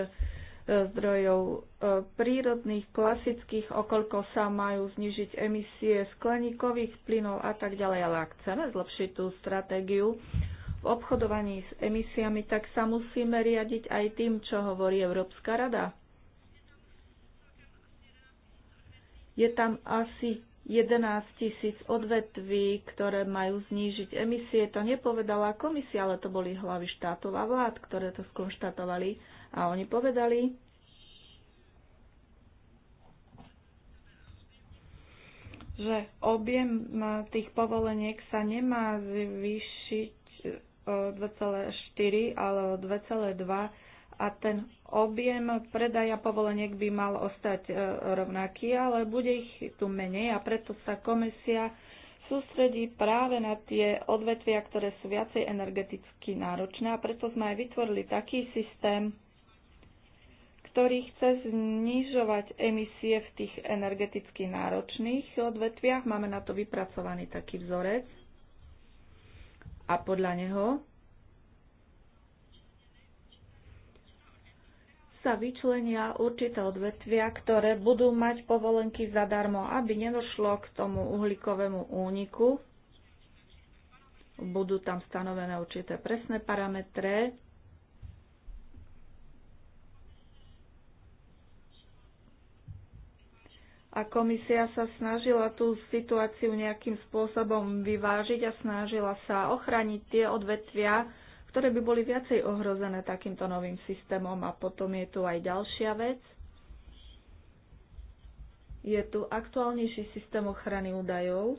zdrojov e, prírodných, klasických, okolko sa majú znižiť emisie skleníkových plynov a tak ďalej. Ale ak chceme zlepšiť tú stratégiu, v obchodovaní s emisiami, tak sa musíme riadiť aj tým, čo hovorí Európska rada. Je tam asi 11 tisíc odvetví, ktoré majú znížiť emisie. To nepovedala komisia, ale to boli hlavy štátov a vlád, ktoré to skonštatovali. A oni povedali, že objem tých povoleniek sa nemá zvýšiť 2,4, ale o 2,2 a ten objem predaja povoleniek by mal ostať e, rovnaký, ale bude ich tu menej a preto sa komisia sústredí práve na tie odvetvia, ktoré sú viacej energeticky náročné a preto sme aj vytvorili taký systém, ktorý chce znižovať emisie v tých energeticky náročných odvetviach. Máme na to vypracovaný taký vzorec a podľa neho sa vyčlenia určité odvetvia, ktoré budú mať povolenky zadarmo, aby nedošlo k tomu uhlíkovému úniku. Budú tam stanovené určité presné parametre a komisia sa snažila tú situáciu nejakým spôsobom vyvážiť a snažila sa ochrániť tie odvetvia, ktoré by boli viacej ohrozené takýmto novým systémom. A potom je tu aj ďalšia vec. Je tu aktuálnejší systém ochrany údajov,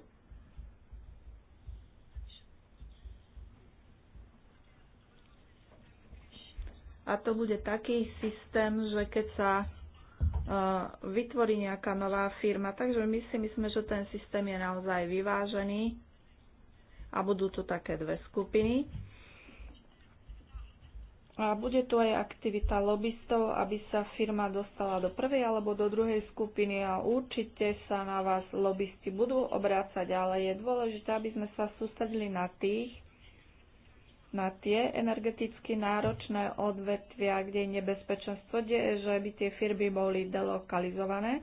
A to bude taký systém, že keď sa E, vytvorí nejaká nová firma. Takže my si myslíme, že ten systém je naozaj vyvážený a budú tu také dve skupiny. A bude tu aj aktivita lobbystov, aby sa firma dostala do prvej alebo do druhej skupiny a určite sa na vás lobbysti budú obrácať, ale je dôležité, aby sme sa sústredili na tých, na tie energeticky náročné odvetvia, kde je nebezpečenstvo, že by tie firmy boli delokalizované.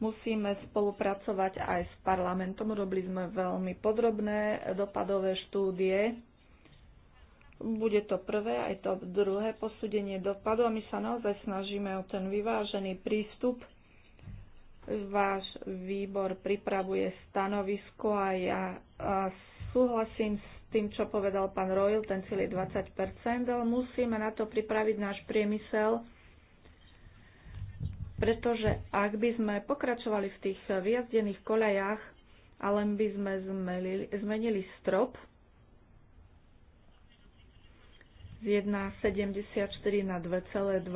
Musíme spolupracovať aj s parlamentom. Robili sme veľmi podrobné dopadové štúdie. Bude to prvé, aj to druhé posúdenie dopadu a my sa naozaj snažíme o ten vyvážený prístup. Váš výbor pripravuje stanovisko a ja súhlasím s tým, čo povedal pán Royal, ten celý je 20 ale musíme na to pripraviť náš priemysel, pretože ak by sme pokračovali v tých vyjazdených kolejách, ale by sme zmenili, zmenili strop z 1,74 na 2,2,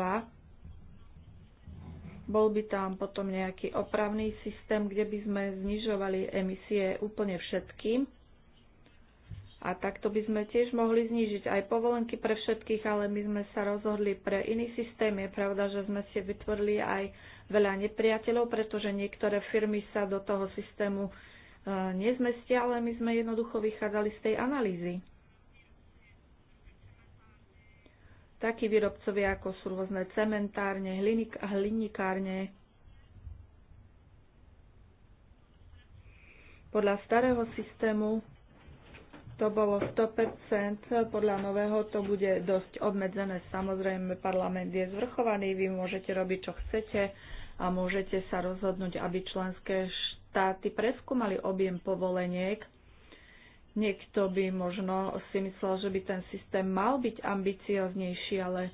bol by tam potom nejaký opravný systém, kde by sme znižovali emisie úplne všetkým a takto by sme tiež mohli znížiť aj povolenky pre všetkých, ale my sme sa rozhodli pre iný systém. Je pravda, že sme si vytvorili aj veľa nepriateľov, pretože niektoré firmy sa do toho systému e, nezmestia, ale my sme jednoducho vychádzali z tej analýzy. Takí výrobcovia, ako sú rôzne cementárne, hlinik, hlinikárne, podľa starého systému to bolo 100%, podľa nového to bude dosť obmedzené. Samozrejme, parlament je zvrchovaný, vy môžete robiť, čo chcete a môžete sa rozhodnúť, aby členské štáty preskúmali objem povoleniek. Niekto by možno si myslel, že by ten systém mal byť ambicioznejší, ale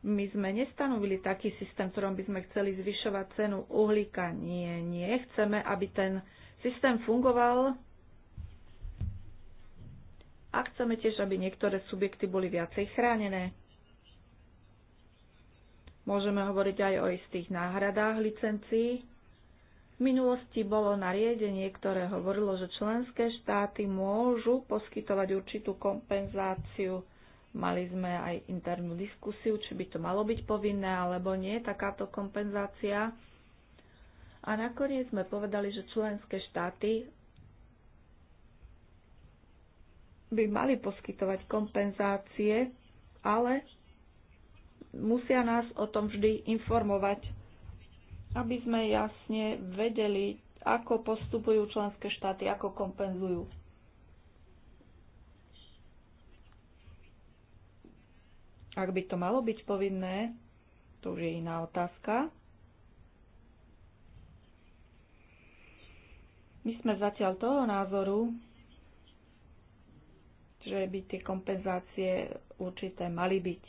my sme nestanovili taký systém, ktorom by sme chceli zvyšovať cenu uhlíka. Nie, nie. Chceme, aby ten systém fungoval a chceme tiež, aby niektoré subjekty boli viacej chránené. Môžeme hovoriť aj o istých náhradách licencií. V minulosti bolo nariadenie, ktoré hovorilo, že členské štáty môžu poskytovať určitú kompenzáciu. Mali sme aj internú diskusiu, či by to malo byť povinné alebo nie, takáto kompenzácia. A nakoniec sme povedali, že členské štáty by mali poskytovať kompenzácie, ale musia nás o tom vždy informovať, aby sme jasne vedeli, ako postupujú členské štáty, ako kompenzujú. Ak by to malo byť povinné, to už je iná otázka. My sme zatiaľ toho názoru, že by tie kompenzácie určité mali byť.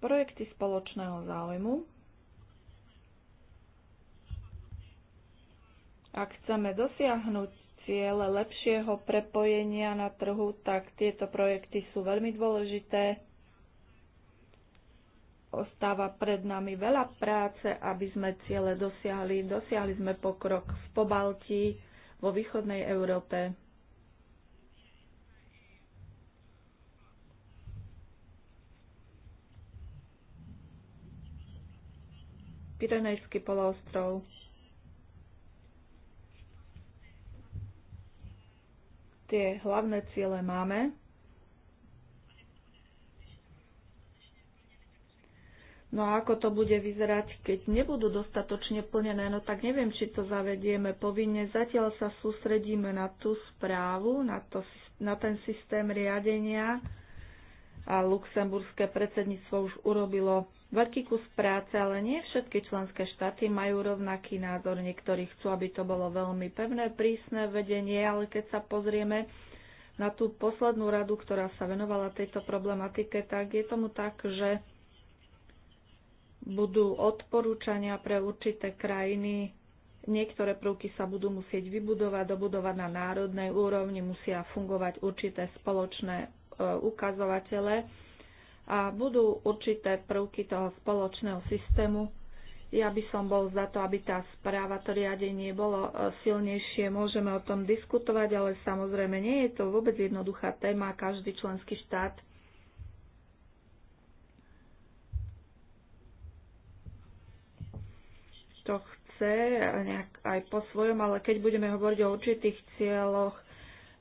Projekty spoločného záujmu. Ak chceme dosiahnuť ciele lepšieho prepojenia na trhu, tak tieto projekty sú veľmi dôležité ostáva pred nami veľa práce, aby sme ciele dosiahli. Dosiahli sme pokrok v Pobalti, vo východnej Európe. Pirenejský poloostrov. Tie hlavné ciele máme. No a ako to bude vyzerať, keď nebudú dostatočne plnené, no tak neviem, či to zavedieme povinne. Zatiaľ sa sústredíme na tú správu, na, to, na ten systém riadenia a luxemburské predsedníctvo už urobilo veľký kus práce, ale nie všetky členské štáty majú rovnaký názor. Niektorí chcú, aby to bolo veľmi pevné, prísne vedenie, ale keď sa pozrieme na tú poslednú radu, ktorá sa venovala tejto problematike, tak je tomu tak, že budú odporúčania pre určité krajiny. Niektoré prvky sa budú musieť vybudovať, dobudovať na národnej úrovni, musia fungovať určité spoločné e, ukazovatele a budú určité prvky toho spoločného systému. Ja by som bol za to, aby tá správa, to riadenie bolo e, silnejšie. Môžeme o tom diskutovať, ale samozrejme nie je to vôbec jednoduchá téma. Každý členský štát to chce nejak aj po svojom, ale keď budeme hovoriť o určitých cieľoch,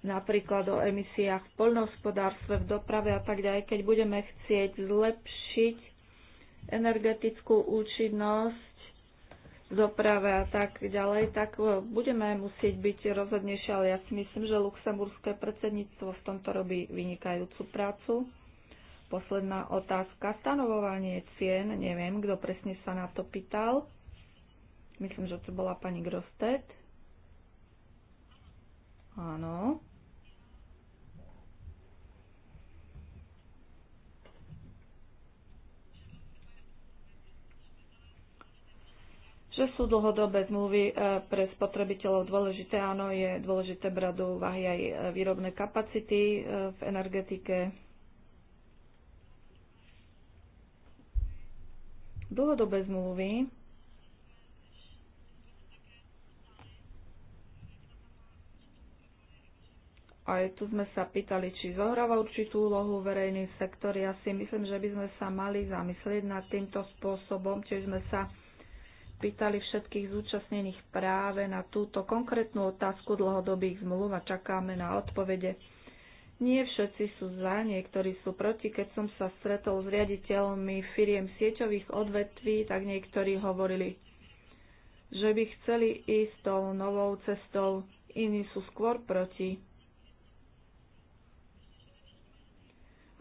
napríklad o emisiách v poľnohospodárstve, v doprave a tak ďalej, keď budeme chcieť zlepšiť energetickú účinnosť v doprave a tak ďalej, tak e, budeme musieť byť rozhodnejšie, ale ja si myslím, že luxemburské predsedníctvo v tomto robí vynikajúcu prácu. Posledná otázka, stanovovanie cien, neviem, kto presne sa na to pýtal. Myslím, že to bola pani Grostet. Áno. že sú dlhodobé zmluvy eh, pre spotrebiteľov dôležité. Áno, je dôležité brať do úvahy aj eh, výrobné kapacity eh, v energetike. Dlhodobé zmluvy Aj tu sme sa pýtali, či zohráva určitú úlohu verejný sektor. Ja si myslím, že by sme sa mali zamyslieť nad týmto spôsobom, čiže sme sa pýtali všetkých zúčastnených práve na túto konkrétnu otázku dlhodobých zmluv a čakáme na odpovede. Nie všetci sú za, niektorí sú proti. Keď som sa stretol s riaditeľmi firiem sieťových odvetví, tak niektorí hovorili, že by chceli ísť tou novou cestou, iní sú skôr proti.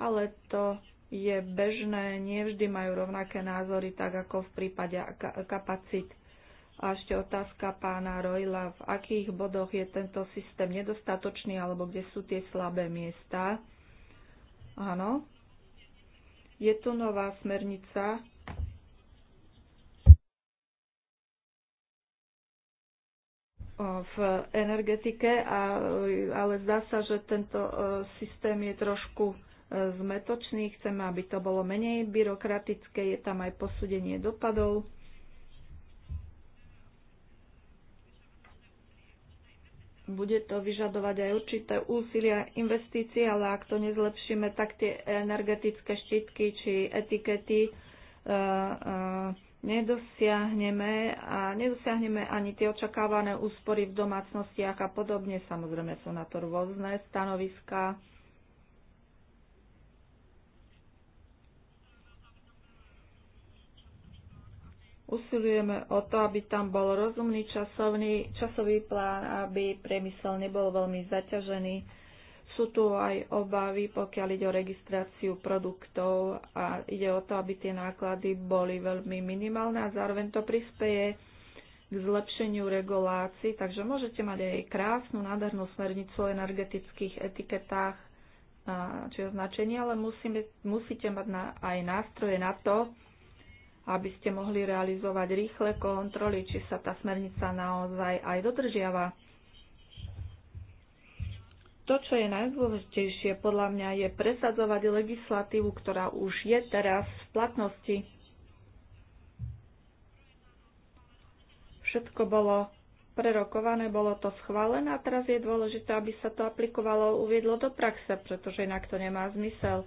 ale to je bežné, nevždy majú rovnaké názory, tak ako v prípade kapacit. A ešte otázka pána Rojla, v akých bodoch je tento systém nedostatočný alebo kde sú tie slabé miesta. Áno. Je tu nová smernica. v energetike, ale zdá sa, že tento e, systém je trošku zmetočný, chceme, aby to bolo menej byrokratické, je tam aj posúdenie dopadov. Bude to vyžadovať aj určité úsilia investície, ale ak to nezlepšíme, tak tie energetické štítky či etikety uh, uh, nedosiahneme a nedosiahneme ani tie očakávané úspory v domácnostiach a podobne. Samozrejme sú na to rôzne stanoviska. Usilujeme o to, aby tam bol rozumný časovný, časový plán, aby priemysel nebol veľmi zaťažený. Sú tu aj obavy, pokiaľ ide o registráciu produktov a ide o to, aby tie náklady boli veľmi minimálne a zároveň to prispieje k zlepšeniu regulácií, takže môžete mať aj krásnu, nádhernú smernicu o energetických etiketách či označení, ale musíme, musíte mať na, aj nástroje na to, aby ste mohli realizovať rýchle kontroly, či sa tá smernica naozaj aj dodržiava. To, čo je najdôležitejšie podľa mňa, je presadzovať legislatívu, ktorá už je teraz v platnosti. Všetko bolo prerokované, bolo to schválené a teraz je dôležité, aby sa to aplikovalo, uviedlo do praxe, pretože inak to nemá zmysel.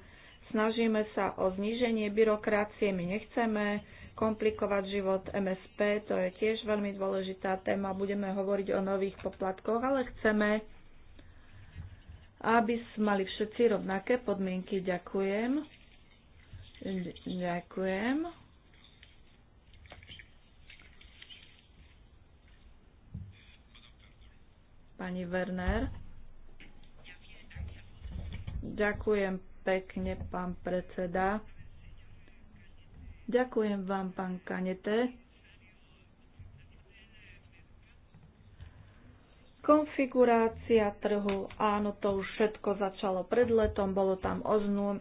Snažíme sa o zníženie byrokracie, my nechceme komplikovať život MSP, to je tiež veľmi dôležitá téma, budeme hovoriť o nových poplatkoch, ale chceme, aby mali všetci rovnaké podmienky. Ďakujem. Ďakujem. Pani Werner. Ďakujem pekne, pán predseda. Ďakujem vám, pán Kanete. Konfigurácia trhu, áno, to už všetko začalo pred letom, bolo tam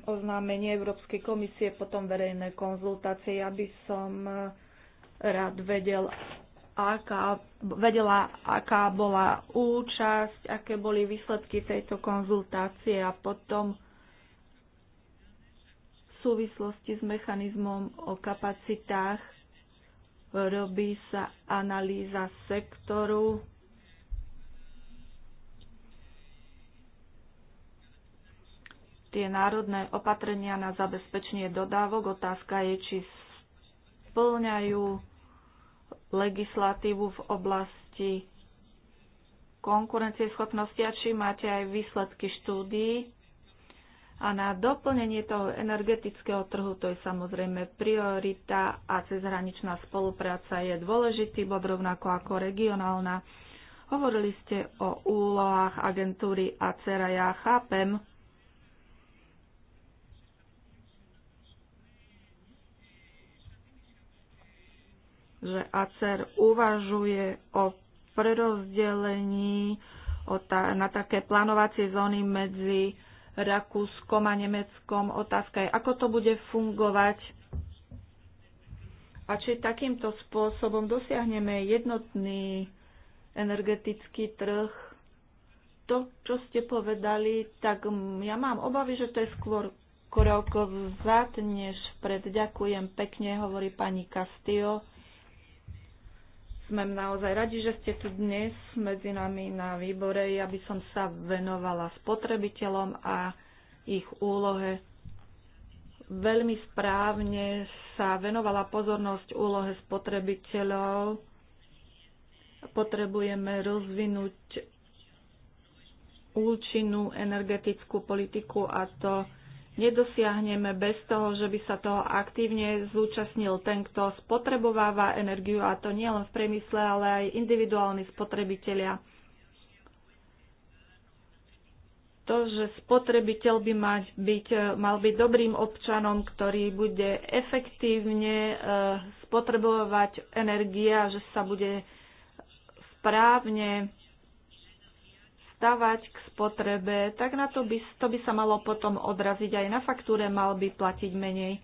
oznámenie Európskej komisie, potom verejné konzultácie. aby som eh, rád vedel, aká, vedela, aká bola účasť, aké boli výsledky tejto konzultácie a potom súvislosti s mechanizmom o kapacitách robí sa analýza sektoru. Tie národné opatrenia na zabezpečenie dodávok, otázka je, či splňajú legislatívu v oblasti konkurencieschopnosti a či máte aj výsledky štúdií a na doplnenie toho energetického trhu to je samozrejme priorita a cezhraničná spolupráca je dôležitý bod rovnako ako regionálna. Hovorili ste o úlohách agentúry ACERA. Ja chápem, že ACER uvažuje o prerozdelení o ta, na také plánovacie zóny medzi Rakúskom a Nemeckom. Otázka je, ako to bude fungovať a či takýmto spôsobom dosiahneme jednotný energetický trh. To, čo ste povedali, tak ja mám obavy, že to je skôr krok vzad než pred. Ďakujem pekne, hovorí pani Castillo sme naozaj radi, že ste tu dnes medzi nami na výbore, aby som sa venovala spotrebiteľom a ich úlohe. Veľmi správne sa venovala pozornosť úlohe spotrebiteľov. Potrebujeme rozvinúť účinnú energetickú politiku a to nedosiahneme bez toho, že by sa toho aktívne zúčastnil ten, kto spotrebováva energiu, a to nie len v priemysle, ale aj individuálni spotrebitelia. To, že spotrebiteľ by mať byť, mal byť dobrým občanom, ktorý bude efektívne e, spotrebovať energia, že sa bude správne stavať k spotrebe, tak na to by, to by sa malo potom odraziť aj na faktúre, mal by platiť menej.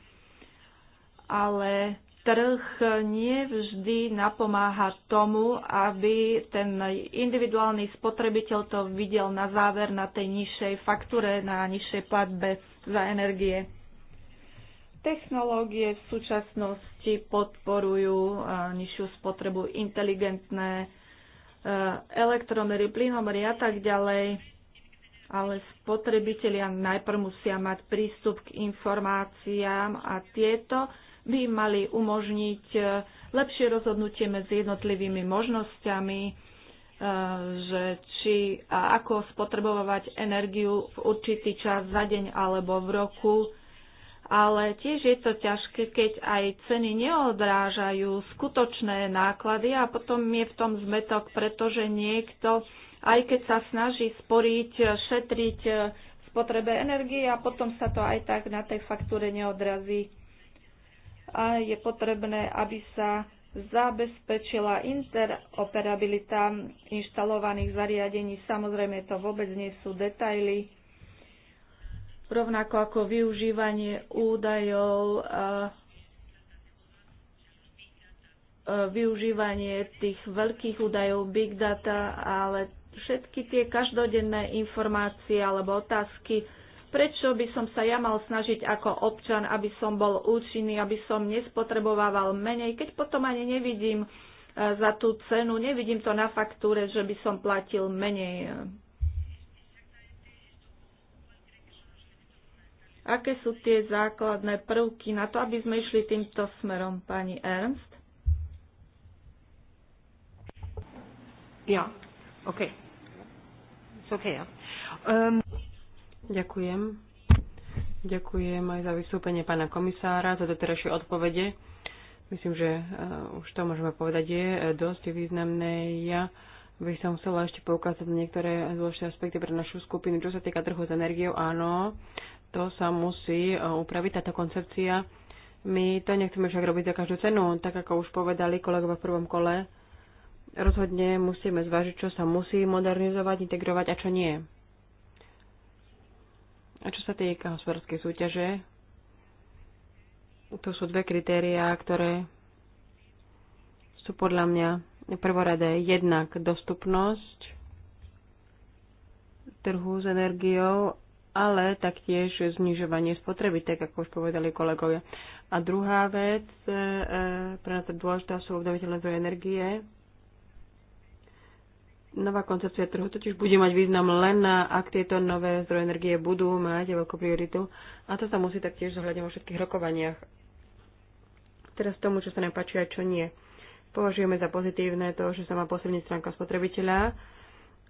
Ale trh nie vždy napomáha tomu, aby ten individuálny spotrebiteľ to videl na záver na tej nižšej faktúre, na nižšej platbe za energie. Technológie v súčasnosti podporujú nižšiu spotrebu inteligentné Eh, elektromery, plynomery a tak ďalej. Ale spotrebitelia najprv musia mať prístup k informáciám a tieto by mali umožniť eh, lepšie rozhodnutie medzi jednotlivými možnosťami, eh, že či a ako spotrebovať energiu v určitý čas za deň alebo v roku ale tiež je to ťažké, keď aj ceny neodrážajú skutočné náklady a potom je v tom zmetok, pretože niekto, aj keď sa snaží sporiť, šetriť eh, spotrebe energie a potom sa to aj tak na tej faktúre neodrazí. A je potrebné, aby sa zabezpečila interoperabilita inštalovaných zariadení. Samozrejme, to vôbec nie sú detaily rovnako ako využívanie údajov a využívanie tých veľkých údajov, big data, ale všetky tie každodenné informácie alebo otázky, prečo by som sa ja mal snažiť ako občan, aby som bol účinný, aby som nespotrebovával menej, keď potom ani nevidím e, za tú cenu, nevidím to na faktúre, že by som platil menej Aké sú tie základné prvky na to, aby sme išli týmto smerom, pani Ernst? Ja, OK. It's OK, ja. Um, ďakujem. Ďakujem aj za vystúpenie pána komisára, za doterajšie odpovede. Myslím, že uh, už to môžeme povedať, je eh, dosť významné. Ja by som chcela ešte poukázať na niektoré zložité aspekty pre našu skupinu. Čo sa týka trhu s energiou, áno, to sa musí e, upraviť, táto koncepcia. My to nechceme však robiť za každú cenu, tak ako už povedali kolegovia v prvom kole. Rozhodne musíme zvážiť, čo sa musí modernizovať, integrovať a čo nie. A čo sa týka hospodárskej súťaže, to sú dve kritériá, ktoré sú podľa mňa prvoradé. Jednak dostupnosť trhu s energiou ale taktiež znižovanie spotreby, tak ako už povedali kolegovia. A druhá vec, e, e, pre nás dôležitá sú obnoviteľné zdroje energie. Nová koncepcia trhu totiž bude mať význam len, na, ak tieto nové zdroje energie budú mať veľkú prioritu. A to sa musí taktiež zohľadniť vo všetkých rokovaniach. Teraz tomu, čo sa nám páči a čo nie. Považujeme za pozitívne to, že sa má posilniť stránka spotrebiteľa,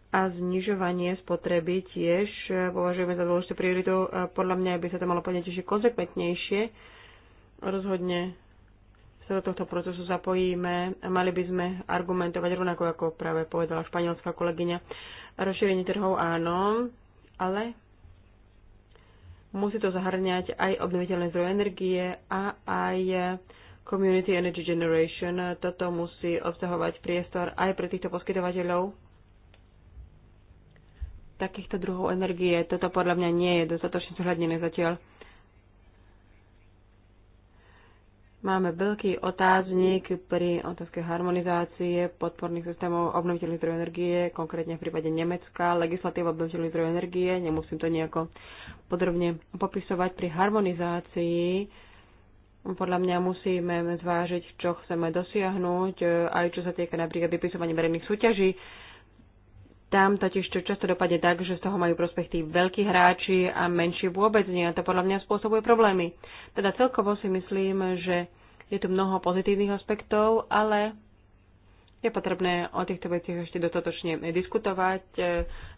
a znižovanie spotreby tiež e, považujeme za dôležitú prioritu. E, podľa mňa by sa to malo podnieť ešte konzekventnejšie. Rozhodne sa do tohto procesu zapojíme. Mali by sme argumentovať rovnako, ako práve povedala španielská kolegyňa. Rozšírenie trhov áno, ale musí to zahrňať aj obnoviteľné zdroje energie a aj Community Energy Generation. Toto musí obsahovať priestor aj pre týchto poskytovateľov takýchto druhov energie. Toto podľa mňa nie je dostatočne zohľadnené zatiaľ. Máme veľký otáznik pri otázke harmonizácie podporných systémov obnoviteľných zdrojov energie, konkrétne v prípade Nemecka, legislatíva obnoviteľných zdrojov energie, nemusím to nejako podrobne popisovať. Pri harmonizácii podľa mňa musíme zvážiť, čo chceme dosiahnuť, aj čo sa týka napríklad vypisovania verejných súťaží, tam totiž to často dopadne tak, že z toho majú prospech tí veľkí hráči a menší vôbec nie. A to podľa mňa spôsobuje problémy. Teda celkovo si myslím, že je tu mnoho pozitívnych aspektov, ale je potrebné o týchto veciach ešte dostatočne diskutovať e,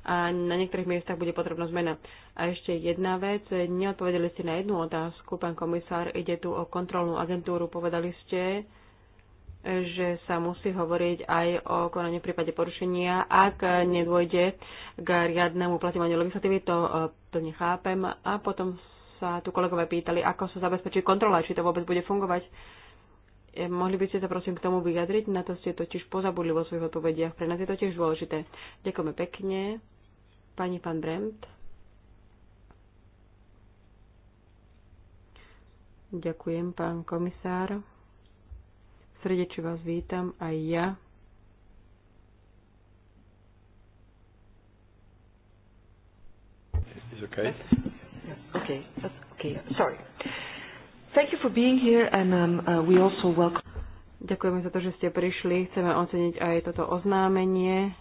a na niektorých miestach bude potrebná zmena. A ešte jedna vec, neodpovedali ste na jednu otázku, pán komisár, ide tu o kontrolnú agentúru, povedali ste, že sa musí hovoriť aj o konaní v prípade porušenia, ak nedôjde k riadnemu uplatňovaniu legislatívy, to plne e, chápem. A potom sa tu kolegové pýtali, ako sa zabezpečí kontrola, či to vôbec bude fungovať. E, mohli by ste sa prosím k tomu vyjadriť? Na to ste totiž pozabudli vo svojich odpovediach. Pre nás je to tiež dôležité. Ďakujeme pekne. Pani pán Bremt. Ďakujem, pán komisár. Srdečne vás vítam aj ja. Is okay? Okay, that's okay. Sorry. Thank you for being here and um, uh, we also welcome Ďakujeme za to, že ste prišli. Chceme oceniť aj toto oznámenie.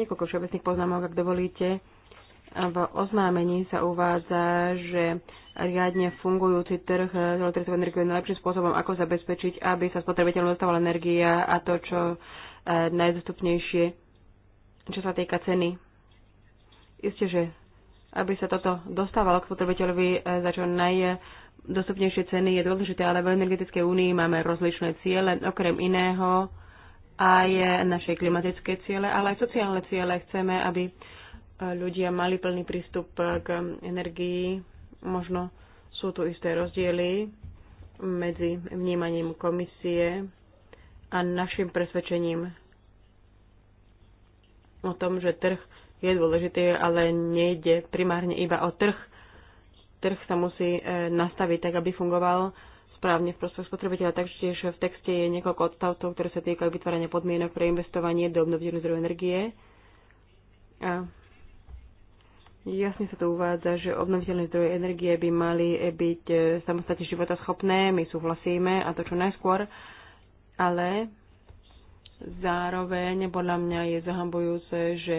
Niekoľko všeobecných poznámok, ak dovolíte. V oznámení sa uvádza, že riadne fungujúci trh s eh, elektrickou energiou najlepším spôsobom, ako zabezpečiť, aby sa spotrebiteľom dostávala energia a to, čo eh, najdostupnejšie, čo sa týka ceny. Isté, že aby sa toto dostávalo k spotrebiteľovi eh, za čo najdostupnejšie ceny je dôležité, ale v energetickej únii máme rozličné ciele, okrem iného aj naše klimatické ciele, ale aj sociálne ciele. Chceme, aby ľudia mali plný prístup k energii Možno sú tu isté rozdiely medzi vnímaním komisie a našim presvedčením o tom, že trh je dôležitý, ale nejde primárne iba o trh. Trh sa musí e, nastaviť tak, aby fungoval správne v prospech spotrebiteľa. Taktiež v texte je niekoľko odstavcov, ktoré sa týkajú vytvárania podmienok pre investovanie do obnoviteľných zdrojov energie. A Jasne sa to uvádza, že obnoviteľné zdroje energie by mali byť e, samostatne životoschopné, my súhlasíme a to čo najskôr, ale zároveň podľa mňa je zahambujúce, že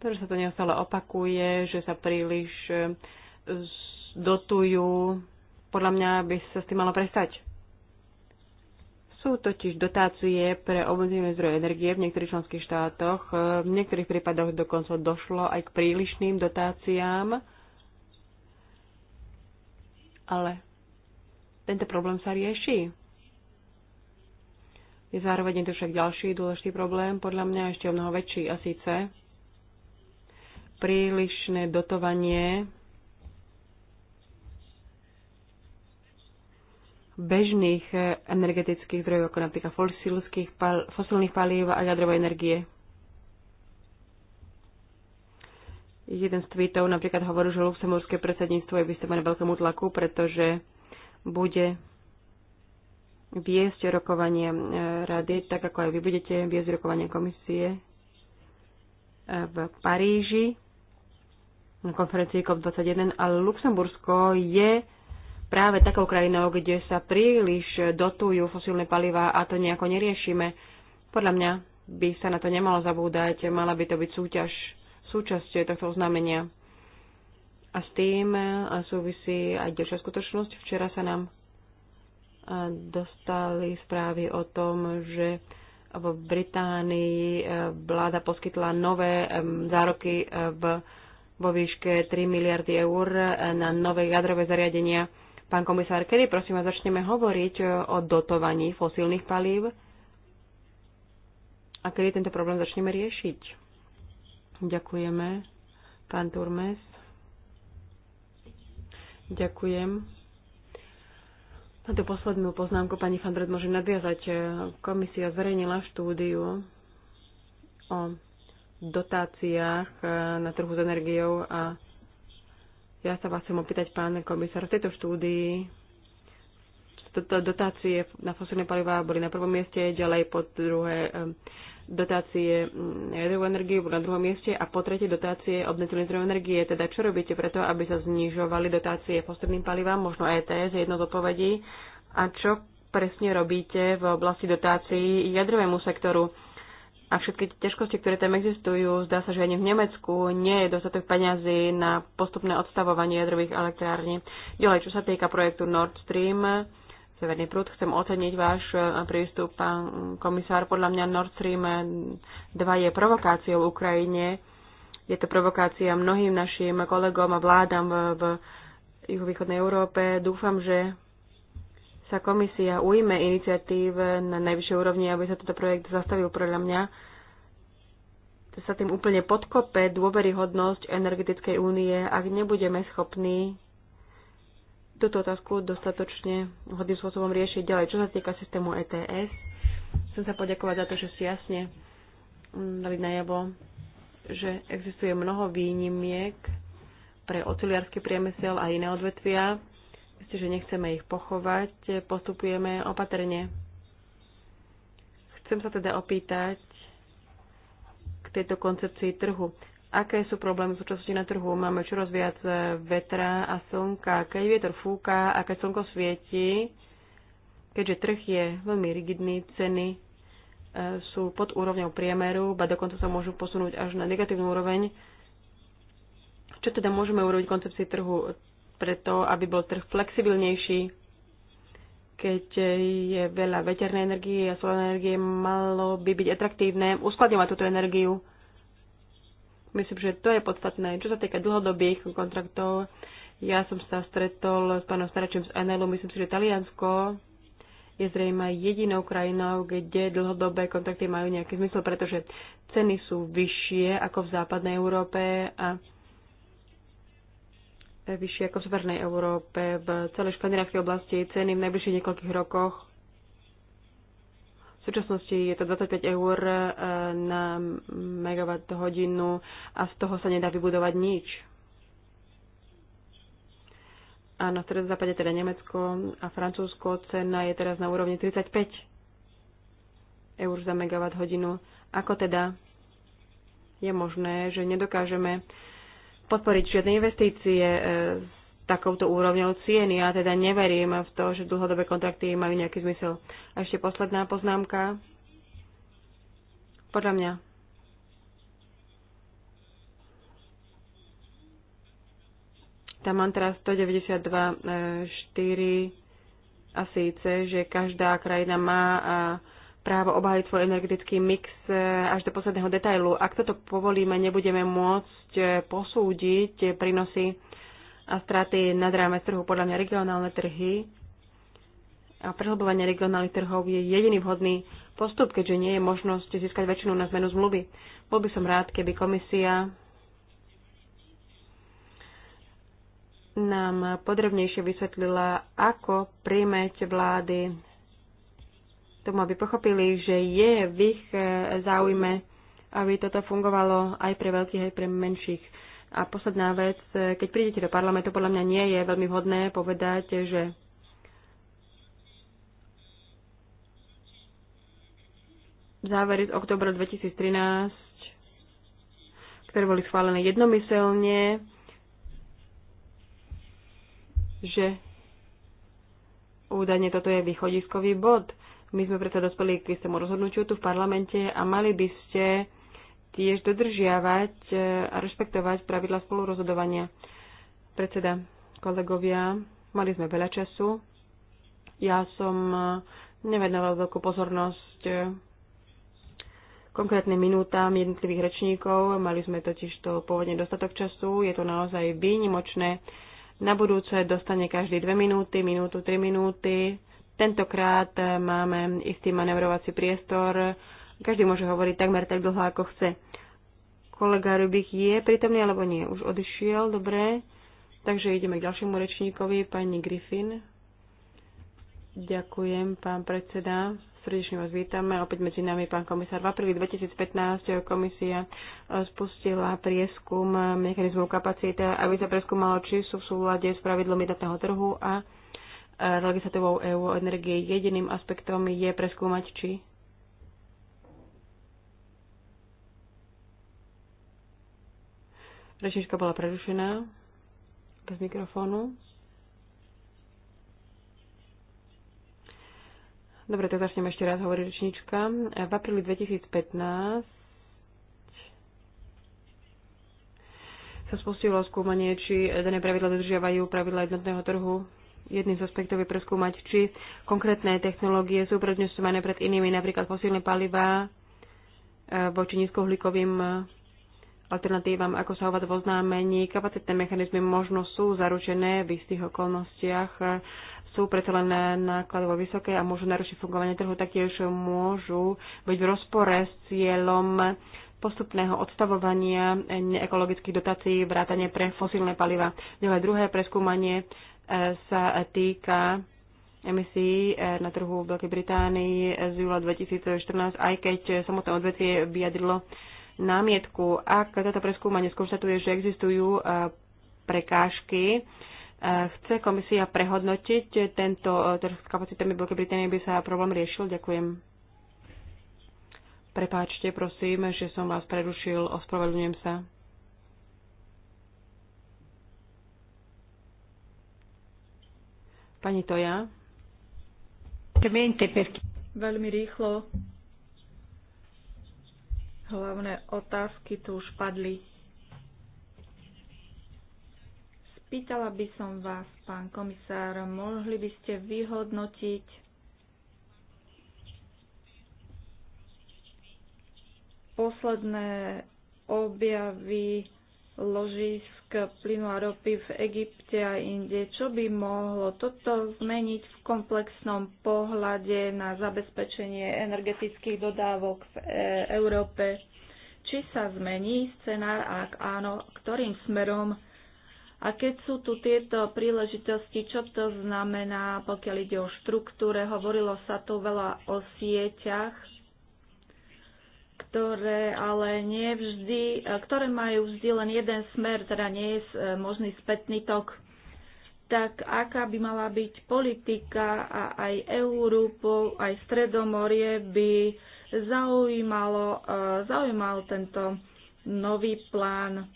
to, že sa to neustále opakuje, že sa príliš e, dotujú, podľa mňa by sa s tým malo prestať. Sú totiž dotácie pre obnoviteľné zdroje energie v niektorých členských štátoch. E, v niektorých prípadoch dokonca došlo aj k prílišným dotáciám. Ale tento problém sa rieši. Je zároveň to však ďalší dôležitý problém, podľa mňa ešte o mnoho väčší, a síce prílišné dotovanie bežných eh, energetických zdrojov, ako napríklad fosilných palív a jadrovej energie. Jeden z tweetov napríklad hovorí, že luxemburské predsedníctvo je vystavené veľkému tlaku, pretože bude viesť rokovanie eh, rady, tak ako aj vy budete viesť rokovanie komisie eh, v Paríži na konferencii COP21, ale Luxembursko je práve takou krajinou, kde sa príliš dotujú fosílne paliva a to nejako neriešime. Podľa mňa by sa na to nemalo zabúdať, mala by to byť súťaž, súčasť tohto oznámenia. A s tým e, súvisí aj ďalšia skutočnosť. Včera sa nám e, dostali správy o tom, že v Británii e, vláda poskytla nové zároky v, vo výške 3 miliardy eur na nové jadrové zariadenia Pán komisár, kedy prosím vás začneme hovoriť e, o dotovaní fosílnych palív a kedy tento problém začneme riešiť? Ďakujeme. Pán Turmes. Ďakujem. Na tú poslednú poznámku pani Fandred môže nadviazať. E, Komisia zverejnila štúdiu o dotáciách e, na trhu s energiou a ja sa vás chcem opýtať, pán komisár, v tejto štúdii dotácie na fosilné palivá boli na prvom mieste, ďalej po druhé dotácie mm, na jadrovú energiu boli na druhom mieste a po tretie dotácie obnoviteľných zdrojov energie. Teda čo robíte preto, aby sa znižovali dotácie fosilným palivám, možno ETS je jedno z odpovedí. A čo presne robíte v oblasti dotácií jadrovému sektoru? a všetky tie ťažkosti, ktoré tam existujú, zdá sa, že ani v Nemecku nie je dostatok peňazí na postupné odstavovanie jadrových elektrární. Ďalej, čo sa týka projektu Nord Stream, Severný prúd, chcem oceniť váš e, prístup, pán komisár. Podľa mňa Nord Stream 2 e, je provokáciou Ukrajine. Je to provokácia mnohým našim kolegom a vládam v, v juhovýchodnej Európe. Dúfam, že sa komisia ujme iniciatív na najvyššej úrovni, aby sa tento projekt zastavil podľa mňa, to sa tým úplne podkope dôveryhodnosť energetickej únie, ak nebudeme schopní túto otázku dostatočne hodným spôsobom riešiť ďalej. Čo sa týka systému ETS, chcem sa poďakovať za to, že si jasne dali najavo, že existuje mnoho výnimiek pre oceliarský priemysel a iné odvetvia že nechceme ich pochovať, e, postupujeme opatrne. Chcem sa teda opýtať k tejto koncepcii trhu. Aké sú problémy v súčasnosti na trhu? Máme čoraz viac e, vetra a slnka. Keď vietor fúka a keď slnko svieti, keďže trh je veľmi rigidný, ceny e, sú pod úrovňou priemeru, ba dokonca sa môžu posunúť až na negatívnu úroveň. Čo teda môžeme urobiť koncepcii trhu? preto, aby bol trh flexibilnejší. Keď je veľa veternej energie a solárnej energie, malo by byť atraktívne uskladňovať túto energiu. Myslím, že to je podstatné. Čo sa týka dlhodobých kontraktov, ja som sa stretol s pánom Staračom z Enelu. Myslím si, že Taliansko je zrejme jedinou krajinou, kde dlhodobé kontrakty majú nejaký zmysel, pretože ceny sú vyššie ako v západnej Európe a vyššie ako v Severnej Európe. V celej škandinávskej oblasti ceny v najbližších niekoľkých rokoch v súčasnosti je to 25 eur e, na megawatt hodinu a z toho sa nedá vybudovať nič. A na stredozápade teda Nemecko a Francúzsko cena je teraz na úrovni 35 eur za megawatt hodinu. Ako teda je možné, že nedokážeme podporiť žiadne investície e, s takouto úrovňou cieny. Ja teda neverím v to, že dlhodobé kontrakty majú nejaký zmysel. A ešte posledná poznámka. Podľa mňa tá mantra 192.4 e, a síce, že každá krajina má a právo obhájiť svoj energetický mix e, až do posledného detailu. Ak toto povolíme, nebudeme môcť e, posúdiť e, prínosy a straty nad rámec trhu. Podľa mňa regionálne trhy a prehlbovanie regionálnych trhov je jediný vhodný postup, keďže nie je možnosť získať väčšinu na zmenu zmluvy. Bol by som rád, keby komisia nám podrobnejšie vysvetlila, ako príjmeť vlády tomu, aby pochopili, že je v ich e, záujme, aby toto fungovalo aj pre veľkých, aj pre menších. A posledná vec, e, keď prídete do parlamentu, podľa mňa nie je veľmi vhodné povedať, že závery z oktobra 2013, ktoré boli schválené jednomyselne, že údajne toto je východiskový bod. My sme preto dospeli k istému rozhodnutiu tu v parlamente a mali by ste tiež dodržiavať e, a rešpektovať pravidla spolurozhodovania. Predseda, kolegovia, mali sme veľa času. Ja som e, nevenoval veľkú pozornosť e, konkrétnym minútam jednotlivých rečníkov. Mali sme totiž to pôvodne dostatok času. Je to naozaj výnimočné. Na budúce dostane každý dve minúty, minútu, tri minúty Tentokrát eh, máme istý manevrovací priestor. Každý môže hovoriť takmer tak dlho, ako chce. Kolega Rubik je prítomný alebo nie? Už odišiel, dobre. Takže ideme k ďalšiemu rečníkovi, pani Griffin. Ďakujem, pán predseda. Srdečne vás vítame. Opäť medzi nami pán komisár. V apríli 2015 komisia eh, spustila prieskum eh, mechanizmu kapacity, aby sa preskúmalo, či sú v súlade s pravidlom jednotného trhu a legislatívou EÚ o energie. Jediným aspektom je preskúmať, či Rečnička bola prerušená bez mikrofónu. Dobre, tak začnem ešte raz, hovorí rečnička. V apríli 2015 sa spustilo skúmanie, či dané pravidla dodržiavajú pravidla jednotného trhu jedným z aspektov je preskúmať, či konkrétne technológie sú predňosťované pred inými, napríklad fosílne paliva e, voči nízkohlíkovým e, alternatívam, ako sa hovať v oznámení. Kapacitné mechanizmy možno sú zaručené v istých okolnostiach, e, sú predsa len nákladovo vysoké a môžu narušiť fungovanie trhu, taktiež môžu byť v rozpore s cieľom postupného odstavovania neekologických dotácií, vrátane pre fosílne paliva. Ďalej druhé preskúmanie sa týka emisí eh, na trhu v Veľkej Británii z júla 2014, aj keď samotné odvetvie vyjadrilo námietku. Ak toto preskúmanie skonštatuje, že existujú eh, prekážky, eh, chce komisia prehodnotiť tento trh s kapacitami Veľkej Británie, by sa problém riešil? Ďakujem. Prepáčte, prosím, že som vás prerušil, ospravedlňujem sa. Pani Toja. Veľmi rýchlo. Hlavné otázky tu už padli. Spýtala by som vás, pán komisár, mohli by ste vyhodnotiť posledné objavy ložisk k plynu a ropy v Egypte a inde. Čo by mohlo toto zmeniť v komplexnom pohľade na zabezpečenie energetických dodávok v e, Európe? Či sa zmení scenár, ak áno, ktorým smerom? A keď sú tu tieto príležitosti, čo to znamená, pokiaľ ide o štruktúre? Hovorilo sa tu veľa o sieťach ktoré ale nie vždy, ktoré majú vždy len jeden smer, teda nie je e, možný spätný tok. Tak aká by mala byť politika a aj Európu, aj Stredomorie by zaujímalo, e, zaujímal tento nový plán.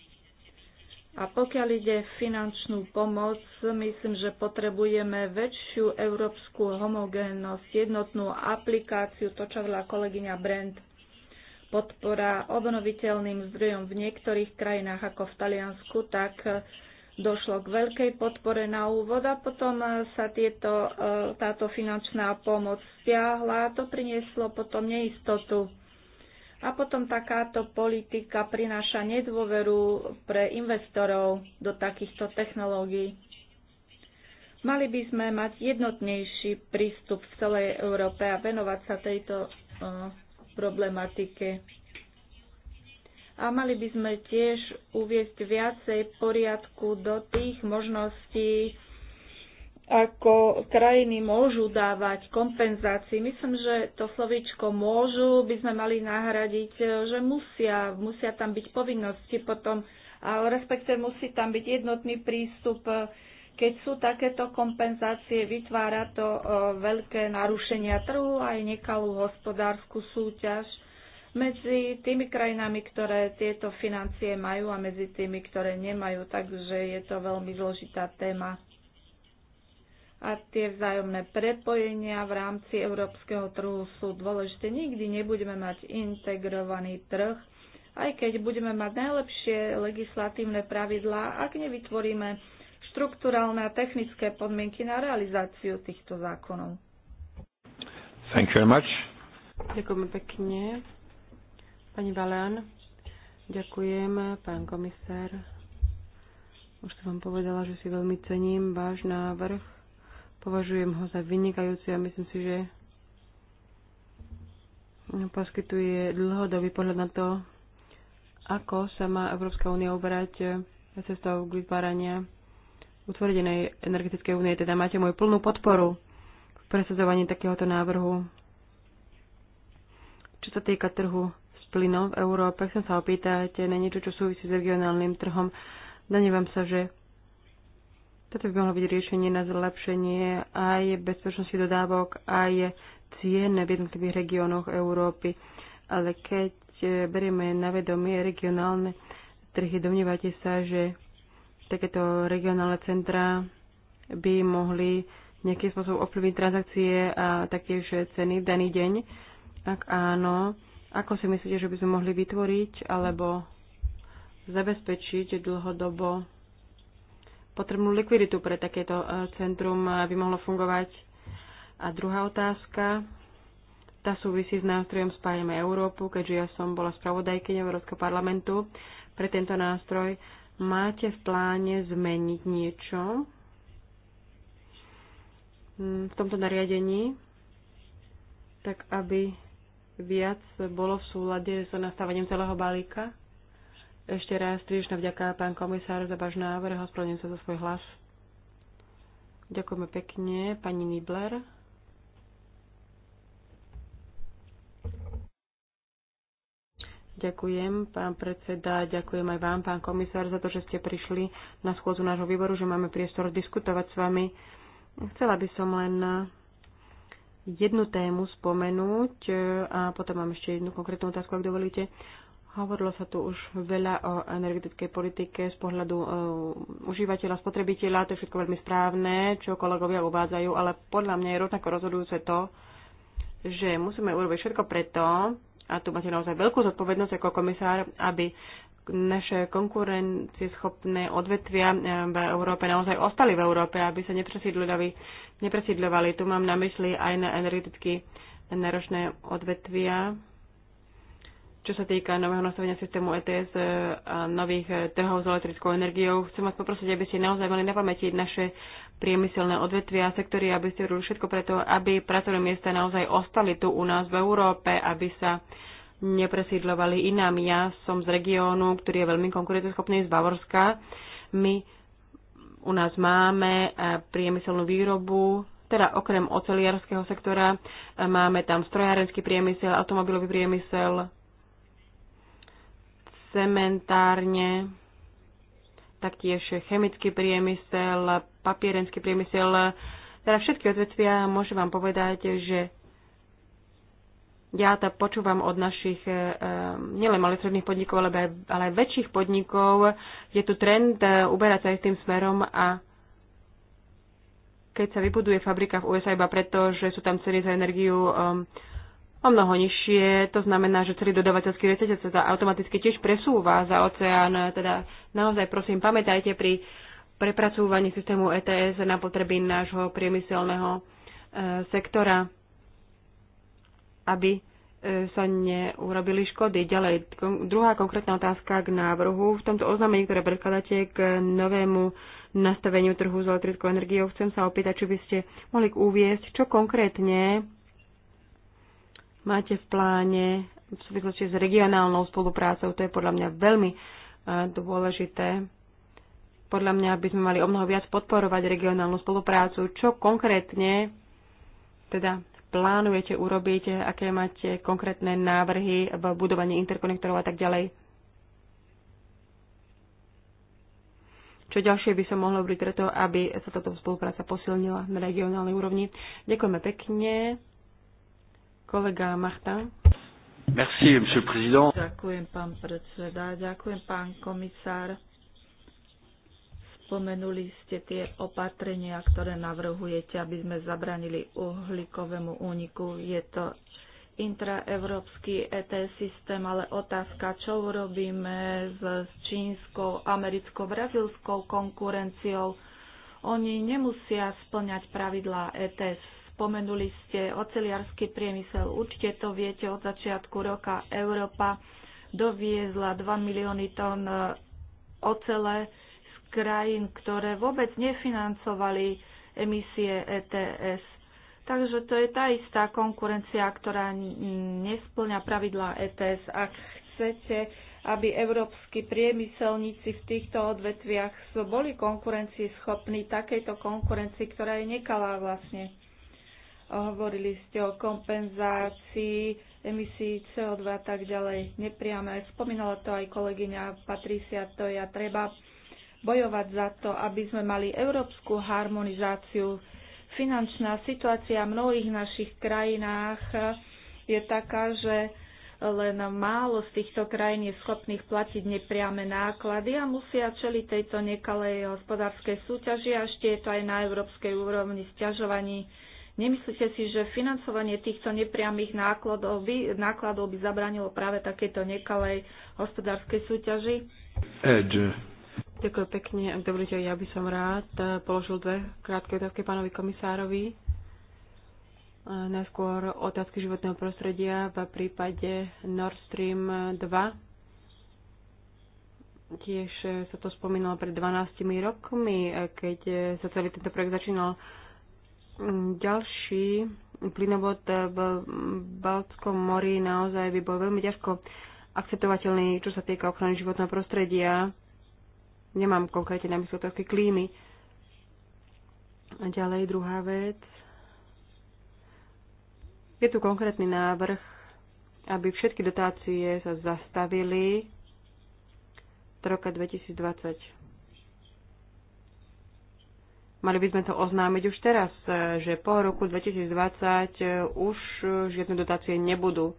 A pokiaľ ide finančnú pomoc, myslím, že potrebujeme väčšiu európsku homogénnosť, jednotnú aplikáciu, to čo veľa kolegyňa Brent podpora obnoviteľným zdrojom v niektorých krajinách ako v Taliansku, tak e, došlo k veľkej podpore na úvod a potom e, sa tieto, e, táto finančná pomoc stiahla a to prinieslo potom neistotu. A potom takáto politika prináša nedôveru pre investorov do takýchto technológií. Mali by sme mať jednotnejší prístup v celej Európe a venovať sa tejto problematike. A mali by sme tiež uviezť viacej poriadku do tých možností, ako krajiny môžu dávať kompenzácii. Myslím, že to slovíčko môžu by sme mali nahradiť, že musia, musia tam byť povinnosti potom, ale respektive musí tam byť jednotný prístup keď sú takéto kompenzácie, vytvára to e, veľké narušenia trhu aj nekalú hospodárskú súťaž medzi tými krajinami, ktoré tieto financie majú a medzi tými, ktoré nemajú. Takže je to veľmi zložitá téma. A tie vzájomné prepojenia v rámci európskeho trhu sú dôležité. Nikdy nebudeme mať integrovaný trh, aj keď budeme mať najlepšie legislatívne pravidlá, ak nevytvoríme štruktúralné a technické podmienky na realizáciu týchto zákonov. Thank you very much. Ďakujem pekne. Pani Balán, ďakujem, pán komisár. Už som vám povedala, že si veľmi cením váš návrh. Považujem ho za vynikajúci a myslím si, že poskytuje dlhodobý pohľad na to, ako sa má Európska únia obrať cestou k vytvárania utvorenej energetickej únie, teda máte moju plnú podporu v presadzovaní takéhoto návrhu. Čo sa týka trhu s plynom v Európe, chcem sa opýtať na niečo, čo súvisí s regionálnym trhom. Danievam sa, že toto by mohlo byť riešenie na zlepšenie aj bezpečnosti dodávok, aj cien v jednotlivých regiónoch Európy. Ale keď berieme na vedomie regionálne trhy, domnievate sa, že takéto regionálne centra by mohli nejakým spôsobom ovplyvniť transakcie a taktiež ceny v daný deň? Ak áno, ako si myslíte, že by sme mohli vytvoriť alebo zabezpečiť dlhodobo potrebnú likviditu pre takéto e, centrum, e, aby mohlo fungovať? A druhá otázka, tá súvisí s nástrojom Spájame Európu, keďže ja som bola spravodajkyňou Európskeho parlamentu pre tento nástroj Máte v pláne zmeniť niečo mm, v tomto nariadení, tak aby viac bolo v súlade so nastavením celého balíka? Ešte raz srdečná vďaka, pán komisár, za váš návrh. a sa za svoj hlas. Ďakujeme pekne, pani Nibler. Ďakujem, pán predseda, ďakujem aj vám, pán komisár, za to, že ste prišli na schôdzu nášho výboru, že máme priestor diskutovať s vami. Chcela by som len jednu tému spomenúť e, a potom mám ešte jednu konkrétnu otázku, ak dovolíte. Hovorilo sa tu už veľa o energetickej politike z pohľadu uh, užívateľa, spotrebiteľa, to je všetko veľmi správne, čo kolegovia uvádzajú, ale podľa mňa je rovnako rozhodujúce to, že musíme urobiť všetko preto, a tu máte naozaj veľkú zodpovednosť ako komisár, aby naše konkurencieschopné odvetvia eh, v Európe naozaj ostali v Európe, aby sa nepresídľovali. Tu mám na mysli aj na energeticky náročné odvetvia, čo sa týka nového nastavenia systému ETS eh, a nových eh, trhov s elektrickou energiou. Chcem vás poprosiť, aby ste naozaj mali na pamäti naše priemyselné odvetvia a sektory, aby ste robili všetko preto, aby pracovné miesta naozaj ostali tu u nás v Európe, aby sa nepresídlovali inám. Ja som z regiónu, ktorý je veľmi konkurenceschopný z Bavorska. My u nás máme eh, priemyselnú výrobu, teda okrem oceliarského sektora eh, máme tam strojárenský priemysel, automobilový priemysel, cementárne, taktiež chemický priemysel, papierenský priemysel, teda všetky odvetvia, môžem vám povedať, že ja to počúvam od našich eh, nielen malých stredných podnikov, ale aj, ale aj väčších podnikov. Je tu trend eh, uberať sa aj tým smerom a keď sa vybuduje fabrika v USA iba preto, že sú tam ceny za energiu um, o mnoho nižšie, to znamená, že celý dodavateľský reťazec sa automaticky tiež presúva za oceán. Teda naozaj prosím, pamätajte pri prepracúvanie systému ETS na potreby nášho priemyselného e, sektora, aby e, sa neurobili škody. Ďalej, druhá konkrétna otázka k návrhu. V tomto oznámení, ktoré predkladáte k novému nastaveniu trhu s elektrickou energiou, chcem sa opýtať, či by ste mohli uviesť, čo konkrétne máte v pláne v súvislosti s regionálnou spoluprácou. To je podľa mňa veľmi e, dôležité podľa mňa by sme mali o mnoho viac podporovať regionálnu spoluprácu. Čo konkrétne teda plánujete urobiť, aké máte konkrétne návrhy v budovaní interkonektorov a tak ďalej? Čo ďalšie by sa mohlo robiť preto, aby sa táto spolupráca posilnila na regionálnej úrovni? Ďakujeme pekne. Kolega Machta. Merci, monsieur président. Ďakujem, pán predseda. Ďakujem, pán komisár. Spomenuli ste tie opatrenia, ktoré navrhujete, aby sme zabranili uhlíkovému úniku. Je to intraeurópsky ET systém, ale otázka, čo urobíme s čínskou, americkou, brazilskou konkurenciou. Oni nemusia splňať pravidlá ETS. Spomenuli ste oceliarský priemysel. Určite to viete od začiatku roka. Európa doviezla 2 milióny tón ocele krajín, ktoré vôbec nefinancovali emisie ETS. Takže to je tá istá konkurencia, ktorá nesplňa pravidlá ETS. Ak chcete, aby európsky priemyselníci v týchto odvetviach boli konkurencieschopní takejto konkurencii, ktorá je nekalá vlastne. Hovorili ste o kompenzácii emisí CO2 a tak ďalej. Nepriame. Spomínala to aj kolegyňa Patricia, to ja treba bojovať za to, aby sme mali európsku harmonizáciu. Finančná situácia v mnohých našich krajinách je taká, že len málo z týchto krajín je schopných platiť nepriame náklady a musia čeliť tejto nekalej hospodárskej súťaži a ešte je to aj na európskej úrovni sťažovaní. Nemyslíte si, že financovanie týchto nepriamých nákladov by, nákladov by zabranilo práve takéto nekalej hospodárskej súťaži? Edge. Ďakujem pekne. Ak deň, ja by som rád e, položil dve krátke otázky pánovi komisárovi. E, najskôr otázky životného prostredia v prípade Nord Stream 2. Tiež sa to spomínalo pred 12 rokmi, e, keď sa celý tento projekt začínal. Mm, ďalší plynovod v Baltskom mori naozaj by bol veľmi ťažko akceptovateľný, čo sa týka ochrany životného prostredia Nemám konkrétne na mysli otázky klímy. A ďalej druhá vec. Je tu konkrétny návrh, aby všetky dotácie sa zastavili do roka 2020. Mali by sme to oznámiť už teraz, že po roku 2020 už žiadne dotácie nebudú.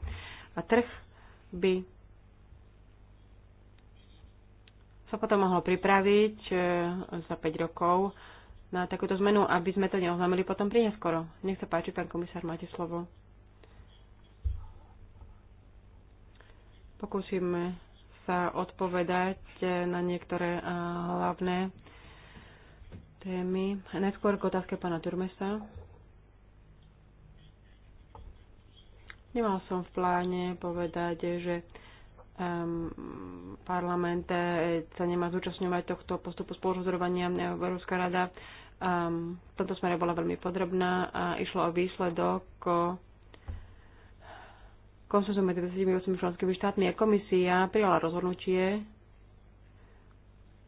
A trh by sa potom mohlo pripraviť e, za 5 rokov na takúto zmenu, aby sme to neoznámili potom pri neskoro. Nech sa páči, pán komisár, máte slovo. Pokúsime sa odpovedať e, na niektoré e, hlavné témy. Najskôr k otázke pána Turmesa. Nemal som v pláne povedať, že um, parlament eh, sa nemá zúčastňovať tohto postupu spolurozhodovania. Eh, Európska rada um, v tomto smere bola veľmi podrobná a išlo o výsledok o konsenzu medzi 28 členskými štátmi a komisia prijala rozhodnutie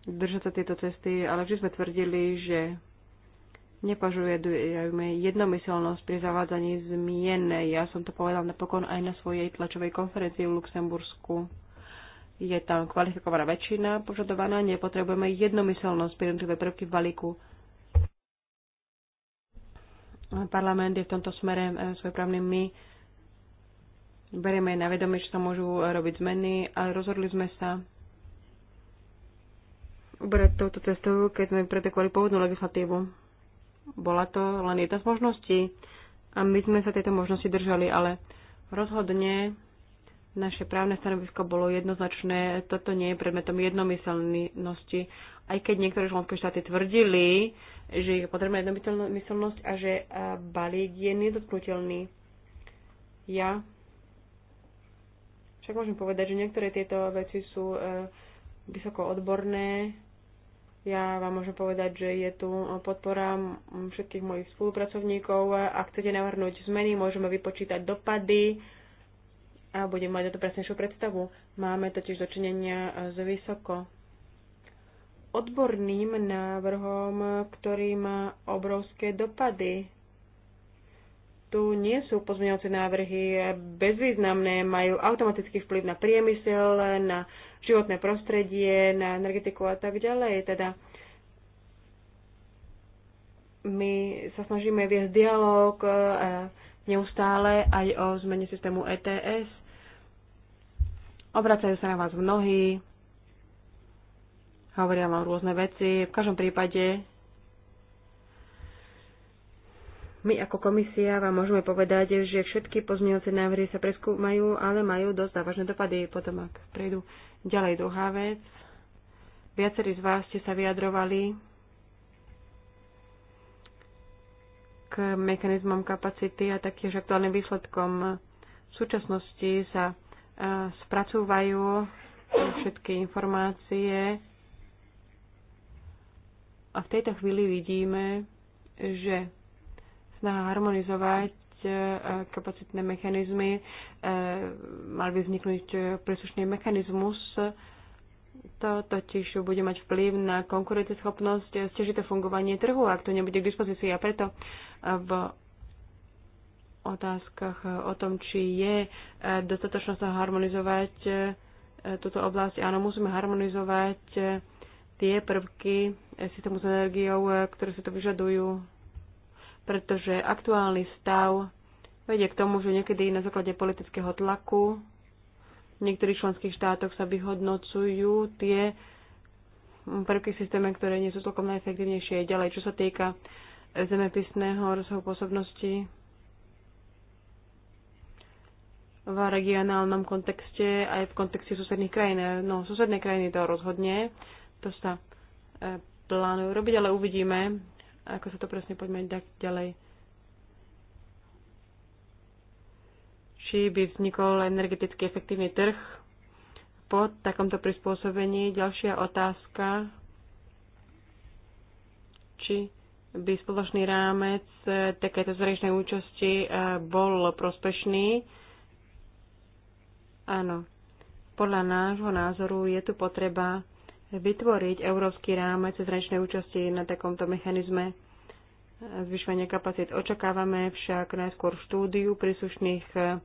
držať sa tieto cesty, ale vždy sme tvrdili, že nepožujeme jednomyselnosť pri zavádzaní zmien. Ja som to povedal napokon aj na svojej tlačovej konferencii v Luxembursku. Je tam kvalifikovaná väčšina požadovaná, nepotrebujeme jednomyselnosť pri jednotlivé prvky v balíku. Parlament je v tomto smere e, právny my. Berieme na vedomie, že sa môžu robiť zmeny, ale rozhodli sme sa ubrať touto cestou, keď sme pretekovali pôvodnú legislatívu bola to len jedna z možností a my sme sa tejto možnosti držali, ale rozhodne naše právne stanovisko bolo jednoznačné, toto nie je predmetom jednomyselnosti, aj keď niektoré členské štáty tvrdili, že je potrebná jednomyselnosť a že balík je nedotknutelný. Ja však môžem povedať, že niektoré tieto veci sú e, vysoko odborné ja vám môžem povedať, že je tu podpora všetkých mojich spolupracovníkov. Ak chcete navrhnúť zmeny, môžeme vypočítať dopady a budem mať na to presnejšiu predstavu. Máme totiž dočinenia s vysoko odborným návrhom, ktorý má obrovské dopady. Tu nie sú pozmeňovacie návrhy bezvýznamné, majú automatický vplyv na priemysel, na životné prostredie, na energetiku a tak ďalej. Teda my sa snažíme viesť dialog e, neustále aj o zmene systému ETS. Obracajú sa na vás mnohí, hovoria vám rôzne veci. V každom prípade my ako komisia vám môžeme povedať, že všetky pozmeňovacie návrhy sa preskúmajú, ale majú dosť závažné dopady potom, ak prejdú Ďalej druhá vec. Viacerí z vás ste sa vyjadrovali k mechanizmom kapacity a taktiež aktuálnym výsledkom. V súčasnosti sa e, spracúvajú všetky informácie a v tejto chvíli vidíme, že snaha harmonizovať E, kapacitné mechanizmy, e, mal by vzniknúť príslušný mechanizmus. To totiž bude mať vplyv na konkurenceschopnosť, e, stežité fungovanie trhu, ak to nebude k dispozícii. A preto v otázkach o tom, či je sa harmonizovať túto oblasť. Áno, musíme harmonizovať tie prvky systému s energiou, ktoré sa to vyžadujú pretože aktuálny stav vedie k tomu, že niekedy na základe politického tlaku v niektorých členských štátoch sa vyhodnocujú tie prvky systéme, ktoré nie sú celkom najefektívnejšie. Ďalej, čo sa týka zemepisného rozsahu pôsobnosti v regionálnom kontexte aj v kontexte susedných krajín. No, susedné krajiny to rozhodne, to sa e, plánujú robiť, ale uvidíme, ako sa to presne poďme tak ďalej. Či by vznikol energeticky efektívny trh po takomto prispôsobení. Ďalšia otázka, či by spoločný rámec eh, takéto zrejšnej účasti eh, bol prospešný. Áno, podľa nášho názoru je tu potreba vytvoriť európsky rámec zrečnej účasti na takomto mechanizme zvyšovania kapacít. Očakávame však najskôr štúdiu príslušných eh,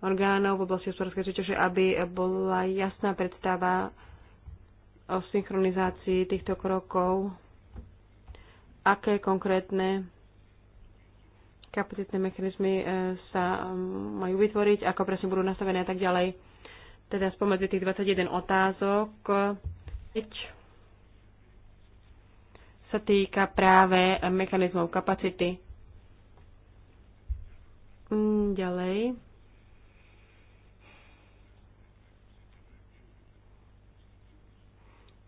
orgánov v oblasti hospodárskej súťaže, aby bola jasná predstava o synchronizácii týchto krokov, aké konkrétne kapacitné mechanizmy eh, sa mm, majú vytvoriť, ako presne budú nastavené a tak ďalej. Teda spomedzi tých 21 otázok sa týka práve mechanizmov kapacity. Mm, ďalej.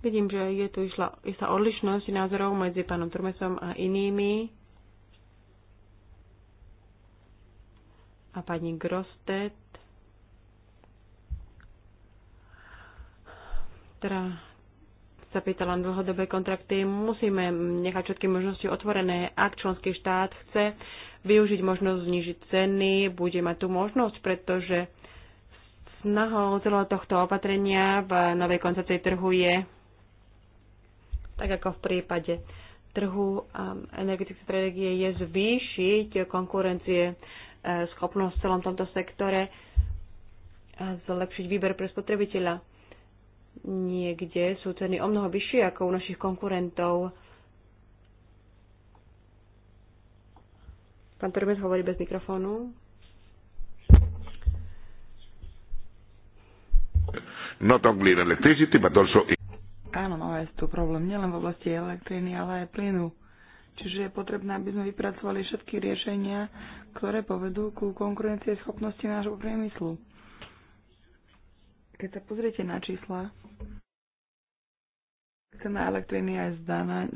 Vidím, že je tu išla istá odlišnosť názorov medzi pánom Turmesom a inými. A pani Grostet, ktorá sa pýtala na dlhodobé kontrakty. Musíme nechať všetky možnosti otvorené. Ak členský štát chce využiť možnosť znižiť ceny, bude mať tú možnosť, pretože snahou celého tohto opatrenia v novej koncepcii trhu je, tak ako v prípade trhu um, energetické strategie je zvýšiť konkurencie uh, schopnosť v celom tomto sektore a zlepšiť výber pre spotrebiteľa niekde sú ceny o mnoho vyššie ako u našich konkurentov. Pán Torbec hovorí bez mikrofónu. Not only in electricity, but also in... Áno, no, je tu problém nielen v oblasti elektriny, ale aj plynu. Čiže je potrebné, aby sme vypracovali všetky riešenia, ktoré povedú ku schopnosti nášho priemyslu. Keď sa pozriete na čísla, cena elektriny aj s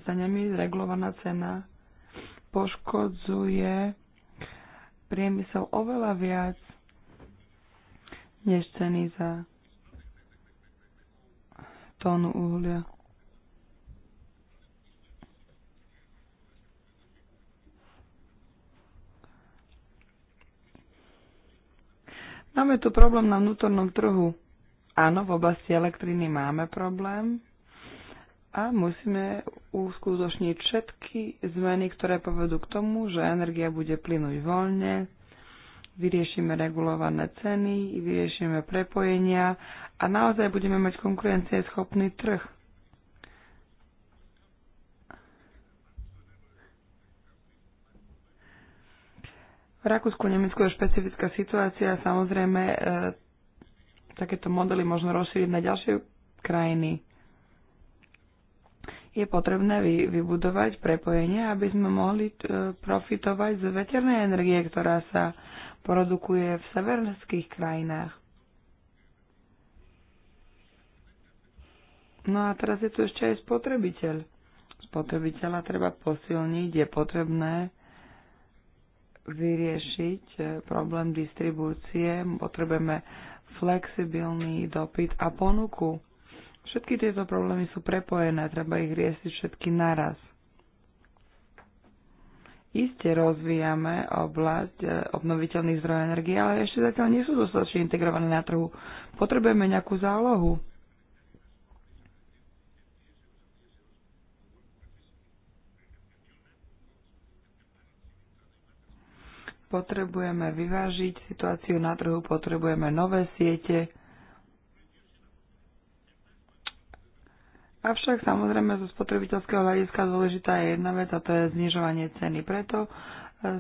daňami, regulovaná cena, poškodzuje priemysel oveľa viac než ceny za tónu uhlia. Máme tu problém na vnútornom trhu. Áno, v oblasti elektriny máme problém a musíme uskutočniť všetky zmeny, ktoré povedú k tomu, že energia bude plynúť voľne, vyriešime regulované ceny, vyriešime prepojenia a naozaj budeme mať konkurencieschopný trh. V Rakúsku, Nemecku je špecifická situácia, samozrejme e, takéto modely možno rozšíriť na ďalšie krajiny. Je potrebné vy, vybudovať prepojenie, aby sme mohli t- profitovať z veternej energie, ktorá sa produkuje v severských krajinách. No a teraz je tu ešte aj spotrebiteľ. Spotrebiteľa treba posilniť, je potrebné vyriešiť eh, problém distribúcie, potrebujeme flexibilný dopyt a ponuku. Všetky tieto problémy sú prepojené, treba ich riešiť všetky naraz. Iste rozvíjame oblasť e, obnoviteľných zdrojov energie, ale ešte zatiaľ nie sú dostatočne integrované na trhu. Potrebujeme nejakú zálohu. potrebujeme vyvážiť situáciu na trhu, potrebujeme nové siete. Avšak samozrejme zo spotrebiteľského hľadiska dôležitá je jedna vec a to je znižovanie ceny. Preto e,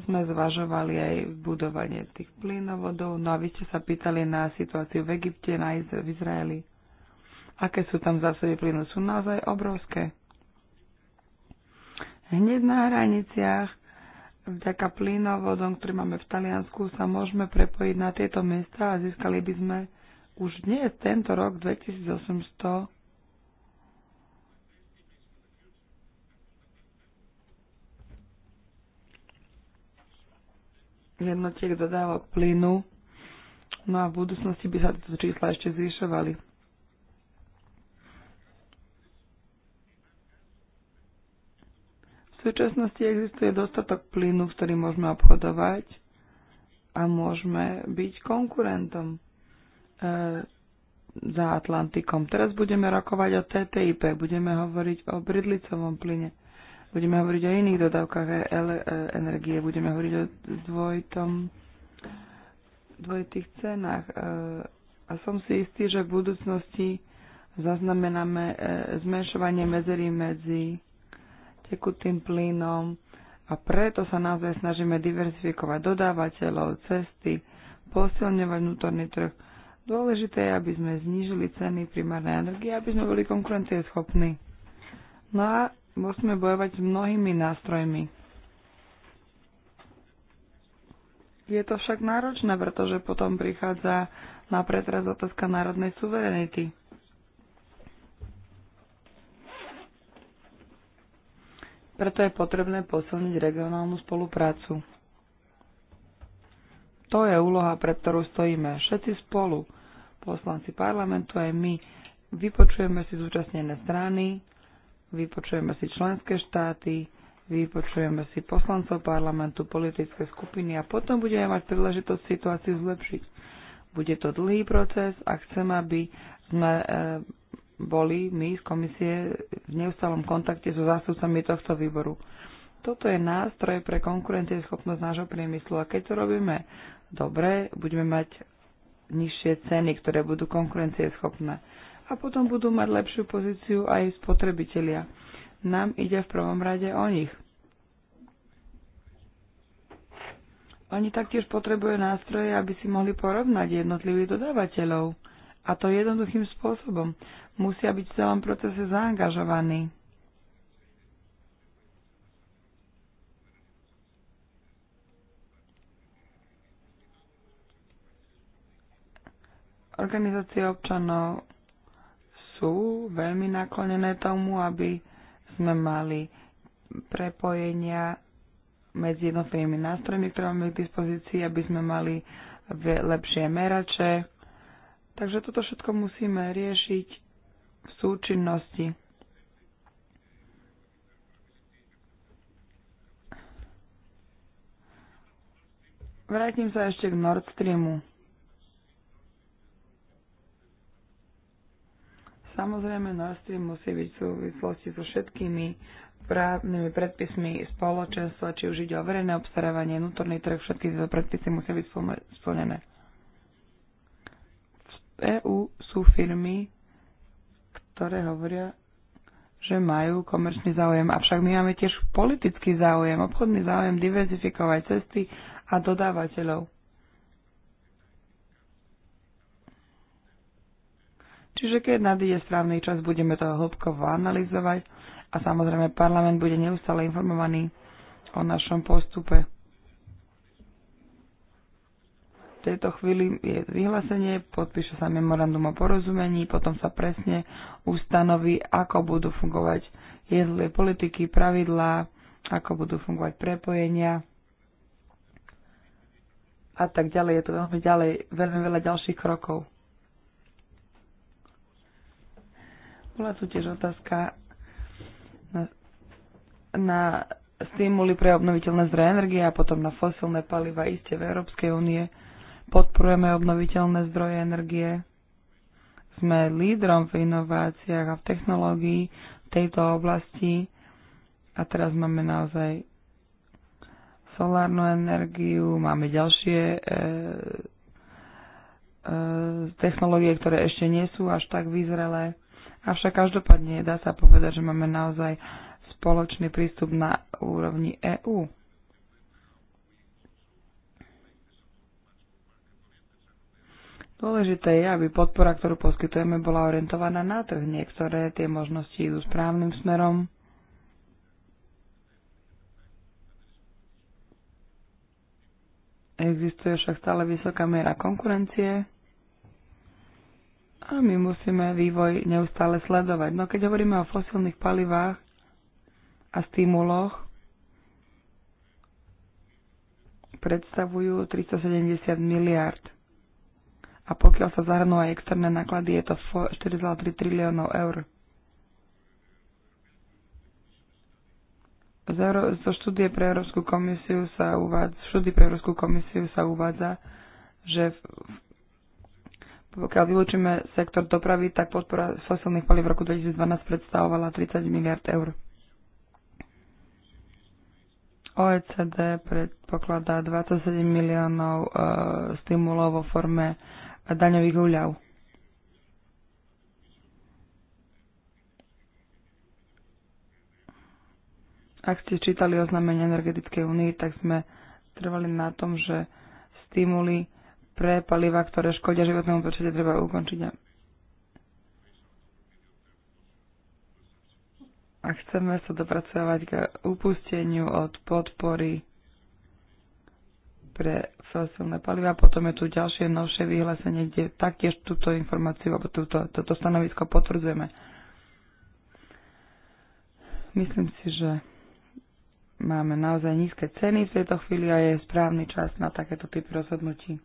sme zvažovali aj budovanie tých plynovodov. No a vy ste sa pýtali na situáciu v Egypte, na Iz- v Izraeli. Aké sú tam zásady plynu? Sú naozaj obrovské. Hneď na hraniciach vďaka plynovodom, ktorý máme v Taliansku, sa môžeme prepojiť na tieto mesta a získali by sme už dnes, tento rok 2800 jednotiek dodávok plynu. No a v budúcnosti by sa tieto čísla ešte zvyšovali. V súčasnosti existuje dostatok plynu, v môžeme obchodovať a môžeme byť konkurentom e, za Atlantikom. Teraz budeme rokovať o TTIP, budeme hovoriť o bridlicovom plyne, budeme hovoriť o iných dodávkach e, e, energie, budeme hovoriť o dvojitom, dvojitých cenách. E, a som si istý, že v budúcnosti zaznamenáme e, zmenšovanie medzery medzi tekutým plynom a preto sa naozaj snažíme diverzifikovať dodávateľov, cesty, posilňovať vnútorný trh. Dôležité je, aby sme znížili ceny primárnej energie, aby sme boli konkurencieschopní. No a musíme bojovať s mnohými nástrojmi. Je to však náročné, pretože potom prichádza na pretraz otázka národnej suverenity. Preto je potrebné posilniť regionálnu spoluprácu. To je úloha, pre ktorú stojíme všetci spolu, poslanci parlamentu aj my. Vypočujeme si zúčastnené strany, vypočujeme si členské štáty, vypočujeme si poslancov parlamentu, politické skupiny a potom budeme mať príležitosť situáciu zlepšiť. Bude to dlhý proces a chcem, aby sme eh, boli my z komisie v neustalom kontakte so zástupcami tohto výboru. Toto je nástroj pre konkurencieschopnosť nášho priemyslu a keď to robíme dobre, budeme mať nižšie ceny, ktoré budú konkurencieschopné a potom budú mať lepšiu pozíciu aj spotrebitelia. Nám ide v prvom rade o nich. Oni taktiež potrebujú nástroje, aby si mohli porovnať jednotlivých dodávateľov a to jednoduchým spôsobom. Musia byť v celom procese zaangažovaní. Organizácie občanov sú veľmi naklonené tomu, aby sme mali prepojenia medzi jednotlivými nástrojmi, ktoré máme k dispozícii, aby sme mali lepšie merače, Takže toto všetko musíme riešiť v súčinnosti. Vrátim sa ešte k Nord Streamu. Samozrejme, Nord Stream musí byť v súvislosti so všetkými právnymi predpismi spoločenstva, či už ide o verejné obstarávanie, vnútorný trh, všetky tieto predpisy musia byť splnené. EÚ sú firmy, ktoré hovoria, že majú komerčný záujem. Avšak my máme tiež politický záujem, obchodný záujem diverzifikovať cesty a dodávateľov. Čiže keď nadíde správny čas, budeme to hlbkovo analyzovať a samozrejme parlament bude neustále informovaný o našom postupe tejto chvíli je vyhlásenie, podpíše sa memorandum o porozumení, potom sa presne ustanoví, ako budú fungovať jednotlivé politiky, pravidlá, ako budú fungovať prepojenia a tak ďalej. Je to veľmi, ďalej, veľmi veľa ďalších krokov. Bola tu tiež otázka na, na stimuly pre obnoviteľné zdroje energie a potom na fosilné paliva iste v Európskej únie podporujeme obnoviteľné zdroje energie. Sme lídrom v inováciách a v technológii v tejto oblasti a teraz máme naozaj solárnu energiu, máme ďalšie e, e, technológie, ktoré ešte nie sú až tak vyzrelé. Avšak každopádne dá sa povedať, že máme naozaj spoločný prístup na úrovni EÚ. Dôležité je, aby podpora, ktorú poskytujeme, bola orientovaná na trh. Niektoré tie možnosti idú správnym smerom. Existuje však stále vysoká miera konkurencie a my musíme vývoj neustále sledovať. No keď hovoríme o fosilných palivách a stimuloch, predstavujú 370 miliard a pokiaľ sa zahrnú aj externé náklady, je to 4,3 triliónov eur. Zo štúdie pre Európsku komisiu sa uvádza, štúdie pre Európsku komisiu sa uvádza, že pokiaľ vylúčime sektor dopravy, tak podpora fosilných palív v roku 2012 predstavovala 30 miliard eur. OECD predpokladá 27 miliónov e, stimulov vo forme a daňových úľav. Ak ste čítali oznámenie energetickej únie, tak sme trvali na tom, že stimuli pre paliva, ktoré škodia životnému prostrediu, treba ukončiť. A chceme sa dopracovať k upusteniu od podpory pre fosilné paliva. Potom je tu ďalšie novšie vyhlásenie, kde taktiež túto informáciu alebo túto, toto stanovisko potvrdzujeme. Myslím si, že máme naozaj nízke ceny v tejto chvíli a je správny čas na takéto typy rozhodnutí.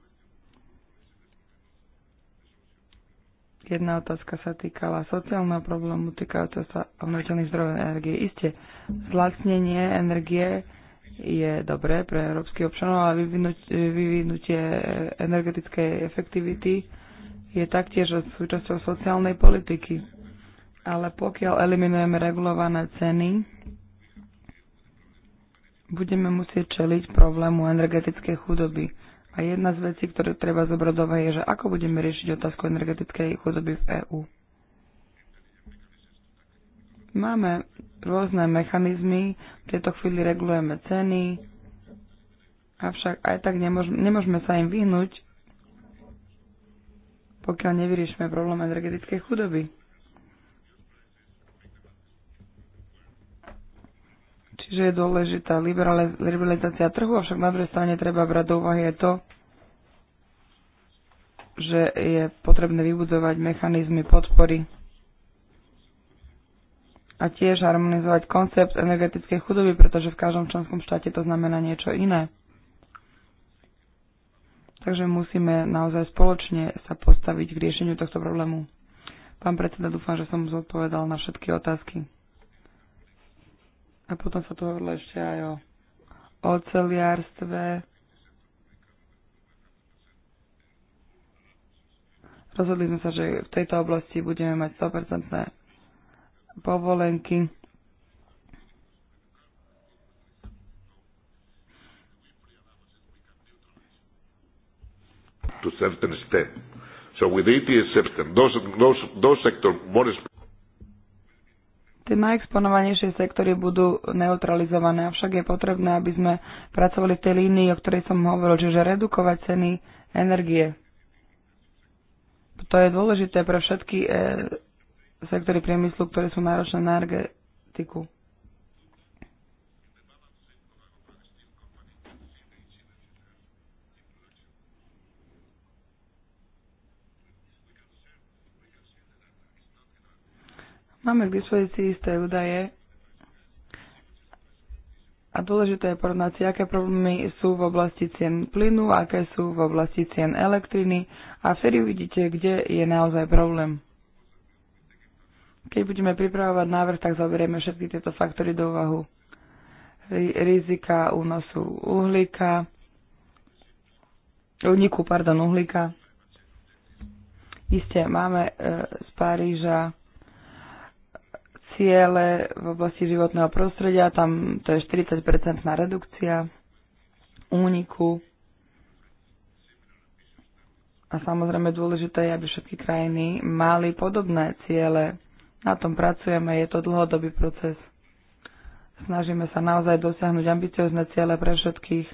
Jedna otázka sa týkala sociálneho problému týkajúceho sa obnoviteľných zdrojov energie. Isté, zlacnenie energie je dobré pre európskych občanov, ale vyvinutie energetickej efektivity je taktiež súčasťou sociálnej politiky. Ale pokiaľ eliminujeme regulované ceny, budeme musieť čeliť problému energetickej chudoby. A jedna z vecí, ktoré treba zobrazovať, je, že ako budeme riešiť otázku energetickej chudoby v EÚ. Máme rôzne mechanizmy. V tejto chvíli regulujeme ceny, avšak aj tak nemôžeme, nemôžeme sa im vyhnúť, pokiaľ nevyriešime problém energetickej chudoby. Čiže je dôležitá liberalizácia trhu, avšak na druhej strane treba brať do úvahy aj to, že je potrebné vybudzovať mechanizmy podpory a tiež harmonizovať koncept energetickej chudoby, pretože v každom členskom štáte to znamená niečo iné. Takže musíme naozaj spoločne sa postaviť k riešeniu tohto problému. Pán predseda, dúfam, že som zodpovedal na všetky otázky. A potom sa tu hovorilo ešte aj o oceliarstve. Rozhodli sme sa, že v tejto oblasti budeme mať 100% povolenky. To certain extent. So with ETS system, those, those, those sector more Tie najexponovanejšie sektory budú neutralizované, avšak je potrebné, aby sme pracovali v tej línii, o ktorej som hovoril, čiže redukovať ceny energie. To je dôležité pre všetky e, sektory priemyslu, ktoré sú náročné na energetiku. Máme k dispozícii isté údaje a dôležité je porovnať si, aké problémy sú v oblasti cien plynu, aké sú v oblasti cien elektriny a vtedy uvidíte, kde je naozaj problém. Keď budeme pripravovať návrh, tak zoberieme všetky tieto faktory do úvahu. Rizika únosu uhlíka, uniku, pardon, uhlíka. Isté, máme e, z Paríža ciele v oblasti životného prostredia, tam to je 40-percentná redukcia úniku. A samozrejme dôležité je, aby všetky krajiny mali podobné ciele na tom pracujeme, je to dlhodobý proces. Snažíme sa naozaj dosiahnuť ambiciozne ciele pre všetkých.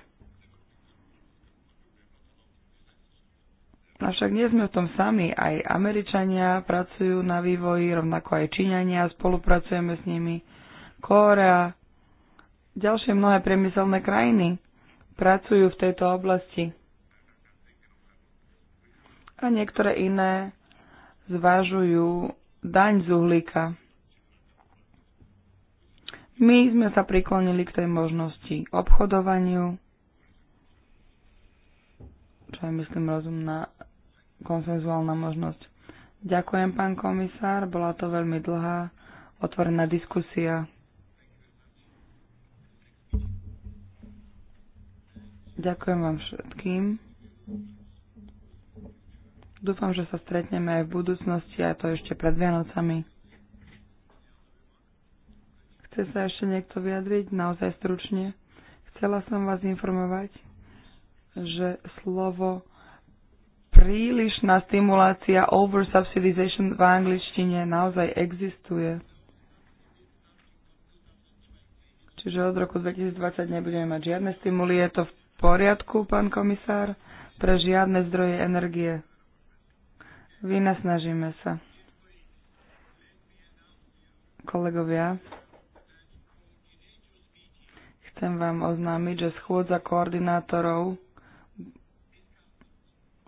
Avšak nie sme v tom sami. Aj Američania pracujú na vývoji, rovnako aj Číňania, spolupracujeme s nimi. Kórea, ďalšie mnohé priemyselné krajiny pracujú v tejto oblasti. A niektoré iné zvažujú daň z uhlíka. My sme sa priklonili k tej možnosti obchodovaniu, čo je myslím rozumná konsenzuálna možnosť. Ďakujem, pán komisár, bola to veľmi dlhá, otvorená diskusia. Ďakujem vám všetkým. Dúfam, že sa stretneme aj v budúcnosti a to ešte pred Vianocami. Chce sa ešte niekto vyjadriť? Naozaj stručne. Chcela som vás informovať, že slovo prílišná stimulácia subsidization v angličtine naozaj existuje. Čiže od roku 2020 nebudeme mať žiadne stimuly. Je to v poriadku, pán komisár, pre žiadne zdroje energie. Vynasnažíme sa. Kolegovia, chcem vám oznámiť, že schôdza koordinátorov,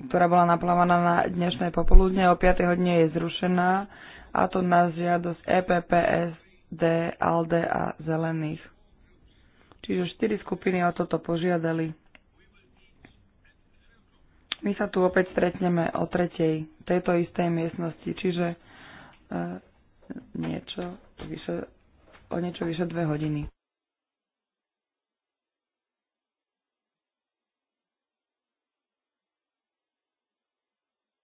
ktorá bola naplánovaná na dnešné popoludne, o 5. hodine je zrušená, a to na žiadosť EPPS D, ALDE a Zelených. Čiže štyri skupiny o toto požiadali. My sa tu opäť stretneme o tretej tejto istej miestnosti, čiže e, niečo vyše, o niečo vyše dve hodiny.